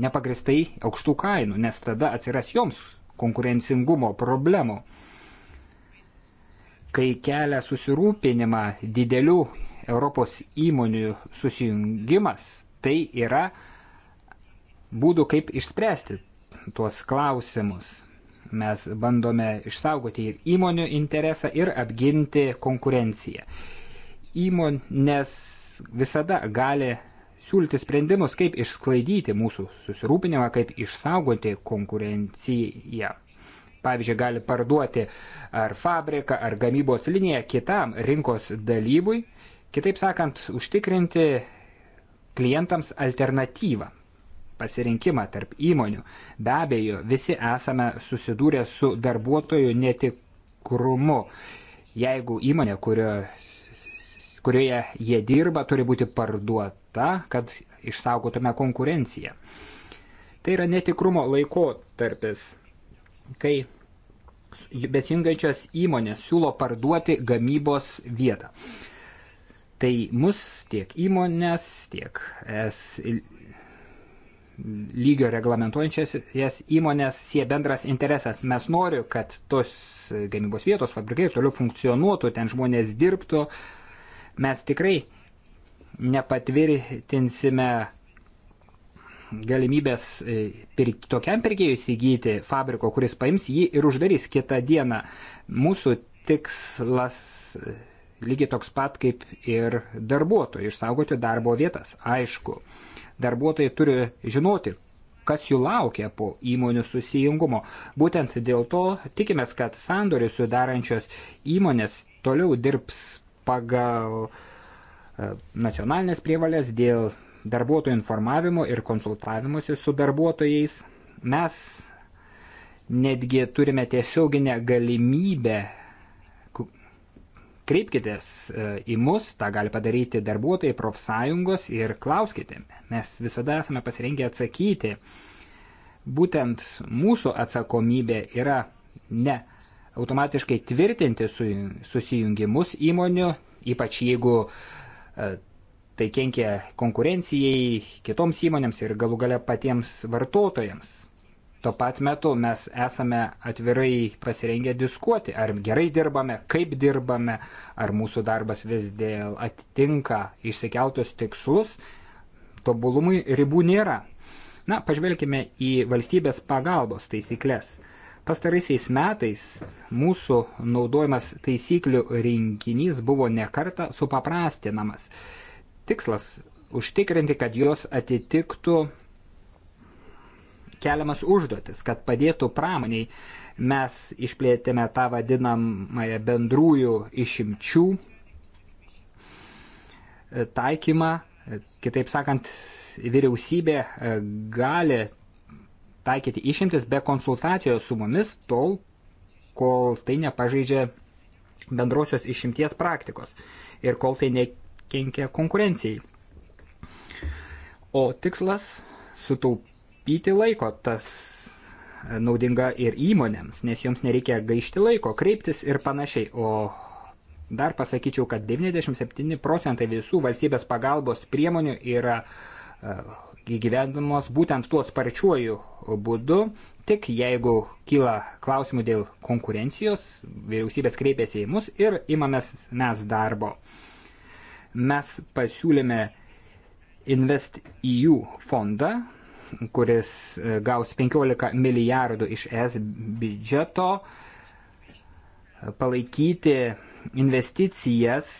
nepagristai aukštų kainų, nes tada atsiras joms konkurencingumo problemų. Kai kelia susirūpinimą didelių Europos įmonių susijungimas, Tai yra būdų, kaip išspręsti tuos klausimus. Mes bandome išsaugoti ir įmonių interesą ir apginti konkurenciją. Įmonės visada gali siūlyti sprendimus, kaip išsklaidyti mūsų susirūpinimą, kaip išsaugoti konkurenciją. Pavyzdžiui, gali parduoti ar fabriką, ar gamybos liniją kitam rinkos dalyvui, kitaip sakant, užtikrinti klientams alternatyvą, pasirinkimą tarp įmonių. Be abejo, visi esame susidūrę su darbuotojų netikrumu. Jeigu įmonė, kurio, kurioje jie dirba, turi būti parduota, kad išsaugotume konkurenciją. Tai yra netikrumo laikotarpis, kai besijungiančios įmonės siūlo parduoti gamybos vietą. Tai mus tiek įmonės, tiek es lygio reglamentuojančias jas įmonės sie bendras interesas. Mes noriu, kad tos gamybos vietos, fabrikai toliau funkcionuotų, ten žmonės dirbtų. Mes tikrai nepatvirtinsime galimybės e, pirk, tokiam pirkėjui įsigyti fabriko, kuris paims jį ir uždarys kitą dieną. Mūsų tikslas lygiai toks pat kaip ir darbuotojai, išsaugoti darbo vietas. Aišku, darbuotojai turi žinoti, kas jų laukia po įmonių susijungumo. Būtent dėl to tikimės, kad sandorį sudarančios įmonės toliau dirbs pagal e, nacionalinės prievalės dėl darbuotojų informavimo ir konsultavimuose su darbuotojais. Mes netgi turime tiesioginę galimybę Kreipkitės e, į mus, tą gali padaryti darbuotojai, profsąjungos ir klauskite. Mes visada esame pasirengę atsakyti. Būtent mūsų atsakomybė yra ne automatiškai tvirtinti su, susijungimus įmonių, ypač jeigu e, tai kenkia konkurencijai, kitoms įmonėms ir galų gale patiems vartotojams. Tuo pat metu mes esame atvirai pasirengę diskuoti, ar gerai dirbame, kaip dirbame, ar mūsų darbas vis dėl atitinka išsikeltus tikslus. Tobulumui ribų nėra. Na, pažvelkime į valstybės pagalbos taisyklės. Pastaraisiais metais mūsų naudojimas taisyklių rinkinys buvo nekarta supaprastinamas. Tikslas užtikrinti, kad jos atitiktų keliamas užduotis, kad padėtų pramoniai. Mes išplėtėme tą vadinamąją bendrųjų išimčių e, taikymą. E, kitaip sakant, vyriausybė e, gali taikyti išimtis be konsultacijos su mumis tol, kol tai nepažeidžia bendrosios išimties praktikos ir kol tai nekenkia konkurencijai. O tikslas - sutaup taupyti laiko. Tas e, naudinga ir įmonėms, nes joms nereikia gaišti laiko, kreiptis ir panašiai. O dar pasakyčiau, kad 97 procentai visų valstybės pagalbos priemonių yra e, įgyvendamos būtent tuo sparčiuoju būdu, tik jeigu kyla klausimų dėl konkurencijos, vyriausybės kreipiasi į mus ir imamės mes darbo. Mes pasiūlėme Invest EU fondą, kuris e, gaus 15 milijardų iš ES biudžeto, palaikyti investicijas,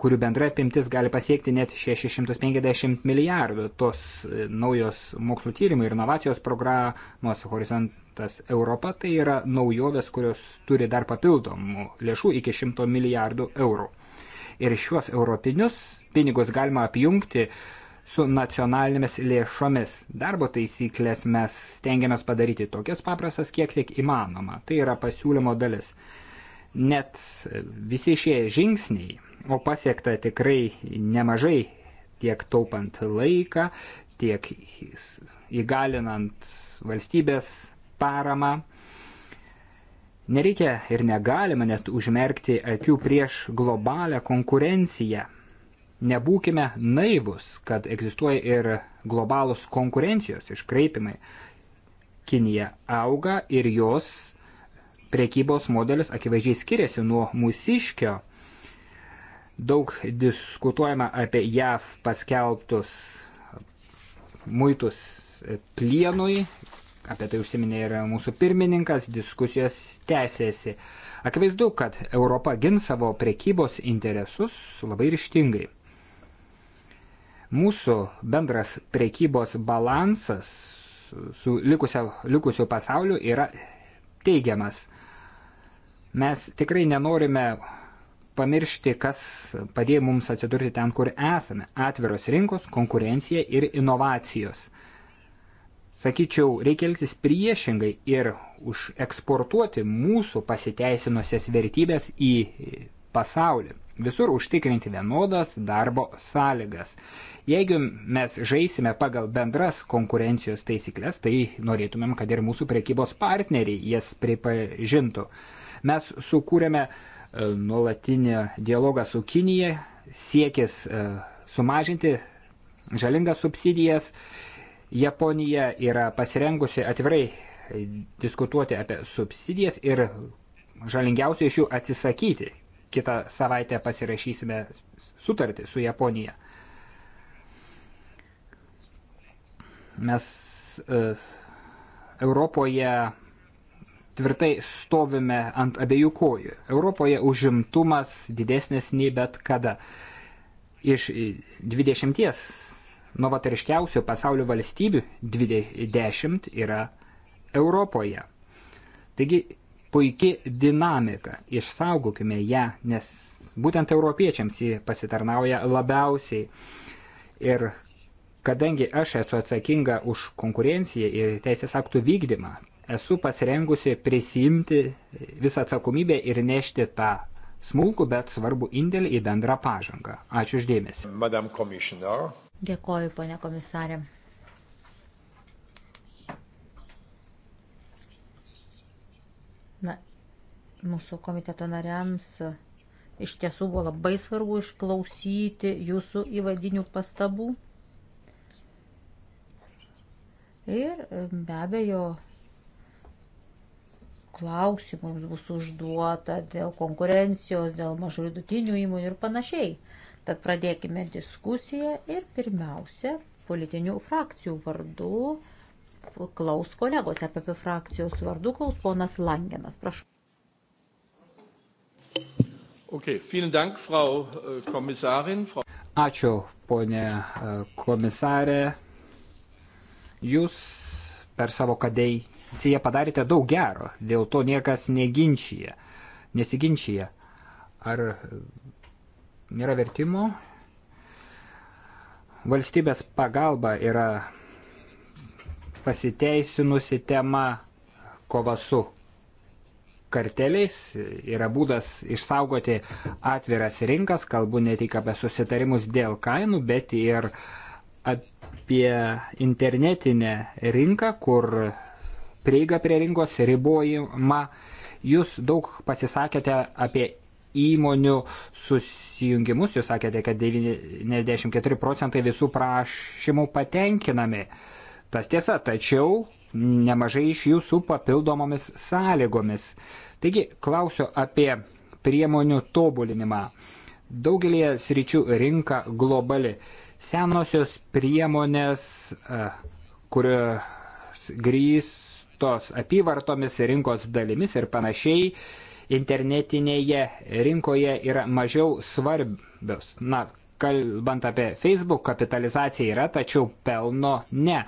kurių bendra apimtis gali pasiekti net 650 milijardų. Tos e, naujos mokslo tyrimų ir inovacijos programos Horizontas Europa tai yra naujovės, kurios turi dar papildomų lėšų iki 100 milijardų eurų. Ir šiuos europinius pinigus galima apjungti uh, su nacionalinėmis lėšomis. Darbo taisyklės mes stengiamės padaryti tokias paprastas, kiek tik įmanoma. Tai yra pasiūlymo dalis. Net visi šie žingsniai, o pasiekta tikrai nemažai, tiek taupant laiką, tiek įgalinant valstybės paramą. Nereikia ir negalima net užmerkti akių prieš globalią konkurenciją – Nebūkime naivus, kad egzistuoja ir globalus konkurencijos iškraipimai. Kinija auga ir jos priekybos modelis akivaizdžiai skiriasi nuo mūsiškio. Daug diskutuojama apie JAV paskelbtus muitus plienui, apie tai užsiminė ir mūsų pirmininkas, diskusijos tęsėsi. Akivaizdu, kad Europa gins savo priekybos interesus labai ryštingai. Mūsų bendras prekybos balansas su likusio, likusiu pasauliu yra teigiamas. Mes tikrai nenorime pamiršti, kas padėjo mums atsidurti ten, kur esame. Atviros rinkos, konkurencija ir inovacijos. Sakyčiau, reikia elgtis priešingai ir užeksportuoti mūsų pasiteisinusias vertybės į pasaulį visur užtikrinti vienodas darbo sąlygas. Jeigu mes žaisime pagal bendras konkurencijos taisyklės, tai norėtumėm, kad ir mūsų prekybos partneriai jas pripažintų. Mes sukūrėme e, nuolatinį dialogą su Kinija, siekis e, sumažinti žalingas subsidijas. Japonija yra pasirengusi atvirai diskutuoti apie subsidijas ir žalingiausiai iš jų atsisakyti kitą savaitę pasirašysime sutartį su Japonija. Mes uh, Europoje tvirtai stovime ant abiejų kojų. Europoje užimtumas didesnis nei bet kada. Iš 20 novatoriškiausių pasaulio valstybių 20 yra Europoje. Taigi puikiai dinamika. Išsaugokime ją, nes būtent europiečiams ji pasitarnauja labiausiai. Ir kadangi aš esu atsakinga už konkurenciją ir teisės aktų vykdymą, esu pasirengusi prisimti visą atsakomybę ir nešti tą smulkų, bet svarbų indėlį į bendrą pažangą. Ačiū uždėmesi. Dėkoju, ponė komisarė. mūsų komiteto nariams e, iš tiesų buvo labai svarbu išklausyti jūsų įvadinių pastabų. Ir e, be abejo, klausimams bus užduota dėl konkurencijos, dėl mažų vidutinių įmonių ir panašiai. Tad pradėkime diskusiją ir pirmiausia, politinių frakcijų vardu klaus kolegos apie frakcijos vardu klaus ponas Langenas. Prašau. Okay, vielen Dank, Frau äh, Kommissarin. Frau... Ačiū, ponė äh, komisarė. Jūs per savo kadenciją padarėte daug gero, dėl to niekas neginčyje, nesiginčyje. Ar nėra vertimo? Valstybės pagalba yra pasiteisinusi tema kova su karteliais yra būdas išsaugoti atviras rinkas, kalbu ne tik apie susitarimus dėl kainų, bet ir apie internetinę rinką, kur prieiga prie rinkos ribojama. Jūs daug pasisakėte apie įmonių susijungimus, jūs sakėte, kad 94 procentai visų prašymų patenkinami. Tas tiesa, tačiau nemažai iš jų su papildomomis sąlygomis. Taigi klausiu apie priemonių tobulinimą. Daugelį sričių rinka globali. Senosios priemonės, e, kurios grįstos apyvartomis rinkos dalimis ir panašiai, internetinėje rinkoje yra mažiau svarbios. Na, kalbant apie Facebook, kapitalizacija yra, tačiau pelno ne.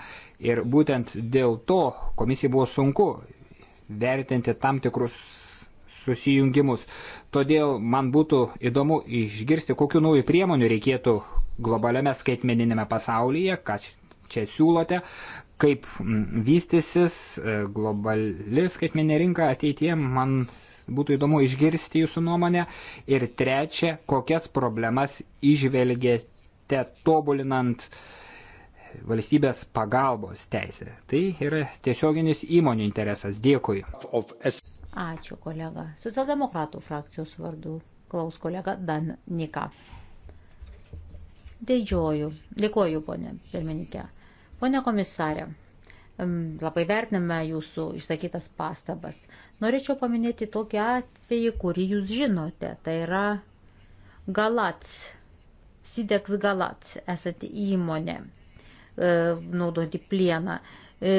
Ir būtent dėl to komisijai buvo sunku vertinti tam tikrus susijungimus. Todėl man būtų įdomu išgirsti, kokiu naujų priemonių reikėtų globaliame skaitmeninėme pasaulyje, ką čia siūlote, kaip vystysis e, globali skaitmeninė rinka ateitie, man Būtų įdomu išgirsti jūsų nuomonę. Ir trečia, kokias problemas išvelgėte tobulinant valstybės pagalbos teisę. Tai yra tiesioginis įmonių interesas. Dėkui. Ačiū, kolega. Socialdemokratų frakcijos vardu klaus kolega Dan Nika. Dėdžioju. Dėkoju, ponė pirmininkė. Pone komisarė, Labai vertiname jūsų išsakytas pastabas. Norėčiau paminėti tokį atvejį, kurį jūs žinote. Tai yra Galats, Sideks Galats, esanti įmonė, e, naudoti plieną. E,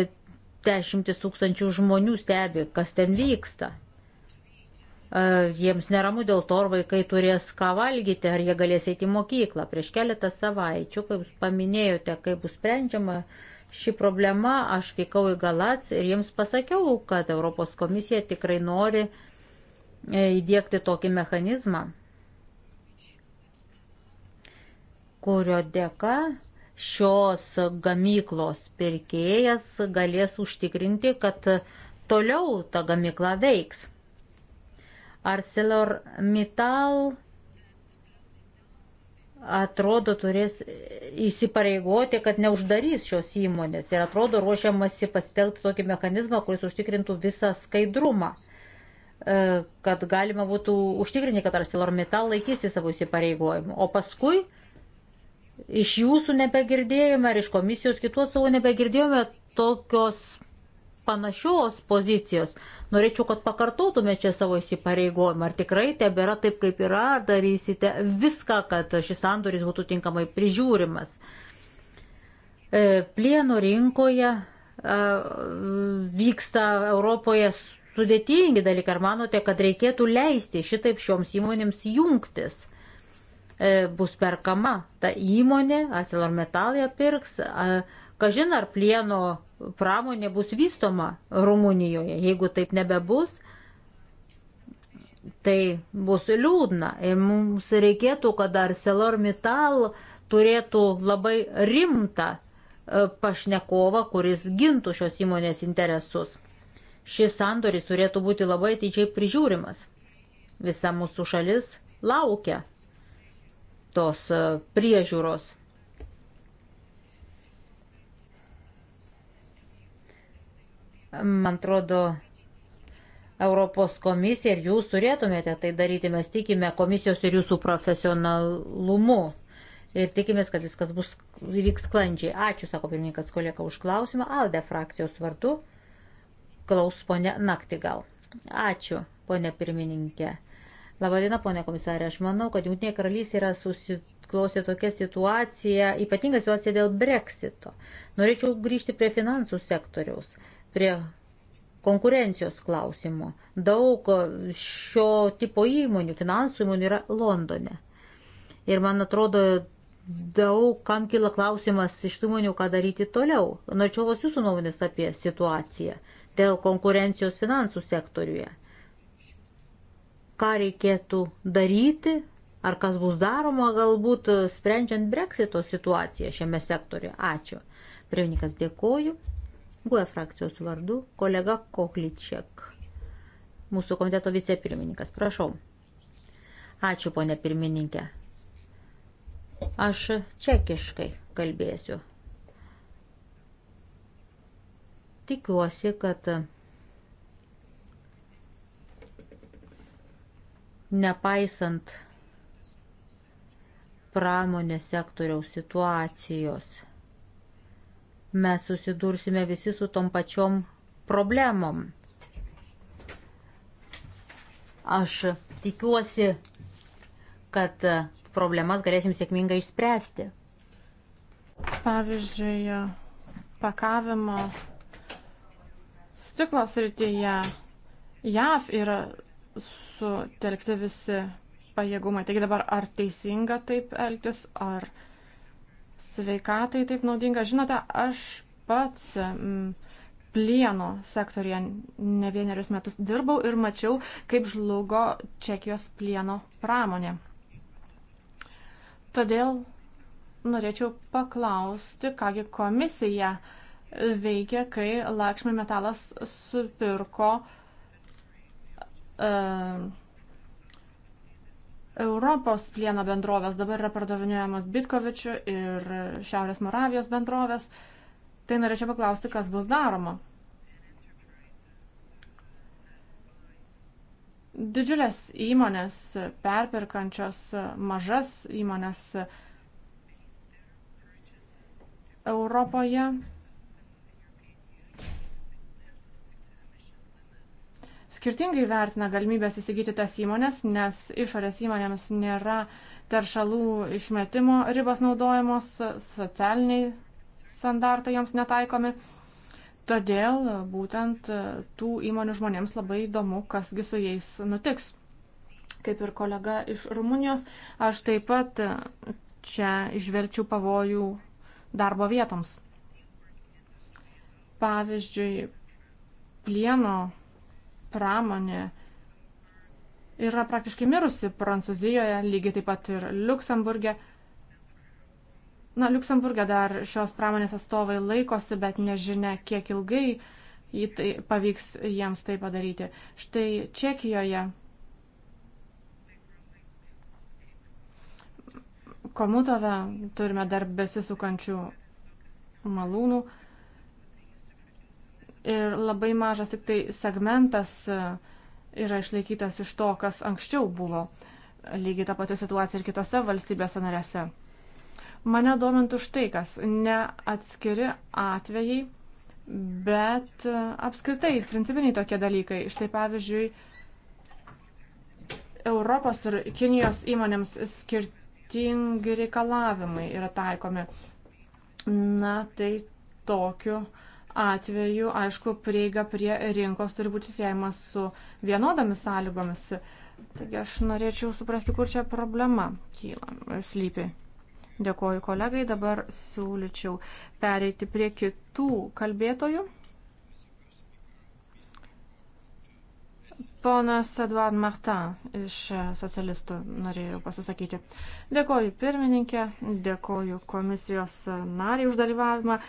dešimtis tūkstančių žmonių stebi, kas ten vyksta. E, jiems neramu dėl to, ar vaikai turės ką valgyti, ar jie galės eiti į mokyklą. Prieš keletą savaičių, kaip jūs paminėjote, kaip bus sprendžiama, uh, šį problemą, aš vykau į Galats ir jiems pasakiau, kad Europos komisija tikrai nori e, įdėkti tokį mechanizmą, kurio dėka šios gamyklos pirkėjas galės užtikrinti, kad toliau ta gamykla veiks. Arcelor Metal atrodo turės įsipareigoti, kad neuždarys šios įmonės ir atrodo ruošiamasi pasitelkti tokį mechanizmą, kuris užtikrintų visą skaidrumą, e, kad galima būtų užtikrinti, kad ArcelorMittal laikysi savo įsipareigojimų. O paskui iš jūsų nebegirdėjome ar iš komisijos kitų atsovų nebegirdėjome tokios panašios pozicijos. Norėčiau, kad pakartotume čia savo įsipareigojimą. Ar tikrai tebėra taip, kaip yra, ar darysite viską, kad šis sandoris būtų tinkamai prižiūrimas. E, plieno rinkoje e, vyksta Europoje sudėtingi dalykai. Ar manote, kad reikėtų leisti šitaip šioms įmonėms jungtis? E, bus perkama ta įmonė, ar Telormetal ją pirks, kažin ar plieno pramonė bus vystoma Rumunijoje. Jeigu taip nebebus, tai bus liūdna. Ir mums reikėtų, kad ArcelorMittal turėtų labai rimtą e, pašnekovą, kuris gintų šios įmonės interesus. Šis sandoris turėtų būti labai ateičiai prižiūrimas. Visa mūsų šalis laukia tos e, priežiūros Man atrodo, Europos komisija ir jūs turėtumėte tai daryti. Mes tikime komisijos ir jūsų profesionalumu. Ir tikimės, kad viskas bus vyks sklandžiai. Ačiū, sako pirmininkas kolega, už klausimą. Alde frakcijos vardu klaus ponė naktį gal. Ačiū, ponė pirmininkė. Labadiena, ponė komisarė. Aš manau, kad Junktinė karalystė yra susiklosė tokia situacija, ypatinga situacija dėl breksito. Norėčiau grįžti prie finansų sektoriaus prie konkurencijos klausimo. Daug šio tipo įmonių, finansų įmonių yra Londone. Ir man atrodo, daug kam kyla klausimas iš tų įmonių, ką daryti toliau. Norėčiau vos jūsų nuomonės apie situaciją dėl konkurencijos finansų sektoriuje. Ką reikėtų daryti, ar kas bus daroma galbūt sprendžiant breksito situaciją šiame sektoriuje. Ačiū. Prievininkas dėkoju. GUE frakcijos vardu kolega Kokličiak, mūsų komiteto vicepirmininkas. Prašau. Ačiū, ponė pirmininkė. Aš čekiškai kalbėsiu. Tikiuosi, kad nepaisant pramonės sektoriaus situacijos – mes susidursime visi su tom pačiom problemom. Aš tikiuosi, kad problemas galėsim sėkmingai išspręsti. Pavyzdžiui, pakavimo stiklos rytyje JAV yra sutelkti visi pajėgumai. Taigi dabar ar teisinga taip elgtis, ar ne? sveikatai taip naudinga. Žinote, aš pats m, mm, plieno sektorija ne vienerius metus dirbau ir mačiau, kaip žlugo Čekijos plieno pramonė. Todėl norėčiau paklausti, kągi komisija veikia, kai Lakšmi metalas supirko uh, e, Europos plieno bendrovės dabar yra pardavinėjamos Bitkovičių ir Šiaurės Moravijos bendrovės. Tai norėčiau paklausti, kas bus daroma. Didžiulės įmonės, perpirkančios mažas įmonės Europoje skirtingai vertina galimybės įsigyti tas įmonės, nes išorės įmonėms nėra teršalų išmetimo ribos naudojamos, socialiniai standartai joms netaikomi. Todėl būtent tų įmonių žmonėms labai įdomu, kasgi su jais nutiks. Kaip ir kolega iš Rumunijos, aš taip pat čia išvelgčiau pavojų darbo vietoms. Pavyzdžiui, plieno pramonė yra praktiškai mirusi Prancūzijoje, lygiai taip pat ir Luksemburgė. Na, Luksemburgė dar šios pramonės atstovai laikosi, bet nežinia, kiek ilgai tai, pavyks jiems tai padaryti. Štai Čekijoje Komutove turime dar besisukančių malūnų ir labai mažas tik tai segmentas e, yra išlaikytas iš to, kas anksčiau buvo. Lygiai ta pati situacija ir kitose valstybėse narėse. Mane domintų štai kas, ne atskiri atvejai, bet e, apskritai principiniai tokie dalykai. Štai pavyzdžiui, Europos ir Kinijos įmonėms skirtingi reikalavimai yra taikomi. Na, tai tokiu uh, atveju, aišku, prieiga prie rinkos turi būti siejama su vienodomis sąlygomis. Taigi aš norėčiau suprasti, kur čia problema kyla, slypi. Dėkoju kolegai, dabar siūlyčiau pereiti prie kitų kalbėtojų. Ponas Eduard Martin iš socialistų norėjau pasisakyti. Dėkoju pirmininkė, dėkoju komisijos nariai už dalyvavimą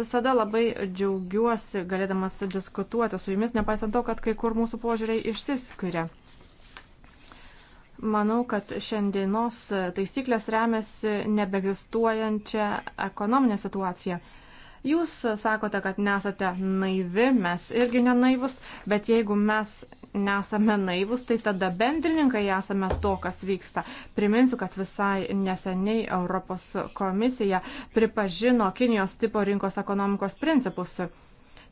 visada labai džiaugiuosi galėdamas diskutuoti su jumis, nepaisant to, kad kai kur mūsų požiūriai išsiskiria. Manau, kad šiandienos taisyklės remiasi nebegistuojančią ekonominę situaciją. Jūs sakote, kad nesate naivi, mes irgi nenaivus, bet jeigu mes nesame naivus, tai tada bendrininkai esame to, kas vyksta. Priminsiu, kad visai neseniai Europos komisija pripažino Kinijos tipo rinkos ekonomikos principus.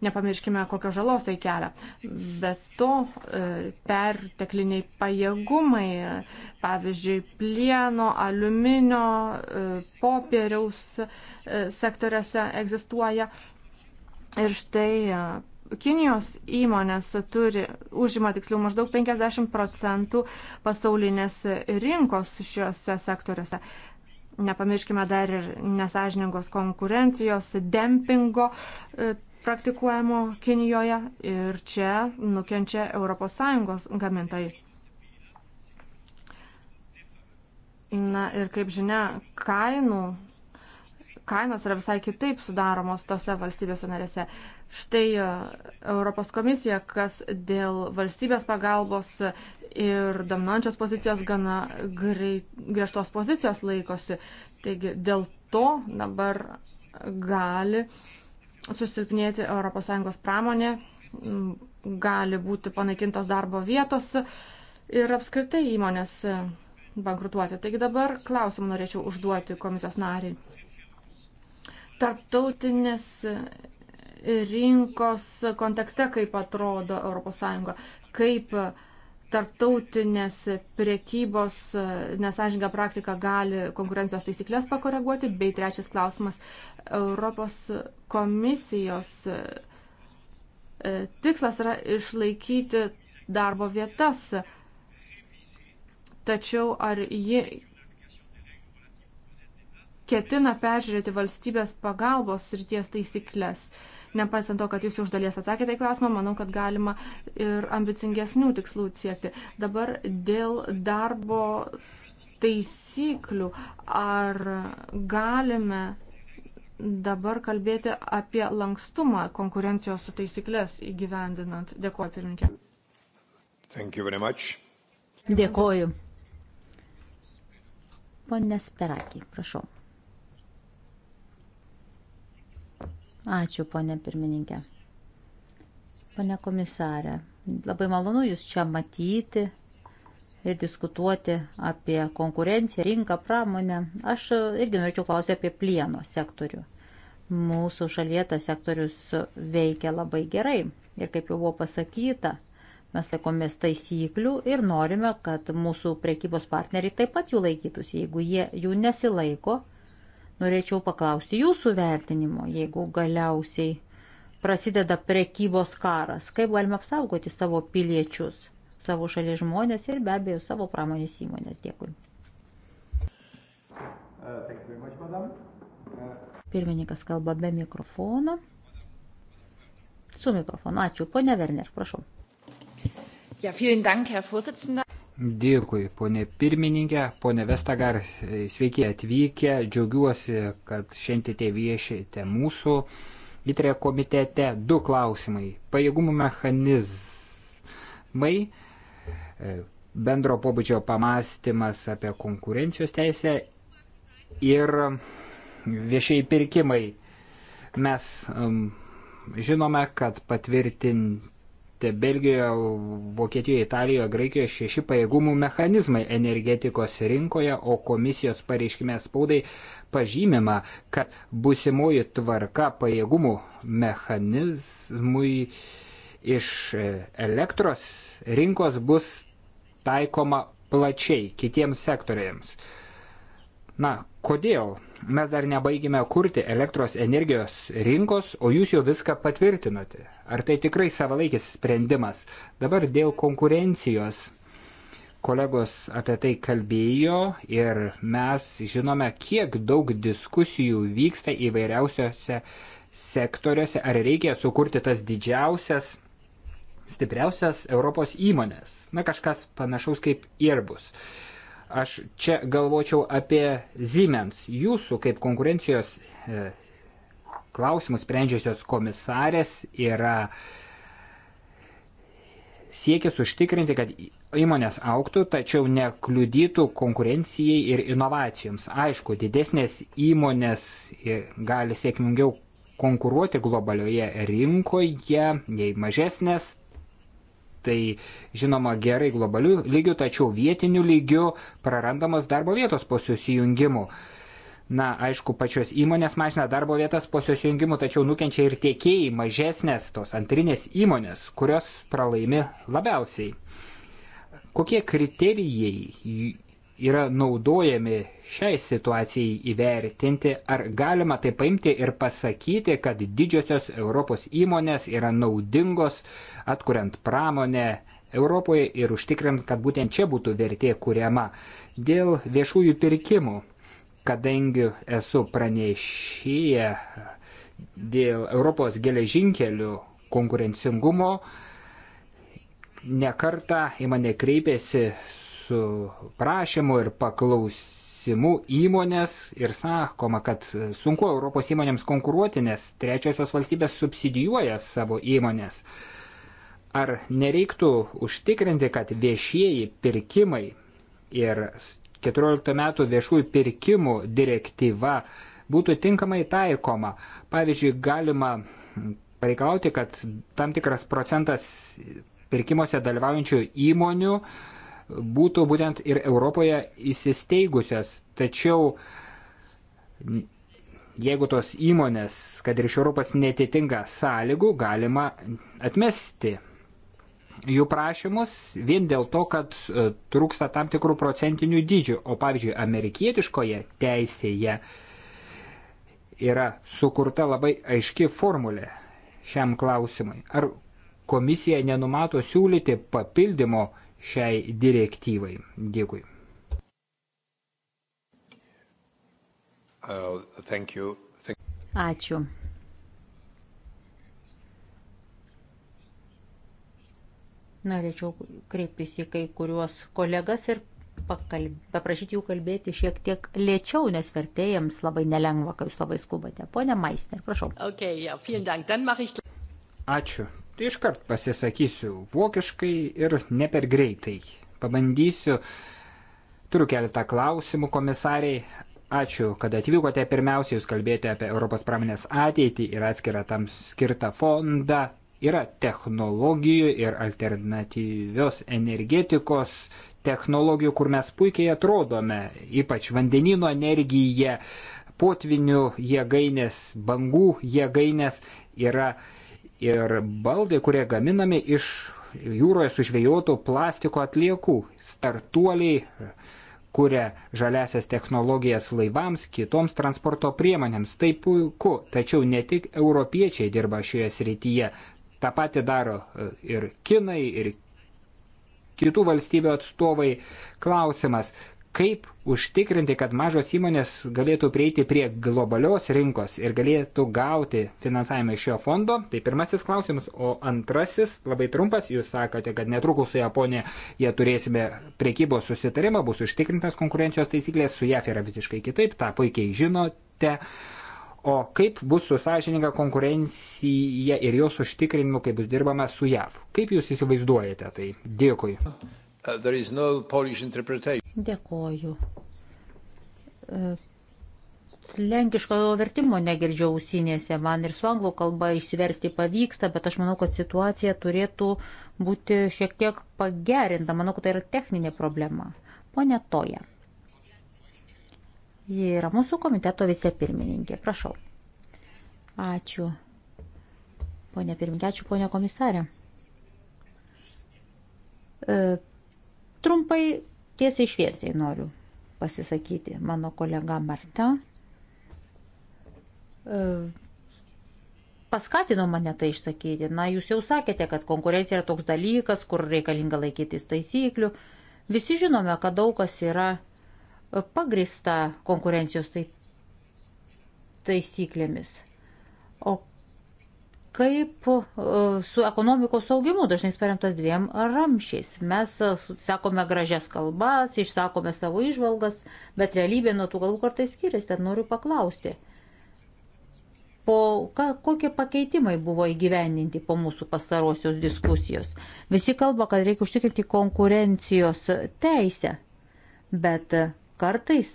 Nepamirškime, kokios žalos tai kelia. Be to, e, pertekliniai pajėgumai, pavyzdžiui, plieno, aliuminio, e, popieriaus e, sektoriuose egzistuoja. Ir štai Kinijos įmonės turi, užima tiksliau maždaug 50 procentų pasaulinės rinkos šiuose sektoriuose. Nepamirškime dar ir nesažiningos konkurencijos, dempingo praktikuojamo Kinijoje ir čia nukenčia ES gamintojai. Na ir kaip žinia, kainų, kainos yra visai kitaip sudaromos tose valstybėse narėse. Štai e, Europos komisija, kas dėl valstybės pagalbos ir dominančios pozicijos gana griežtos pozicijos laikosi. Taigi dėl to dabar gali uh, susilpnėti ES pramonė, gali būti panaikintos darbo vietos ir apskritai įmonės e, bankrutuoti. Taigi dabar klausimą norėčiau užduoti komisijos nariai. Tarptautinės rinkos kontekste, kaip atrodo ES, kaip uh, tarptautinės priekybos e, nesažininką praktiką gali konkurencijos taisyklės pakoreguoti. Bei trečias klausimas - Europos komisijos e, e, tikslas yra išlaikyti darbo vietas. Tačiau ar ji ketina peržiūrėti valstybės pagalbos srities taisyklės? Uh, Nepaisant to, kad jūs jau už dalies atsakėte į klausimą, manau, kad galima ir ambicingesnių tikslų siekti. Dabar dėl darbo taisyklių. Ar galime dabar kalbėti apie lankstumą konkurencijos taisyklės įgyvendinant? Dėkuoju, pirmininkė. Dėkuoju. Pone Sperakį, prašau. Ačiū, ponė pirmininkė. Pane komisarė, labai malonu Jūs čia matyti ir diskutuoti apie konkurenciją, rinką, pramonę. Aš irgi norėčiau klausyti apie plieno sektorių. Mūsų šalyje tas sektorius veikia labai gerai. Ir kaip jau buvo pasakyta, mes laikomės taisyklių ir norime, kad mūsų prekybos partneriai taip pat jų laikytųsi. Jeigu jie jų nesilaiko, Norėčiau paklausti jūsų vertinimo, jeigu galiausiai prasideda prekybos karas, kaip galime apsaugoti savo piliečius, savo šalies žmonės ir be abejo savo pramonės įmonės. Dėkui. Pirmininkas kalba be mikrofono. Su mikrofonu. Ačiū, ponia Werner, prašau. Ja, vielen Dank, Herr Vorsitzender. Dėkui, ponė pirmininkė, ponė Vestagar, sveiki atvykę, džiaugiuosi, kad šiandien tie viešite mūsų įtrė komitete. Du klausimai. Pajėgumų mechanizmai, e, bendro pobūdžio pamastymas apie konkurencijos teisę ir viešiai pirkimai. Mes um, žinome, kad patvirtinti Belgijoje, Vokietijoje, Italijoje, Graikijoje šeši pajėgumų mechanizmai energetikos rinkoje, o komisijos pareiškime spaudai pažymima, kad busimoji tvarka pajėgumų mechanizmui iš elektros rinkos bus taikoma plačiai kitiems sektoriams. Na, kodėl mes dar nebaigime kurti elektros energijos rinkos, o jūs jau viską patvirtinote? Ar tai tikrai savalaikis sprendimas? Dabar dėl konkurencijos. Kolegos apie tai kalbėjo ir mes žinome, kiek daug diskusijų vyksta įvairiausiose sektoriuose, ar reikia sukurti tas didžiausias, stipriausias Europos įmonės. Na, kažkas panašaus kaip Airbus. Aš čia galvočiau apie Siemens. Jūsų kaip konkurencijos e, klausimus sprendžiasios komisarės yra siekis užtikrinti, kad įmonės auktų, tačiau nekliudytų konkurencijai ir inovacijoms. Aišku, didesnės įmonės gali sėkmingiau konkuruoti globalioje rinkoje, nei mažesnės. Tai žinoma gerai globalių lygių, tačiau vietinių lygių prarandamos darbo vietos po susijungimų. Na, aišku, pačios įmonės mažina darbo vietas po susijungimų, tačiau nukenčia ir tiekėjai mažesnės tos antrinės įmonės, kurios pralaimi labiausiai. Kokie kriterijai yra naudojami šiai situacijai įvertinti, ar galima tai paimti ir pasakyti, kad didžiosios Europos įmonės yra naudingos atkuriant pramonę, Europoje ir užtikrint, kad būtent čia būtų vertė kuriama dėl viešųjų pirkimų kadangi esu pranešėję dėl Europos geležinkelių konkurencingumo, nekarta į mane kreipėsi su prašymu ir paklausimu įmonės ir sakoma, kad sunku Europos įmonėms konkuruoti, nes trečiosios valstybės subsidijuoja savo įmonės. Ar nereiktų užtikrinti, kad viešieji pirkimai ir 14 metų viešųjų pirkimų direktyva būtų tinkamai taikoma. Pavyzdžiui, galima pareikalauti, kad tam tikras procentas pirkimuose dalyvaujančių įmonių būtų būtent ir Europoje įsisteigusios. Tačiau jeigu tos įmonės, kad ir iš Europos netitinka sąlygų, galima atmesti jų prašymus vien dėl to, kad e, trūksta tam tikrų procentinių dydžių, o pavyzdžiui, amerikietiškoje teisėje yra sukurta labai aiški formulė šiam klausimui. Ar komisija nenumato siūlyti papildymo šiai direktyvai? Dėkui. Uh, thank you. Thank... Ačiū. Norėčiau kreiptis į kai kuriuos kolegas ir pakalb... paprašyti jų kalbėti šiek tiek lėčiau, nes vertėjams labai nelengva, kai jūs labai skubate. Pone Maisner, prašau. Okay, yeah, Dank. Dann ich... Ačiū. Tai iškart pasisakysiu vokiškai ir ne per greitai. Pabandysiu. Turiu keletą klausimų komisariai. Ačiū, kad atvykote. Pirmiausia, jūs kalbėjote apie Europos pramonės ateitį ir atskirą tam skirtą fondą. Yra technologijų ir alternatyvios energetikos technologijų, kur mes puikiai atrodome, ypač vandenino energija, potvinių jėgainės, bangų jėgainės yra ir baldai, kurie gaminami iš jūroje sužvėjotų plastiko atliekų. Startuoliai kuria žaliasias technologijas laivams, kitoms transporto priemonėms. Tai puiku, tačiau ne tik europiečiai dirba šioje srityje, Ta pati daro e, ir kinai, ir kitų valstybių atstovai. Klausimas, kaip užtikrinti, kad mažos įmonės galėtų prieiti prie globalios rinkos ir galėtų gauti finansavimą iš šio fondo. Tai pirmasis klausimas, o antrasis labai trumpas, jūs sakote, kad netrukus su Japonija jie turėsime priekybos susitarimą, bus užtikrintas konkurencijos taisyklės, su JAF yra visiškai kitaip, tą puikiai žinote o kaip bus su sąžininga konkurencija ir jos užtikrinimu, kaip bus dirbama su JAV. Kaip jūs įsivaizduojate tai? Dėkui. Uh, no Dėkoju. Uh, lenkiško vertimo negirdžiau ausinėse, man ir su anglų kalba išsiversti pavyksta, bet aš manau, kad situacija turėtų būti šiek tiek pagerinta. Manau, kad tai yra techninė problema. Pone Toja. Ji yra mūsų komiteto vicepirmininkė. Prašau. Ačiū. Pone pirmininkė, ačiū ponė komisarė. E, trumpai tiesiai šviesiai noriu pasisakyti mano kolega Marta. E, paskatino mane tai išsakyti. Na, jūs jau sakėte, kad konkurencija yra toks dalykas, kur reikalinga laikytis taisyklių. Visi žinome, kad daug kas yra pagrista konkurencijos tai- taisyklėmis. O kaip e, su ekonomikos augimu, dažnai paremtas dviem ramšiais. Mes e, sakome gražias kalbas, išsakome savo išvalgas, bet realybė nuo tų galų kartais skiriasi, tad noriu paklausti. Po, ka, kokie pakeitimai buvo įgyvendinti po mūsų pastarosios diskusijos? Visi kalba, kad reikia užtikrinti konkurencijos teisę, bet Kartais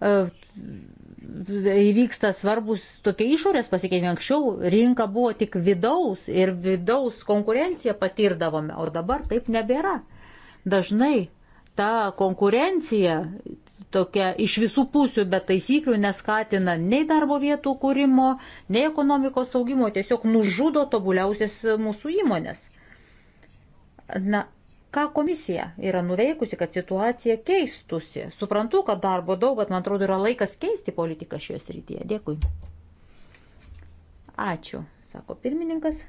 e, įvyksta svarbus tokie išorės pasikeitimai. Anksčiau rinka buvo tik vidaus ir vidaus konkurenciją patirdavome, o dabar taip nebėra. Dažnai ta konkurencija tokia iš visų pusių be taisyklių neskatina nei darbo vietų kūrimo, nei ekonomikos augimo, tiesiog nužudo tobuliausias mūsų įmonės. Na, Ką komisija yra nuveikusi, kad situacija keistusi? Suprantu, kad darbo daug, bet man atrodo yra laikas keisti politiką šioje srityje. Dėkui. Ačiū, sako pirmininkas.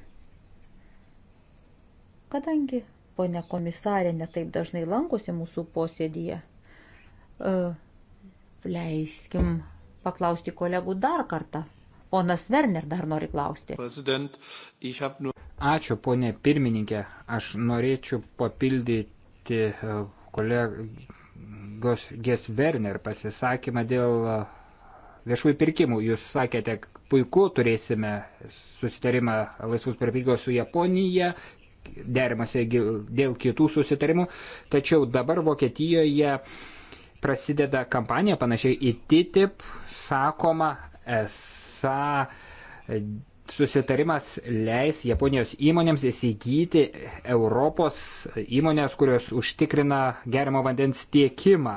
Kadangi ponia komisarė netaip dažnai lankosi mūsų posėdyje, e, leiskim paklausti kolegų dar kartą. Ponas Werner dar nori klausti. Nur... Ačiū, ponė pirmininkė. Aš norėčiau papildyti e, kolegos Ges Werner pasisakymą dėl e, viešųjų pirkimų. Jūs sakėte, puiku, turėsime susitarimą laisvus pirkygos su Japonija, derimasi dėl kitų susitarimų. Tačiau dabar Vokietijoje prasideda kampanija panašiai į TTIP, sakoma, esą susitarimas leis Japonijos įmonėms įsigyti Europos įmonės, kurios užtikrina gerimo vandens tiekimą.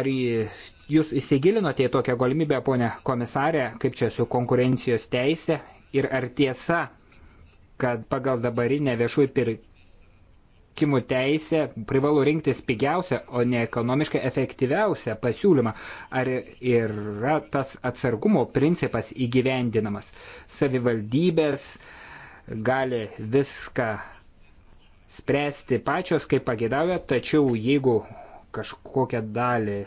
Ar jūs įsigilinote į tokią galimybę, ponė komisarė, kaip čia su konkurencijos teisė ir ar tiesa, kad pagal dabarinę viešųjų pirkimų rinkimų teisę privalu rinktis pigiausią, o ne ekonomiškai efektyviausią pasiūlymą. Ar yra tas atsargumo principas įgyvendinamas? Savivaldybės gali viską spręsti pačios, kaip pagėdavę, tačiau jeigu kažkokią dalį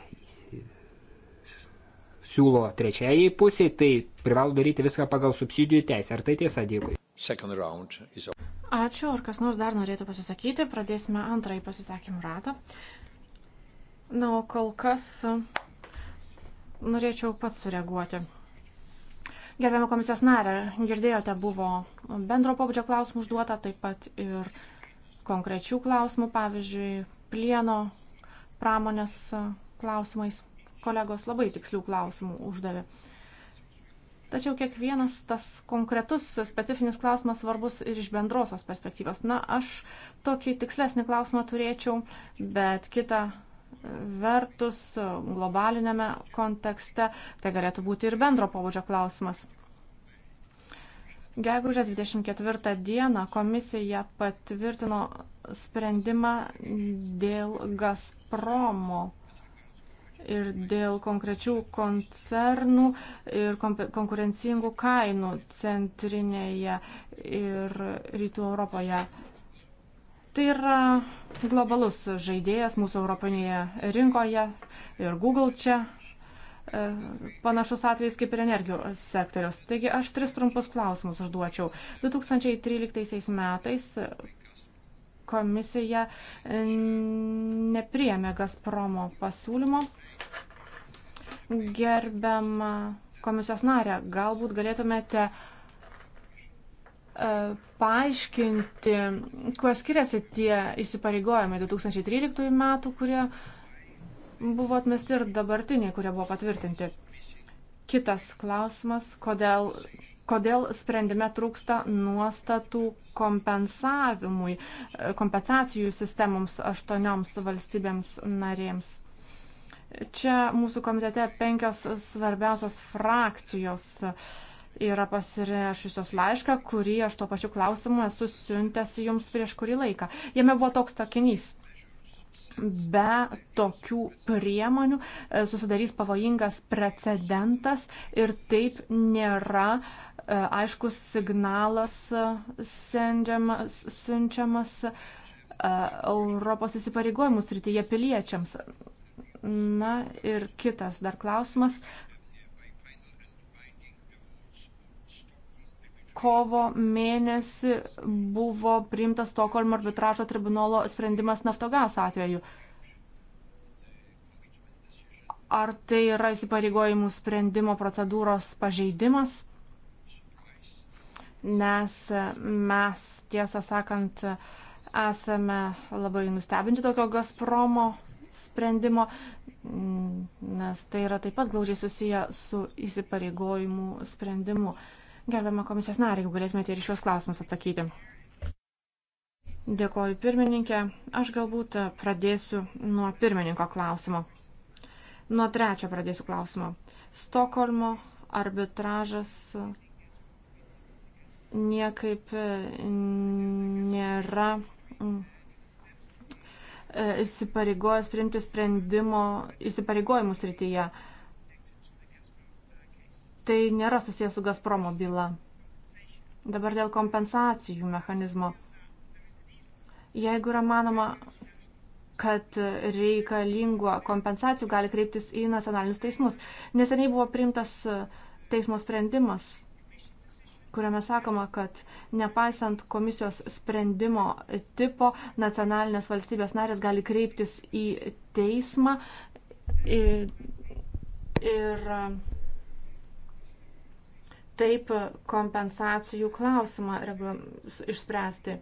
siūlo trečiajai pusiai, tai privalo daryti viską pagal subsidijų teisę. Ar tai tiesa, dėkui? Ačiū, ar kas nors dar norėtų pasisakyti. Pradėsime antrąjį pasisakymų ratą. Na, o kol kas uh, norėčiau pats sureaguoti. Gerbiamą komisijos narę, girdėjote, buvo bendro pobūdžio klausimų užduota, taip pat ir konkrečių klausimų, pavyzdžiui, plieno pramonės uh, klausimais. Kolegos labai tikslių klausimų uždavė. Tačiau kiekvienas tas konkretus specifinis klausimas svarbus ir iš bendrosios perspektyvos. Na, aš tokį tikslesnį klausimą turėčiau, bet kitą vertus globalinėme kontekste tai galėtų būti ir bendro pobūdžio klausimas. Gegužės 24 dieną komisija patvirtino sprendimą dėl Gazpromo ir dėl konkrečių koncernų ir konkurencingų kainų centrinėje ir rytų Europoje. Tai yra globalus žaidėjas mūsų europinėje rinkoje ir Google čia e, panašus atvejs kaip ir energijos sektorius. Taigi aš tris trumpus klausimus užduočiau. 2013 metais komisija e, nepriemė Gazpromo pasiūlymo. Gerbiama komisijos narė, galbūt galėtumėte e, paaiškinti, kuo skiriasi tie įsipareigojimai 2013 metų, kurie buvo atmesti ir dabartiniai, kurie buvo patvirtinti. Kitas klausimas, kodėl, kodėl sprendime trūksta nuostatų kompensavimui, kompensacijų sistemoms aštuonioms valstybėms narėms. Čia mūsų komitete penkios svarbiausios frakcijos yra pasirešusios laišką, kurį aš tuo pačiu klausimu esu siuntęs jums prieš kurį laiką. Jame buvo toks sakinys be tokių priemonių e, susidarys pavojingas precedentas ir taip nėra e, aiškus signalas e, sendžiamas, siunčiamas Europos įsipareigojimų srityje piliečiams. Na ir kitas dar klausimas kovo mėnesį buvo priimtas Stokholmo arbitražo tribunolo sprendimas naftogas atveju. Ar tai yra įsipareigojimų sprendimo procedūros pažeidimas? Nes mes, tiesą sakant, esame labai nustebinti tokio Gazpromo sprendimo, nes tai yra taip pat glaudžiai susiję su įsipareigojimų sprendimu. Gerbiamą komisijos narį, jeigu galėtumėte ir šios klausimus atsakyti. Dėkoju pirmininkė. Aš galbūt pradėsiu nuo pirmininko klausimo. Nuo trečio pradėsiu klausimo. Stokholmo arbitražas niekaip nėra e, įsipareigojęs priimti sprendimo įsipareigojimų srityje tai nėra susijęs su Gazpromo byla. Dabar dėl kompensacijų mechanizmo. Jeigu yra manoma, kad reikalingų kompensacijų gali kreiptis į nacionalinius teismus. Neseniai buvo priimtas teismo sprendimas, kuriame sakoma, kad nepaisant komisijos sprendimo tipo, nacionalinės valstybės narės gali kreiptis į teismą ir, ir taip kompensacijų klausimą išspręsti.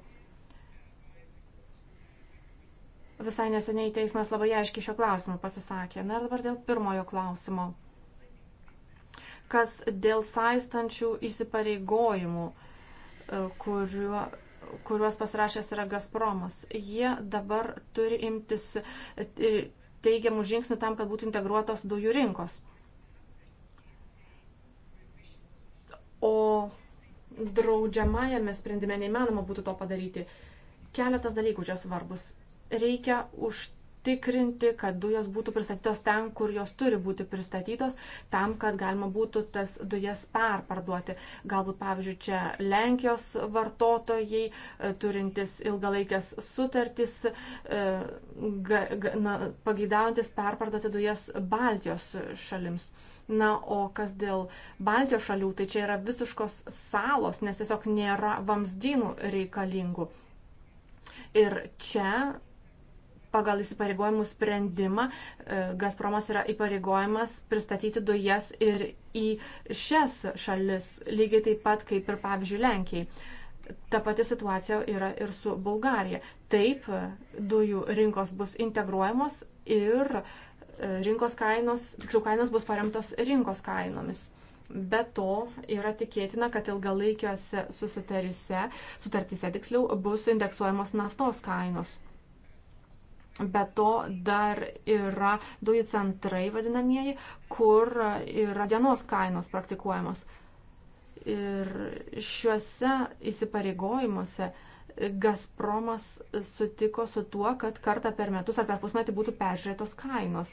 Visai neseniai teismas labai aiškiai šio klausimu pasisakė. Na ir dabar dėl pirmojo klausimo. Kas dėl saistančių įsipareigojimų, e, kuriuo, kuriuos pasirašęs yra Gazpromas, jie dabar turi imtis e, teigiamų žingsnių tam, kad būtų integruotos dujų rinkos. o draudžiamajame sprendime neįmanoma būtų to padaryti. Keletas dalykų čia svarbus. Reikia už užtikrinti, kad dujos būtų pristatytos ten, kur jos turi būti pristatytos, tam, kad galima būtų tas dujas perparduoti. Galbūt, pavyzdžiui, čia Lenkijos vartotojai, e, turintis ilgalaikės sutartys, e, pageidaujantis perparduoti dujas Baltijos šalims. Na, o kas dėl Baltijos šalių, tai čia yra visiškos salos, nes tiesiog nėra vamzdynų reikalingų. Ir čia pagal įsipareigojimų sprendimą e, Gazpromas yra įpareigojimas pristatyti dujas ir į šias šalis, lygiai taip pat kaip ir pavyzdžiui Lenkijai. Ta pati situacija yra ir su Bulgarija. Taip, dujų rinkos bus integruojamos ir e, rinkos kainos, tiksliau kainos bus paremtos rinkos kainomis. Be to yra tikėtina, kad ilgalaikiuose sutartise tiksliau bus indeksuojamos naftos kainos. Be to dar yra dujų centrai vadinamieji, kur yra dienos kainos praktikuojamos. Ir šiuose įsipareigojimuose Gazpromas sutiko su tuo, kad kartą per metus ar per pusmetį būtų peržiūrėtos kainos.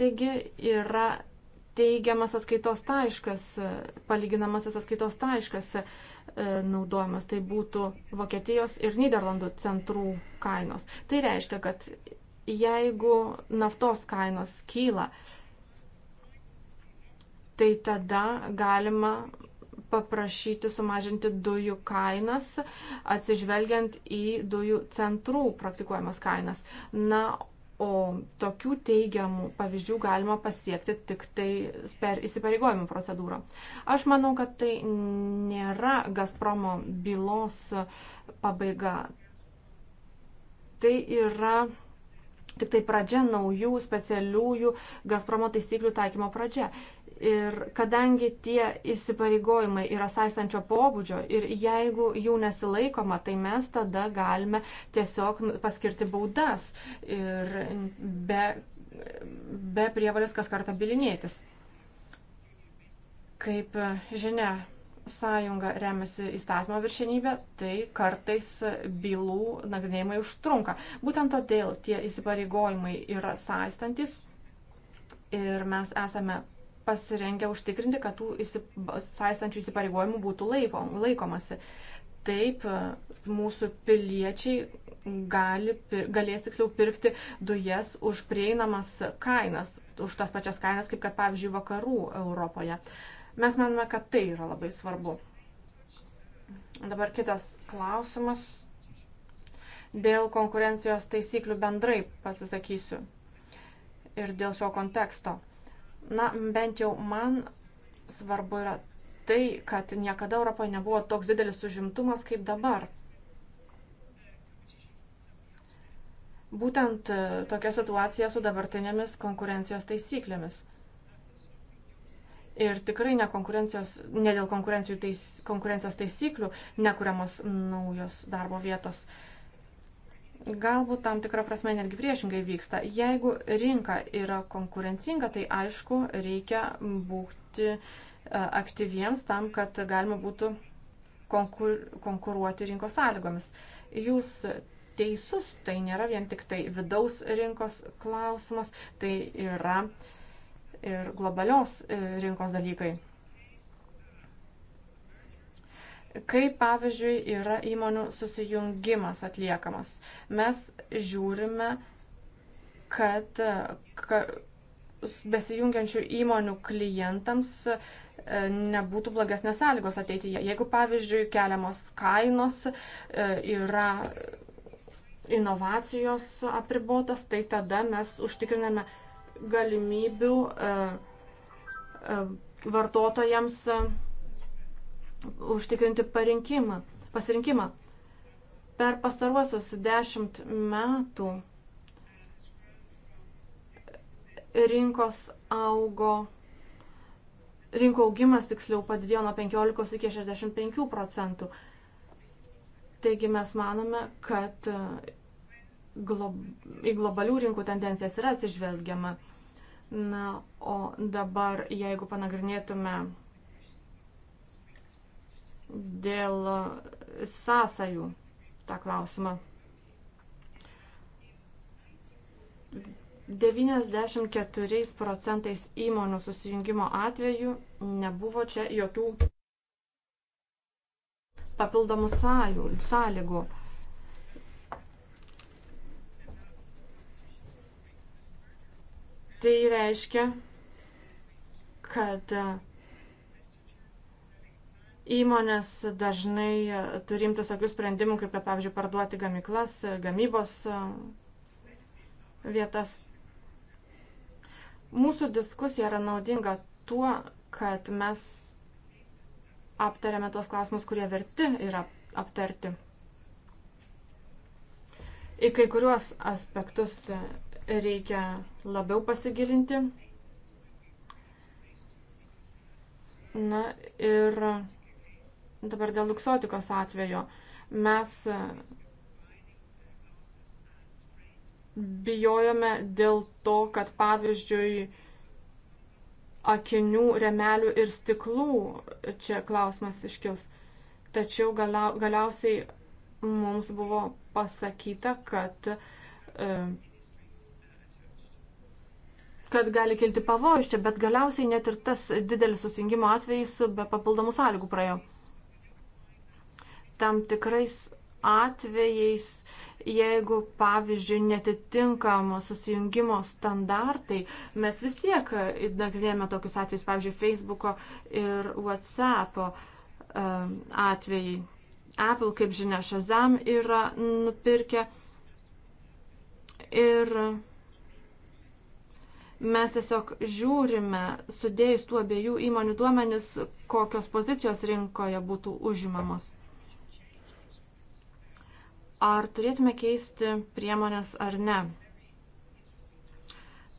Taigi yra teigiamas atskaitos taškas, palyginamasis atskaitos taškas E, naudojimas, tai būtų Vokietijos ir Niderlandų centrų kainos. Tai reiškia, kad jeigu naftos kainos kyla, tai tada galima paprašyti sumažinti dujų kainas, atsižvelgiant į dujų centrų praktikuojamas kainas. Na, O tokių teigiamų pavyzdžių galima pasiekti tik tai per įsipareigojimų procedūrą. Aš manau, kad tai nėra Gazpromo bylos pabaiga. Tai yra tik tai pradžia naujų specialiųjų Gazpromo taisyklių taikymo pradžia. Ir kadangi tie įsipareigojimai yra saistančio pobūdžio ir jeigu jų nesilaikoma, tai mes tada galime tiesiog nu, paskirti baudas ir be, be prievalės kas kartą bilinėtis. Kaip žinia, sąjunga remiasi įstatymo viršenybė, tai kartais bylų nagrinėjimai užtrunka. Būtent todėl tie įsipareigojimai yra saistantis ir mes esame pasirengę užtikrinti, kad tų saistančių įsipareigojimų būtų laiko, laikomasi. Taip mūsų piliečiai gali, galės tiksliau pirkti dujas už prieinamas kainas, už tas pačias kainas, kaip kad pavyzdžiui vakarų Europoje. Mes manome, kad tai yra labai svarbu. Dabar kitas klausimas. Dėl konkurencijos taisyklių bendrai pasisakysiu ir dėl šio konteksto. Na, bent jau man svarbu yra tai, kad niekada Europoje nebuvo toks didelis užimtumas kaip dabar. Būtent e, tokia situacija su dabartinėmis konkurencijos taisyklėmis. Ir tikrai ne, ne dėl konkurencijos, tais, konkurencijos taisyklių nekuriamos naujos darbo vietos. Uh, galbūt tam tikrą prasme netgi priešingai vyksta. Jeigu rinka yra konkurencinga, tai aišku, reikia būti e, aktyviems tam, kad galima būtų konkur, konkuruoti rinkos sąlygomis. Jūs teisus, tai nėra vien tik tai vidaus rinkos klausimas, tai yra ir globalios e, rinkos dalykai kaip pavyzdžiui yra įmonių susijungimas atliekamas. Mes žiūrime, kad ka, besijungiančių įmonių klientams e, nebūtų blogesnės sąlygos ateityje. Jeigu, pavyzdžiui, keliamos kainos e, yra inovacijos apribotas, tai tada mes užtikriname galimybių e, vartotojams užtikrinti parinkimą, pasirinkimą. Per pastaruosius dešimt metų rinkos augo, rinkų augimas tiksliau padidėjo nuo 15 iki 65 procentų. Taigi mes manome, kad e, glob, į globalių rinkų tendencijas yra atsižvelgiama. Na, o dabar, jeigu panagrinėtume dėl sąsajų tą klausimą. 94 procentais įmonių susijungimo atveju nebuvo čia jokių papildomų sąjų, sąlygų. Tai reiškia, kad Įmonės dažnai e, turi imtis tokių sprendimų, kaip, kad, pavyzdžiui, parduoti gamyklas, e, gamybos e, vietas. Mūsų diskusija yra naudinga tuo, kad mes aptarėme tuos klausimus, kurie verti yra aptarti. Į kai kuriuos aspektus reikia labiau pasigilinti. Na ir Dabar dėl luksotikos atvejo mes e, bijojome dėl to, kad pavyzdžiui akinių, remelių ir stiklų čia klausimas iškils. Tačiau galiausiai mums buvo pasakyta, kad, e, kad gali kilti pavojus čia, bet galiausiai net ir tas didelis susingimo atvejis be papildomų sąlygų praėjo tam tikrais atvejais, jeigu, pavyzdžiui, netitinkamo susijungimo standartai, mes vis tiek nagrinėjame tokius atvejus, pavyzdžiui, Facebook'o ir WhatsApp'o ehm, atvejai. Apple, kaip žinia, Shazam yra nupirkę ir mes tiesiog žiūrime, sudėjus tų abiejų įmonių duomenis, kokios pozicijos rinkoje būtų užimamos ar turėtume keisti priemonės ar ne.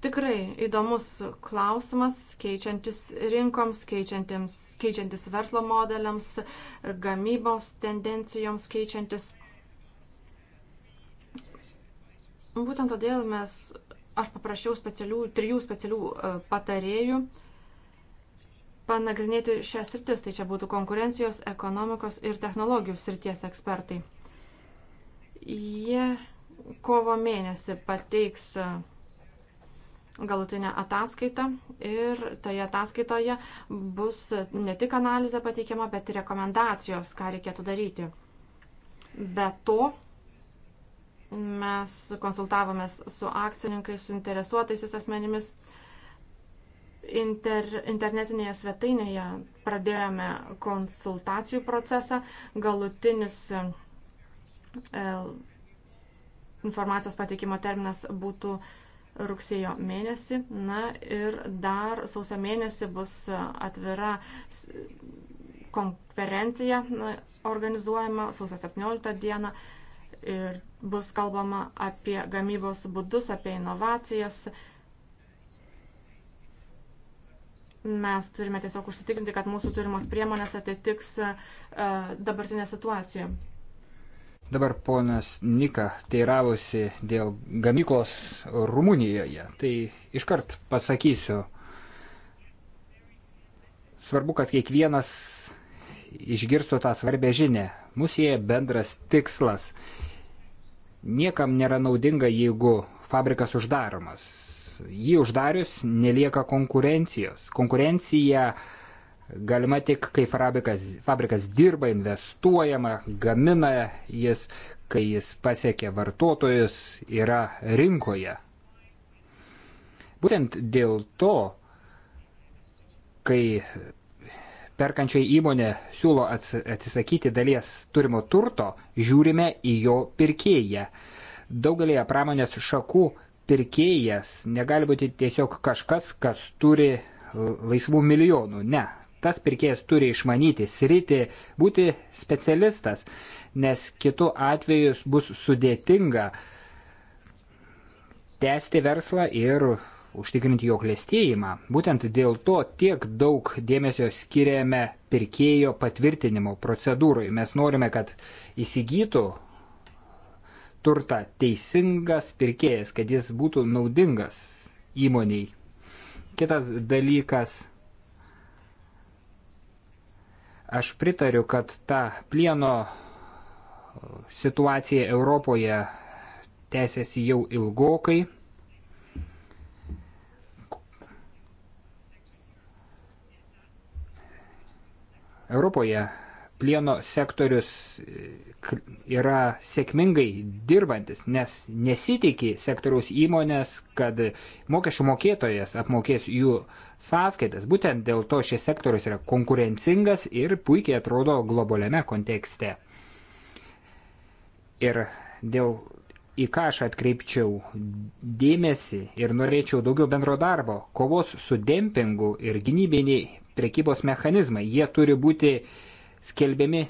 Tikrai įdomus klausimas, keičiantis rinkoms, keičiantis verslo modeliams, gamybos tendencijoms keičiantis. Būtent todėl mes, aš paprašiau specialių, trijų specialių e, patarėjų panagrinėti šias sritis, tai čia būtų konkurencijos, ekonomikos ir technologijų srities ekspertai. Jie kovo mėnesį pateiks e, galutinę ataskaitą ir toje ataskaitoje bus ne tik analizė pateikiama, bet ir rekomendacijos, ką reikėtų daryti. Be to, mes konsultavomės su akcininkais, su interesuotaisiais asmenimis. Inter, internetinėje svetainėje pradėjome konsultacijų procesą. Galutinis E, informacijos pateikimo terminas būtų rugsėjo mėnesį. Na ir dar sausio mėnesį bus atvira konferencija organizuojama sausio 17 dieną ir bus kalbama apie gamybos būdus, apie inovacijas. Mes turime tiesiog užsitikrinti, kad mūsų turimos priemonės atitiks e, dabartinę situaciją. Dabar ponas Nika teiravosi dėl gamyklos Rumunijoje. Tai iškart pasakysiu. Svarbu, kad kiekvienas išgirstų tą svarbę žinę. Mūsų jie bendras tikslas. Niekam nėra naudinga, jeigu fabrikas uždaromas. Jį uždarius nelieka konkurencijos. Konkurencija uh, galima tik, kai fabrikas, fabrikas dirba, investuojama, gamina jis, kai jis pasiekia vartotojus, yra rinkoje. Būtent dėl to, kai perkančiai įmonė siūlo atsisakyti dalies turimo turto, žiūrime į jo pirkėją. Daugelėje pramonės šakų pirkėjas negali būti tiesiog kažkas, kas turi laisvų milijonų. Ne, tas pirkėjas turi išmanyti sritį, būti specialistas, nes kitu atveju bus sudėtinga tęsti verslą ir užtikrinti jo klėstėjimą. Būtent dėl to tiek daug dėmesio skiriame pirkėjo patvirtinimo procedūrai. Mes norime, kad įsigytų turtą teisingas pirkėjas, kad jis būtų naudingas įmoniai. Kitas dalykas Aš pritariu, kad ta plieno situacija Europoje tęsiasi jau ilgokai. Europoje plieno sektorius e, yra sėkmingai dirbantis, nes nesitikė sektoriaus įmonės, kad mokesčių mokėtojas apmokės jų sąskaitas. Būtent dėl to šis sektorius yra konkurencingas ir puikiai atrodo globaliame kontekste. Ir dėl į ką aš atkreipčiau dėmesį ir norėčiau daugiau bendro darbo, kovos su dempingu ir gynybiniai prekybos mechanizmai. Jie turi būti uh, skelbiami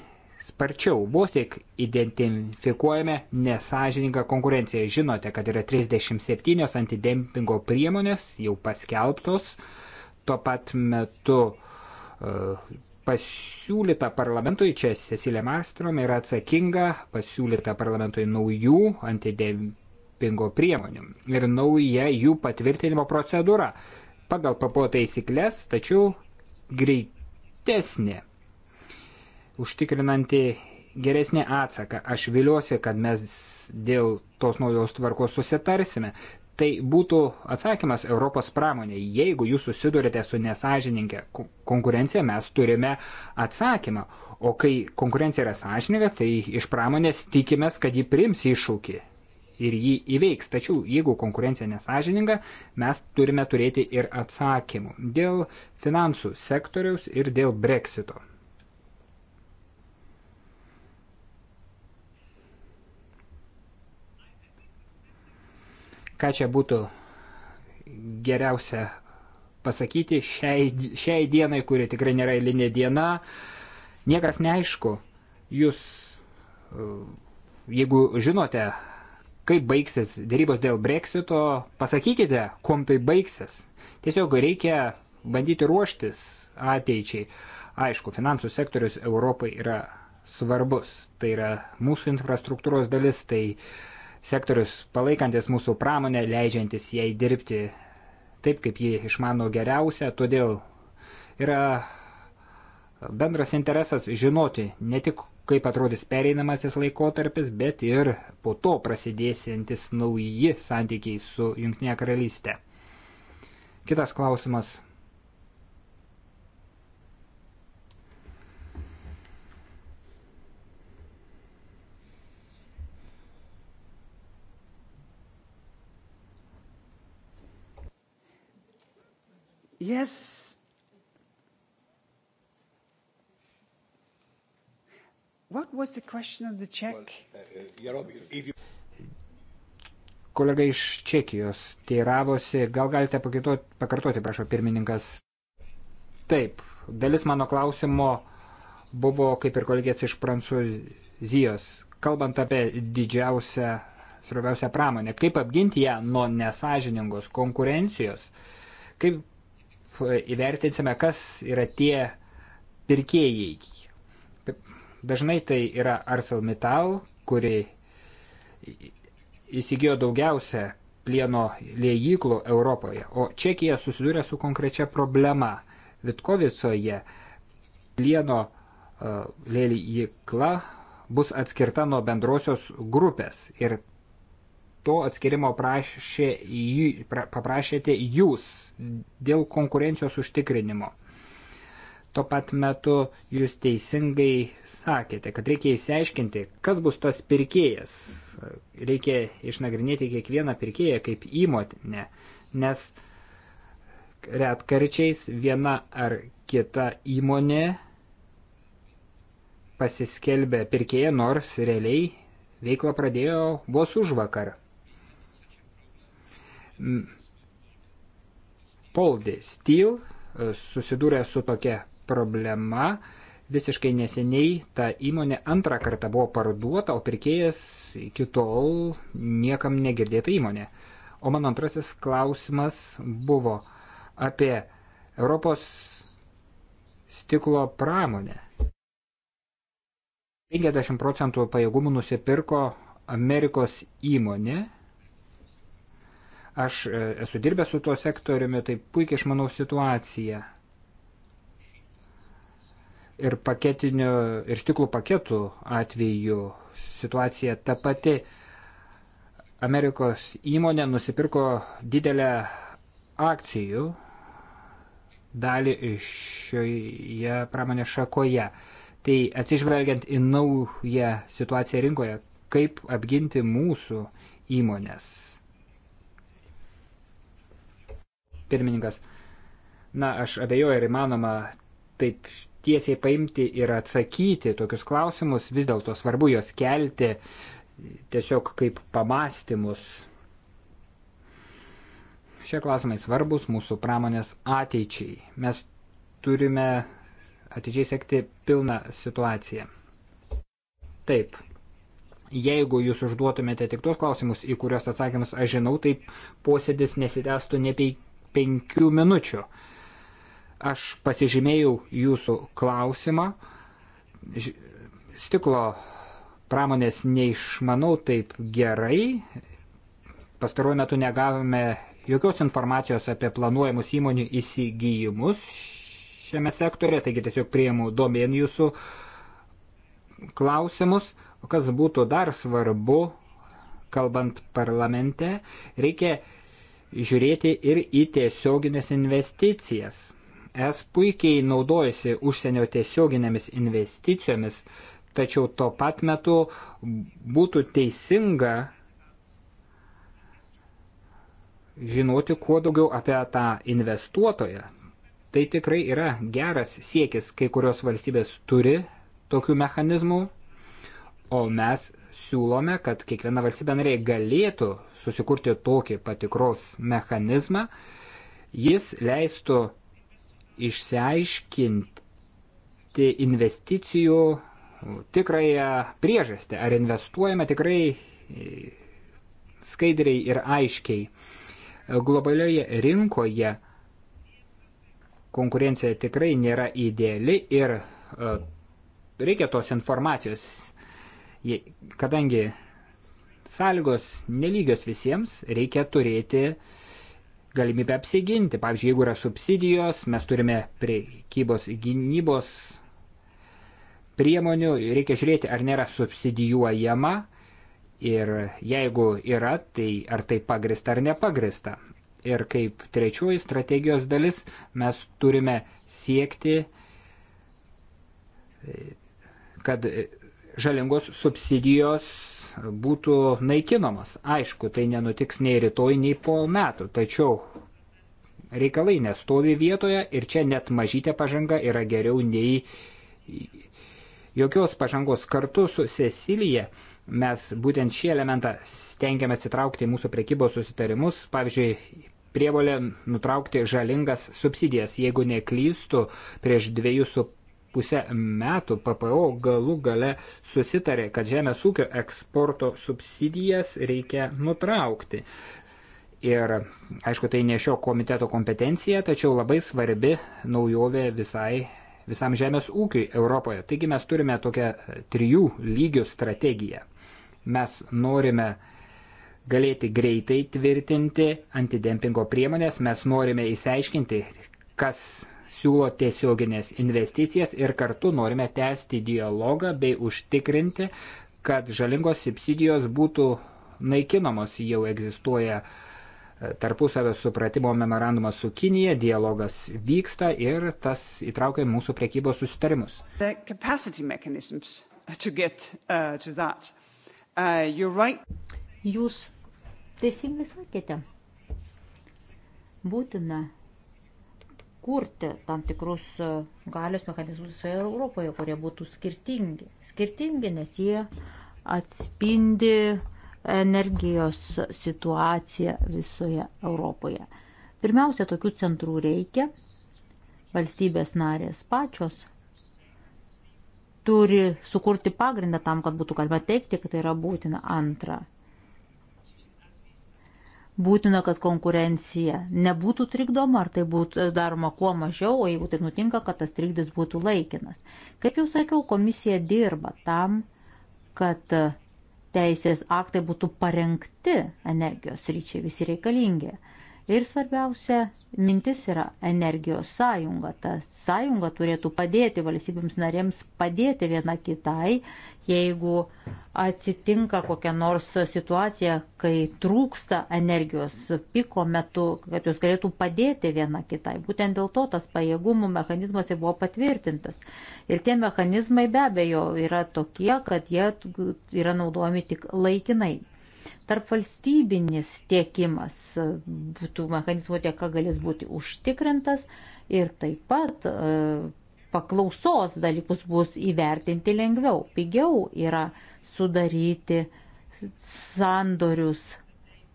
sparčiau. Vos tik identifikuojame nesažininką konkurenciją. Žinote, kad yra 37 antidempingo priemonės jau paskelbtos. Tuo pat metu e, pasiūlyta parlamentui, čia Cecilė Marstrom yra atsakinga, pasiūlyta parlamentui naujų antidempingo priemonių ir nauja jų patvirtinimo procedūra pagal papo taisyklės, tačiau greitesnė užtikrinantį geresnį atsaką. Aš viliuosi, kad mes dėl tos naujos tvarkos susitarsime. Tai būtų atsakymas Europos pramonė. Jeigu jūs susidurite su nesažininkė konkurencija, mes turime atsakymą. O kai konkurencija yra sąžininga, tai iš pramonės tikimės, kad ji prims iššūkį ir jį įveiks. Tačiau jeigu konkurencija nesažininga, mes turime turėti ir atsakymų dėl finansų sektoriaus ir dėl breksito. Ką čia būtų geriausia pasakyti šiai, šiai dienai, kuri tikrai nėra eilinė diena, niekas neaišku. Jūs, jeigu žinote, kaip baigsis dėrybos dėl breksito, pasakykite, kom tai baigsis. Tiesiog reikia bandyti ruoštis ateičiai. Aišku, finansų sektorius Europai yra svarbus. Tai yra mūsų infrastruktūros dalis, tai uh, sektorius palaikantis mūsų pramonę, leidžiantis jai dirbti taip, kaip ji išmano geriausia, todėl yra bendras interesas žinoti ne tik, kaip atrodys pereinamasis laikotarpis, bet ir po to prasidėsiantis nauji santykiai su Junktinė karalystė. Kitas klausimas. Yes. What was the question of the Czech? Well, uh, uh if you... Kolega iš Čekijos teiravosi, gal galite pakartoti, pakartoti, prašau, pirmininkas. Taip, dalis mano klausimo buvo kaip ir kolegės iš Prancūzijos. Kalbant apie didžiausią, svarbiausią pramonę, kaip apginti ją nuo nesažiningos konkurencijos, kaip E, įvertinsime, kas yra tie pirkėjai. Dažnai tai yra ArcelorMittal, kuri įsigijo daugiausia plieno liejyklų Europoje, o Čekija susidūrė su konkrečia problema. Vitkovicoje plieno e, liejykla bus atskirta nuo bendrosios grupės ir to atskirimo prašė, paprašėte jūs dėl konkurencijos užtikrinimo. Tuo pat metu jūs teisingai sakėte, kad reikia įsiaiškinti, kas bus tas pirkėjas. Reikia išnagrinėti kiekvieną pirkėją kaip įmonę, nes retkarčiais viena ar kita įmonė pasiskelbė pirkėją, nors realiai veiklą pradėjo vos už vakar. Poldi Steel e, susidūrė su tokia problema. Visiškai neseniai ta įmonė antrą kartą buvo parduota, o pirkėjas iki tol niekam negirdėta įmonė. O mano antrasis klausimas buvo apie Europos stiklo pramonę. 50 procentų pajėgumų nusipirko Amerikos įmonė Aš e, esu dirbęs su tuo sektoriumi, tai puikiai išmanau situaciją. Ir paketinių, ir stiklų paketų atveju situacija ta pati. Amerikos įmonė nusipirko didelę akcijų dalį šioje pramonės šakoje. Tai atsižvelgiant į naują situaciją rinkoje, kaip apginti mūsų įmonės Pirmininkas, na, aš abejoju, ar įmanoma taip tiesiai paimti ir atsakyti tokius klausimus, vis dėlto svarbu juos kelti tiesiog kaip pamastymus. Šie klausimai svarbus mūsų pramonės ateičiai. Mes turime atidžiai sekti pilną situaciją. Taip, jeigu jūs užduotumėte tik tuos klausimus, į kuriuos atsakymus aš žinau, tai posėdis nesitęstų ne, penkių minučių. Aš pasižymėjau jūsų klausimą. Stiklo pramonės neišmanau taip gerai. Pastaruoju metu negavome jokios informacijos apie planuojamus įmonių įsigijimus šiame sektorė, taigi tiesiog prieimu domėn jūsų klausimus. O kas būtų dar svarbu, kalbant parlamente, reikia žiūrėti ir į tiesioginės investicijas. Es puikiai naudojasi užsienio tiesioginėmis investicijomis, tačiau tuo pat metu būtų teisinga žinoti kuo daugiau apie tą investuotoją. Tai tikrai yra geras siekis, kai kurios valstybės turi tokių mechanizmų, o mes siūlome, kad kiekviena valstybė nariai galėtų susikurti tokį patikros mechanizmą. Jis leistų išsiaiškinti investicijų tikrąją priežastį, ar investuojame tikrai skaidriai ir aiškiai. Globalioje rinkoje konkurencija tikrai nėra ideali ir e, reikia tos informacijos Kadangi sąlygos nelygios visiems, reikia turėti galimybę apsiginti. Pavyzdžiui, jeigu yra subsidijos, mes turime priekybos gynybos priemonių, reikia žiūrėti, ar nėra subsidijuojama ir jeigu yra, tai ar tai pagrista ar nepagrista. Ir kaip trečioji strategijos dalis mes turime siekti, kad žalingos subsidijos būtų naikinamos. Aišku, tai nenutiks nei rytoj, nei po metų, tačiau reikalai nestovi vietoje ir čia net mažytė pažanga yra geriau nei jokios pažangos. Kartu su Cecilija mes būtent šį elementą stengiamės įtraukti į mūsų prekybos susitarimus, pavyzdžiui, prievolė nutraukti žalingas subsidijas. Jeigu neklystų, prieš dviejus su pusę metų PPO galų gale susitarė, kad žemės ūkio eksporto subsidijas reikia nutraukti. Ir aišku, tai ne šio komiteto kompetencija, tačiau labai svarbi naujovė visai, visam žemės ūkiui Europoje. Taigi mes turime tokią trijų lygių strategiją. Mes norime galėti greitai tvirtinti antidempingo priemonės, mes norime įsiaiškinti, kas siūlo tiesioginės investicijas ir kartu norime tęsti dialogą bei užtikrinti, kad žalingos subsidijos būtų naikinamos jau egzistuoja e, tarpusavio supratimo memorandumas su Kinija, dialogas vyksta ir tas įtraukia mūsų prekybos susitarimus. Get, uh, uh, right. Jūs teisingai sakėte. Būtina kurti tam tikrus e, galios mechanizmus visoje Europoje, kurie būtų skirtingi. Skirtingi, nes jie atspindi energijos situaciją visoje Europoje. Pirmiausia, tokių centrų reikia. Valstybės narės pačios turi sukurti pagrindą tam, kad būtų galima teikti, kad tai yra būtina antra būtina, kad konkurencija nebūtų trikdoma, ar tai būtų daroma kuo mažiau, o jeigu tai nutinka, kad tas trikdis būtų laikinas. Kaip jau sakiau, komisija dirba tam, kad teisės aktai būtų parengti energijos ryčiai visi reikalingi. Ir svarbiausia mintis yra energijos sąjunga. Ta sąjunga turėtų padėti valstybėms narėms padėti viena kitai, jeigu atsitinka kokia nors situacija, kai trūksta energijos piko metu, kad jos galėtų padėti viena kitai. Būtent dėl to tas pajėgumų mechanizmas ir buvo patvirtintas. Ir tie mechanizmai be abejo yra tokie, kad jie yra naudojami tik laikinai. Tarp valstybinis tiekimas tų mechanizmų tieka galės būti užtikrintas ir taip pat e, paklausos dalykus bus įvertinti lengviau. Pigiau yra sudaryti sandorius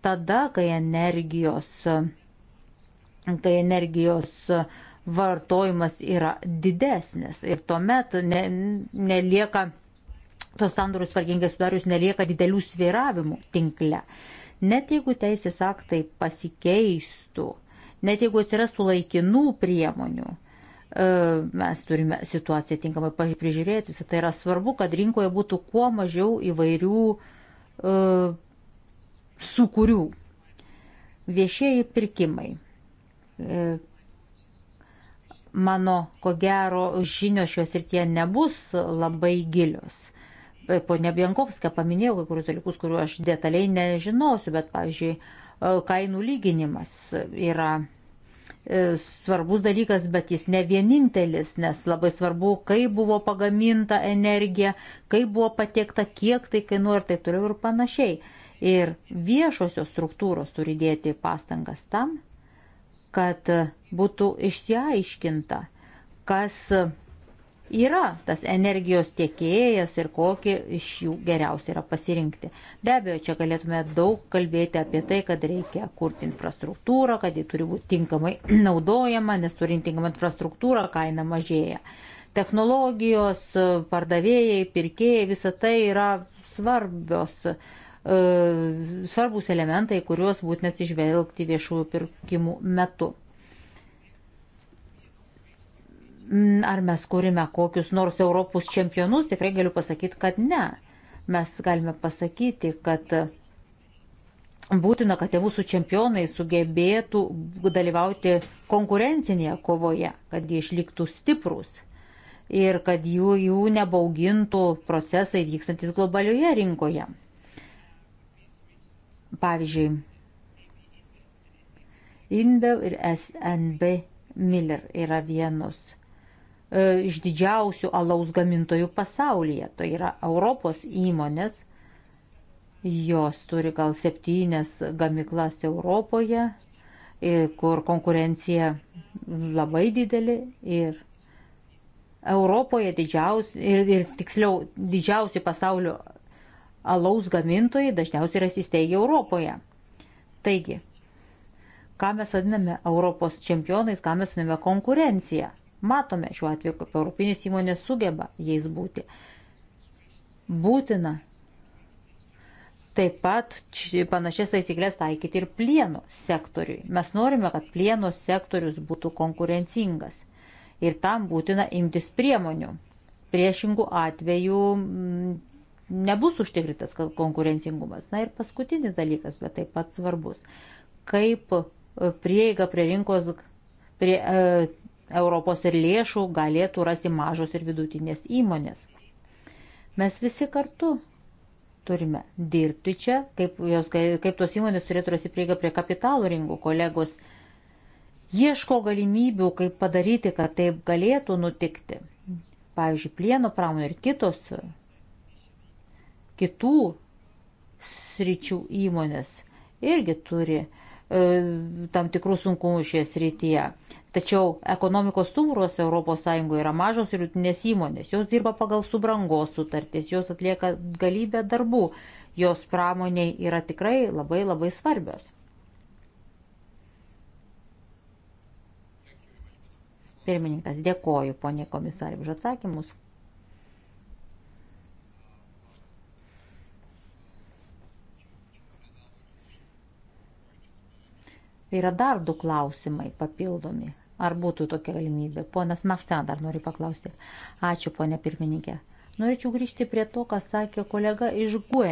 tada, kai energijos, kai energijos vartojimas yra didesnis ir tuomet ne, nelieka tos sandorius vargingai sudarius nelieka didelių sviravimų tinkle. Net jeigu teisės aktai pasikeistų, net jeigu atsirastų laikinų priemonių, e, mes turime situaciją tinkamai prižiūrėti. Visą tai yra svarbu, kad rinkoje būtų kuo mažiau įvairių uh, sukūrių. Viešieji pirkimai. Uh, mano, ko gero, žinios šios ir tie nebus labai gilios. E, Pone Bienkovska paminėjo kai kurius dalykus, kuriuo aš detaliai nežinosiu, bet, pavyzdžiui, e, kainų lyginimas yra e, svarbus dalykas, bet jis ne vienintelis, nes labai svarbu, kaip buvo pagaminta energija, kaip buvo patiekta, kiek tai kainuoja ir taip toliau ir panašiai. Ir viešosios struktūros turi dėti pastangas tam, kad būtų išsiaiškinta, kas yra tas energijos tiekėjas ir kokį iš jų geriausia yra pasirinkti. Be abejo, čia galėtume daug kalbėti apie tai, kad reikia kurti infrastruktūrą, kad ji turi būti tinkamai naudojama, nes turint tinkamą infrastruktūrą kaina mažėja. Technologijos, pardavėjai, pirkėjai, visa tai yra svarbios e, svarbus elementai, kuriuos būtent atsižvelgti viešųjų pirkimų metu. Ar mes kūrime kokius nors Europos čempionus? Tikrai galiu pasakyti, kad ne. Mes galime pasakyti, kad būtina, kad tie mūsų čempionai sugebėtų dalyvauti konkurencinėje kovoje, kad jie išliktų stiprus ir kad jų, jų nebaugintų procesai vykstantis globalioje rinkoje. Pavyzdžiui, InBev ir SNB Miller yra vienos E, iš didžiausių alaus gamintojų pasaulyje. Tai yra Europos įmonės. Jos turi gal septynias gamiklas Europoje, e, kur konkurencija labai didelė ir Europoje didžiausi ir, ir tiksliau didžiausi pasaulio alaus gamintojai dažniausiai yra įsteigę Europoje. Taigi, ką mes vadiname Europos čempionais, ką mes vadiname konkurencija. Matome šiuo atveju, kaip europinės įmonės sugeba jais būti. Būtina taip pat panašias taisyklės taikyti ir plieno sektoriui. Mes norime, kad plieno sektorius būtų konkurencingas. Ir tam būtina imtis priemonių. Priešingų atvejų mm, nebus užtikrintas konkurencingumas. Na ir paskutinis dalykas, bet taip pat svarbus. Kaip prieiga prie rinkos, prie e, Europos ir lėšų galėtų rasti mažos ir vidutinės įmonės. Mes visi kartu turime dirbti čia, kaip, jos, kaip tos įmonės turėtų rasti prieigą prie kapitalų rinkų. Kolegos ieško galimybių, kaip padaryti, kad taip galėtų nutikti. Pavyzdžiui, plieno pramonė ir kitos kitų sričių įmonės irgi turi uh, E, tam tikrų sunkumų šioje srityje. Tačiau ekonomikos stuburos ES yra mažos ir rutinės įmonės. Jos dirba pagal subrangos sutartis, jos atlieka galybę darbų, jos pramoniai yra tikrai labai labai svarbios. Pirmininkas, dėkoju, ponė komisarė, už atsakymus. Yra dar du klausimai papildomi. Ar būtų tokia galimybė? Ponas Makštena dar nori paklausti. Ačiū, ponė pirmininkė. Norėčiau grįžti prie to, ką sakė kolega iš GUE.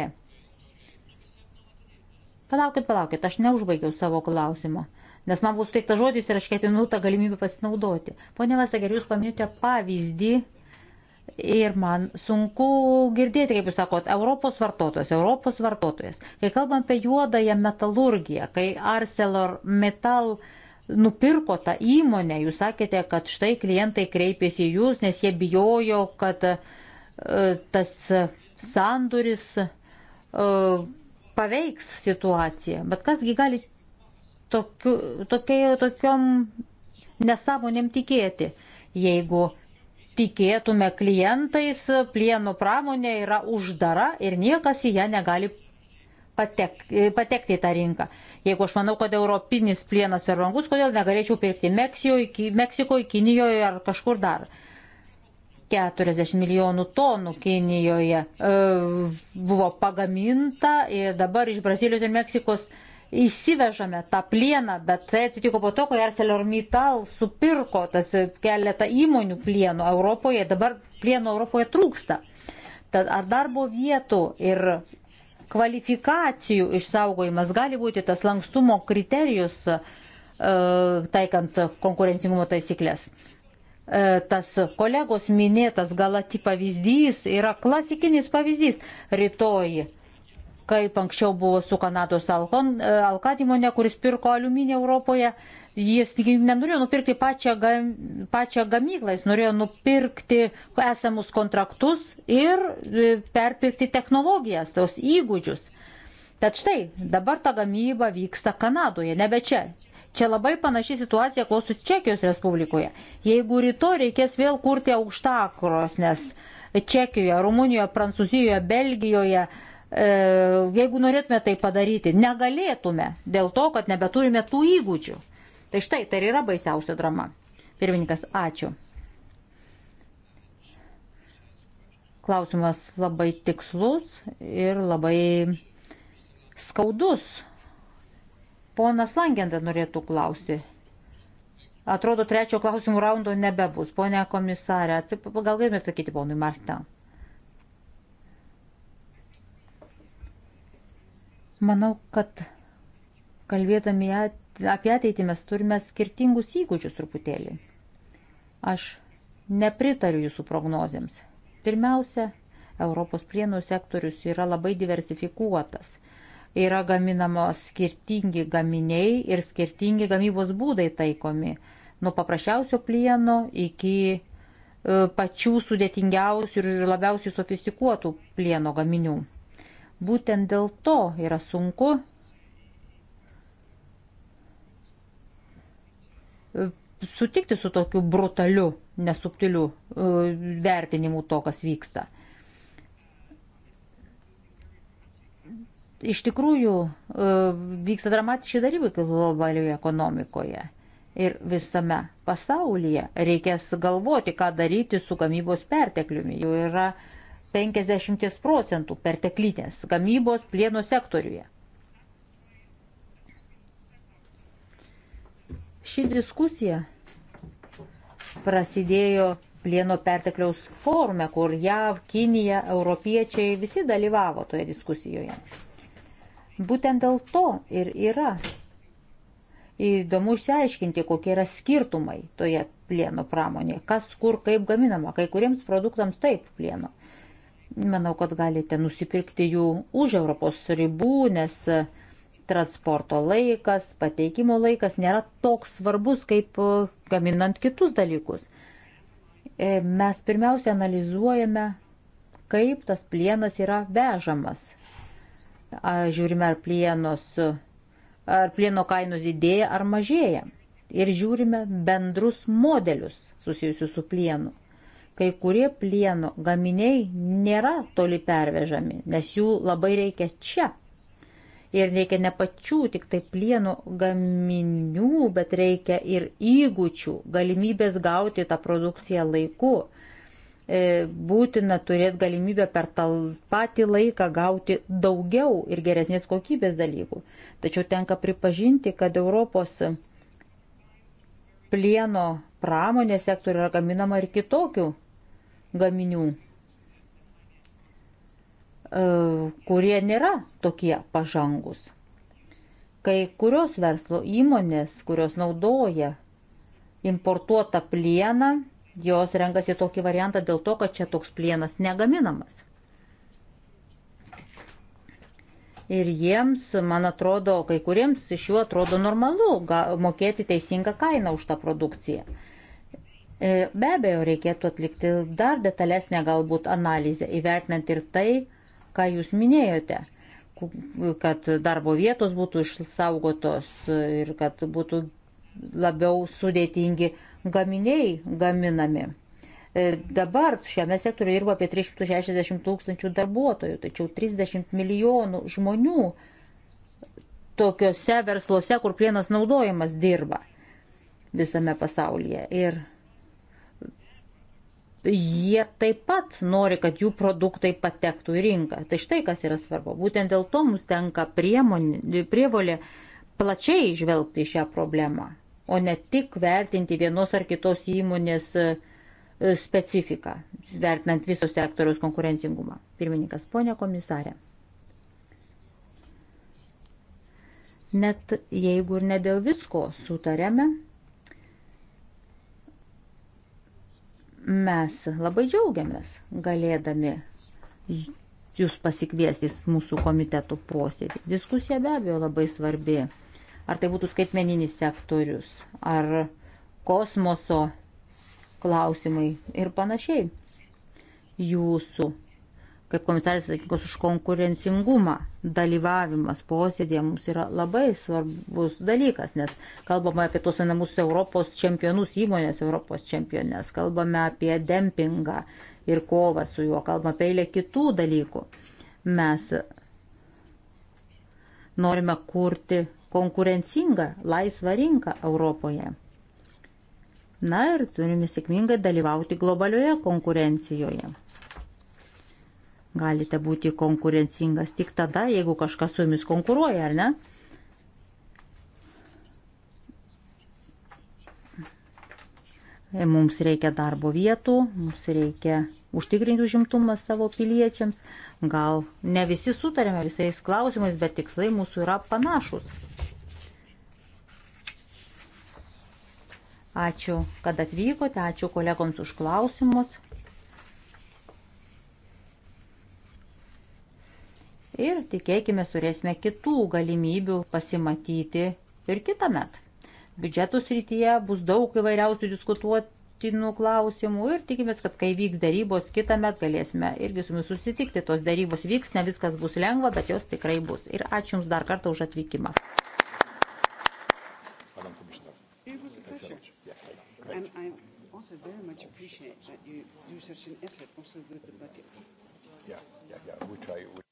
Palaukit, palaukit, aš neužbaigiau savo klausimo, nes man bus teiktas žodis ir aš ketinu tą galimybę pasinaudoti. Pone Vasager, jūs paminėjote pavyzdį Ir man sunku girdėti, kaip jūs sakot, Europos vartotojas, Europos vartotojas. Kai kalbam apie juodąją metalurgiją, kai Arcelor Metal nupirko tą įmonę, jūs sakėte, kad štai klientai kreipėsi į jūs, nes jie bijojo, kad e, tas sanduris e, paveiks situaciją. Bet kasgi gali tokiu, tokie, tokiom nesąmonėm tikėti, jeigu tikėtume klientais, plieno pramonė yra uždara ir niekas į ją negali patek, patekti į tą rinką. Jeigu aš manau, kad europinis plienas per brangus, kodėl negalėčiau pirkti Meksijoje, Meksikoje, Kinijoje ar kažkur dar. 40 milijonų tonų Kinijoje e, buvo pagaminta ir dabar iš Brazilijos ir Meksikos e, įsivežame tą plieną, bet tai atsitiko po to, kai ArcelorMittal supirko tas keletą įmonių plieno Europoje, dabar plieno Europoje trūksta. Tad ar darbo vietų ir kvalifikacijų išsaugojimas gali būti tas lankstumo kriterijus e, taikant konkurencingumo taisyklės. E, tas kolegos minėtas galati pavyzdys yra klasikinis pavyzdys. Rytoj kaip anksčiau buvo su Kanados e, Alkadimone, kuris pirko aliuminį Europoje, jis nenorėjo nupirkti pačią, gam, pačią gamyklą, jis norėjo nupirkti esamus kontraktus ir e, perpirkti technologijas, tos įgūdžius. Tad štai, dabar ta gamyba vyksta Kanadoje, nebe čia. Čia labai panaši situacija klausus Čekijos Respublikoje. Jeigu rytoj reikės vėl kurti aukštakros, nes Čekijoje, Rumunijoje, Prancūzijoje, Belgijoje, E, jeigu norėtume tai padaryti, negalėtume dėl to, kad nebeturime tų įgūdžių. Tai štai, tai yra baisiausia drama. Pirmininkas, ačiū. Klausimas labai tikslus ir labai skaudus. Ponas Langendas norėtų klausyti. Atrodo, trečio klausimų raundo nebebus. Pone komisarė, gal galime atsakyti ponui Martinui? Manau, kad kalbėdami apie ateitį mes turime skirtingus įgūdžius truputėlį. Aš nepritariu jūsų prognozėms. Pirmiausia, Europos prienų sektorius yra labai diversifikuotas. Yra gaminama skirtingi gaminiai ir skirtingi gamybos būdai taikomi. Nuo paprasčiausio plieno iki e, pačių sudėtingiausių ir labiausiai sofistikuotų plieno gaminių. Būtent dėl to yra sunku e, sutikti su tokiu brutaliu, nesubtiliu e, vertinimu to, kas vyksta. Iš tikrųjų, e, vyksta dramatiški dalykai globalioje ekonomikoje ir visame pasaulyje reikės galvoti, ką daryti su gamybos pertekliumi. Jau yra uh, 50 procentų perteklinės gamybos plieno sektoriuje. Ši diskusija prasidėjo plieno pertekliaus forume, kur JAV, Kinija, europiečiai visi dalyvavo toje diskusijoje. Būtent dėl to ir yra įdomu išsiaiškinti, kokie yra skirtumai toje plieno pramonėje, kas kur kaip gaminama, kai kuriems produktams taip plieno Manau, kad galite nusipirkti jų už Europos ribų, nes e, transporto laikas, pateikimo laikas nėra toks svarbus, kaip e, gaminant kitus dalykus. E, mes pirmiausia analizuojame, kaip tas plienas yra vežamas. Žiūrime, ar, plienos, ar plieno kainos didėja ar mažėja. Ir žiūrime bendrus modelius susijusius su plienu. Kai kurie plieno gaminiai nėra toli pervežami, nes jų labai reikia čia. Ir reikia ne pačių tik tai plieno gaminių, bet reikia ir įgūčių, galimybės gauti tą produkciją laiku. E, būtina turėti galimybę per tą patį laiką gauti daugiau ir geresnės kokybės dalykų. Tačiau tenka pripažinti, kad Europos plieno pramonės sektoriuje yra gaminama ir kitokių gaminių, e, kurie nėra tokie pažangus. Kai kurios verslo įmonės, kurios naudoja importuotą plieną, jos renkasi tokį variantą dėl to, kad čia toks plienas negaminamas. Ir jiems, man atrodo, kai kuriems iš jų atrodo normalu mokėti teisingą kainą už tą produkciją. E, be abejo, reikėtų atlikti dar detalesnę galbūt analizę, įvertinant ir tai, ką jūs minėjote, kad darbo vietos būtų išsaugotos ir kad būtų labiau sudėtingi gaminiai gaminami. E, dabar šiame sektoriuje dirba apie 360 tūkstančių darbuotojų, tačiau 30 milijonų žmonių tokiuose versluose, kur plienas naudojamas, dirba visame pasaulyje. Ir jie taip pat nori, kad jų produktai patektų į rinką. Tai štai kas yra svarbu. Būtent dėl to mums tenka priemonė, prievolė plačiai žvelgti šią problemą, o ne tik vertinti vienos ar kitos įmonės e, specifiką, vertinant viso sektoriaus konkurencingumą. Pirmininkas, ponia komisarė. Net jeigu ir ne dėl visko sutarėme, Mes labai džiaugiamės galėdami jūs pasikviesti mūsų komitetų posėdį. Diskusija be abejo labai svarbi. Ar tai būtų skaitmeninis sektorius, ar kosmoso klausimai ir panašiai. Jūsų kaip komisaras atsakingos už konkurencingumą, dalyvavimas posėdėje mums yra labai svarbus dalykas, nes kalbame apie tos namus Europos čempionus, įmonės Europos čempionės, kalbame apie dempingą ir kovą su juo, kalbame apie eilę kitų dalykų. Mes norime kurti konkurencingą, laisvą rinką Europoje. Na ir turime sėkmingai dalyvauti globalioje konkurencijoje. Galite būti konkurencingas tik tada, jeigu kažkas su jumis konkuruoja, ar ne? Mums reikia darbo vietų, mums reikia užtikrinti užimtumą savo piliečiams. Gal ne visi sutarėme visais klausimais, bet tikslai mūsų yra panašus. Ačiū, kad atvykote, ačiū kolegoms už klausimus. ir tikėkime surėsime kitų galimybių pasimatyti ir kitą metą. Biudžetų srityje bus daug įvairiausių diskutuotinų klausimų ir tikimės, kad kai vyks darybos kitą metą galėsime irgi su jumis susitikti. Tos darybos vyks, ne viskas bus lengva, bet jos tikrai bus. Ir ačiū Jums dar kartą už atvykimą. And I also very much appreciate that you do such an effort also with the budgets. Yeah, yeah, yeah. We try. We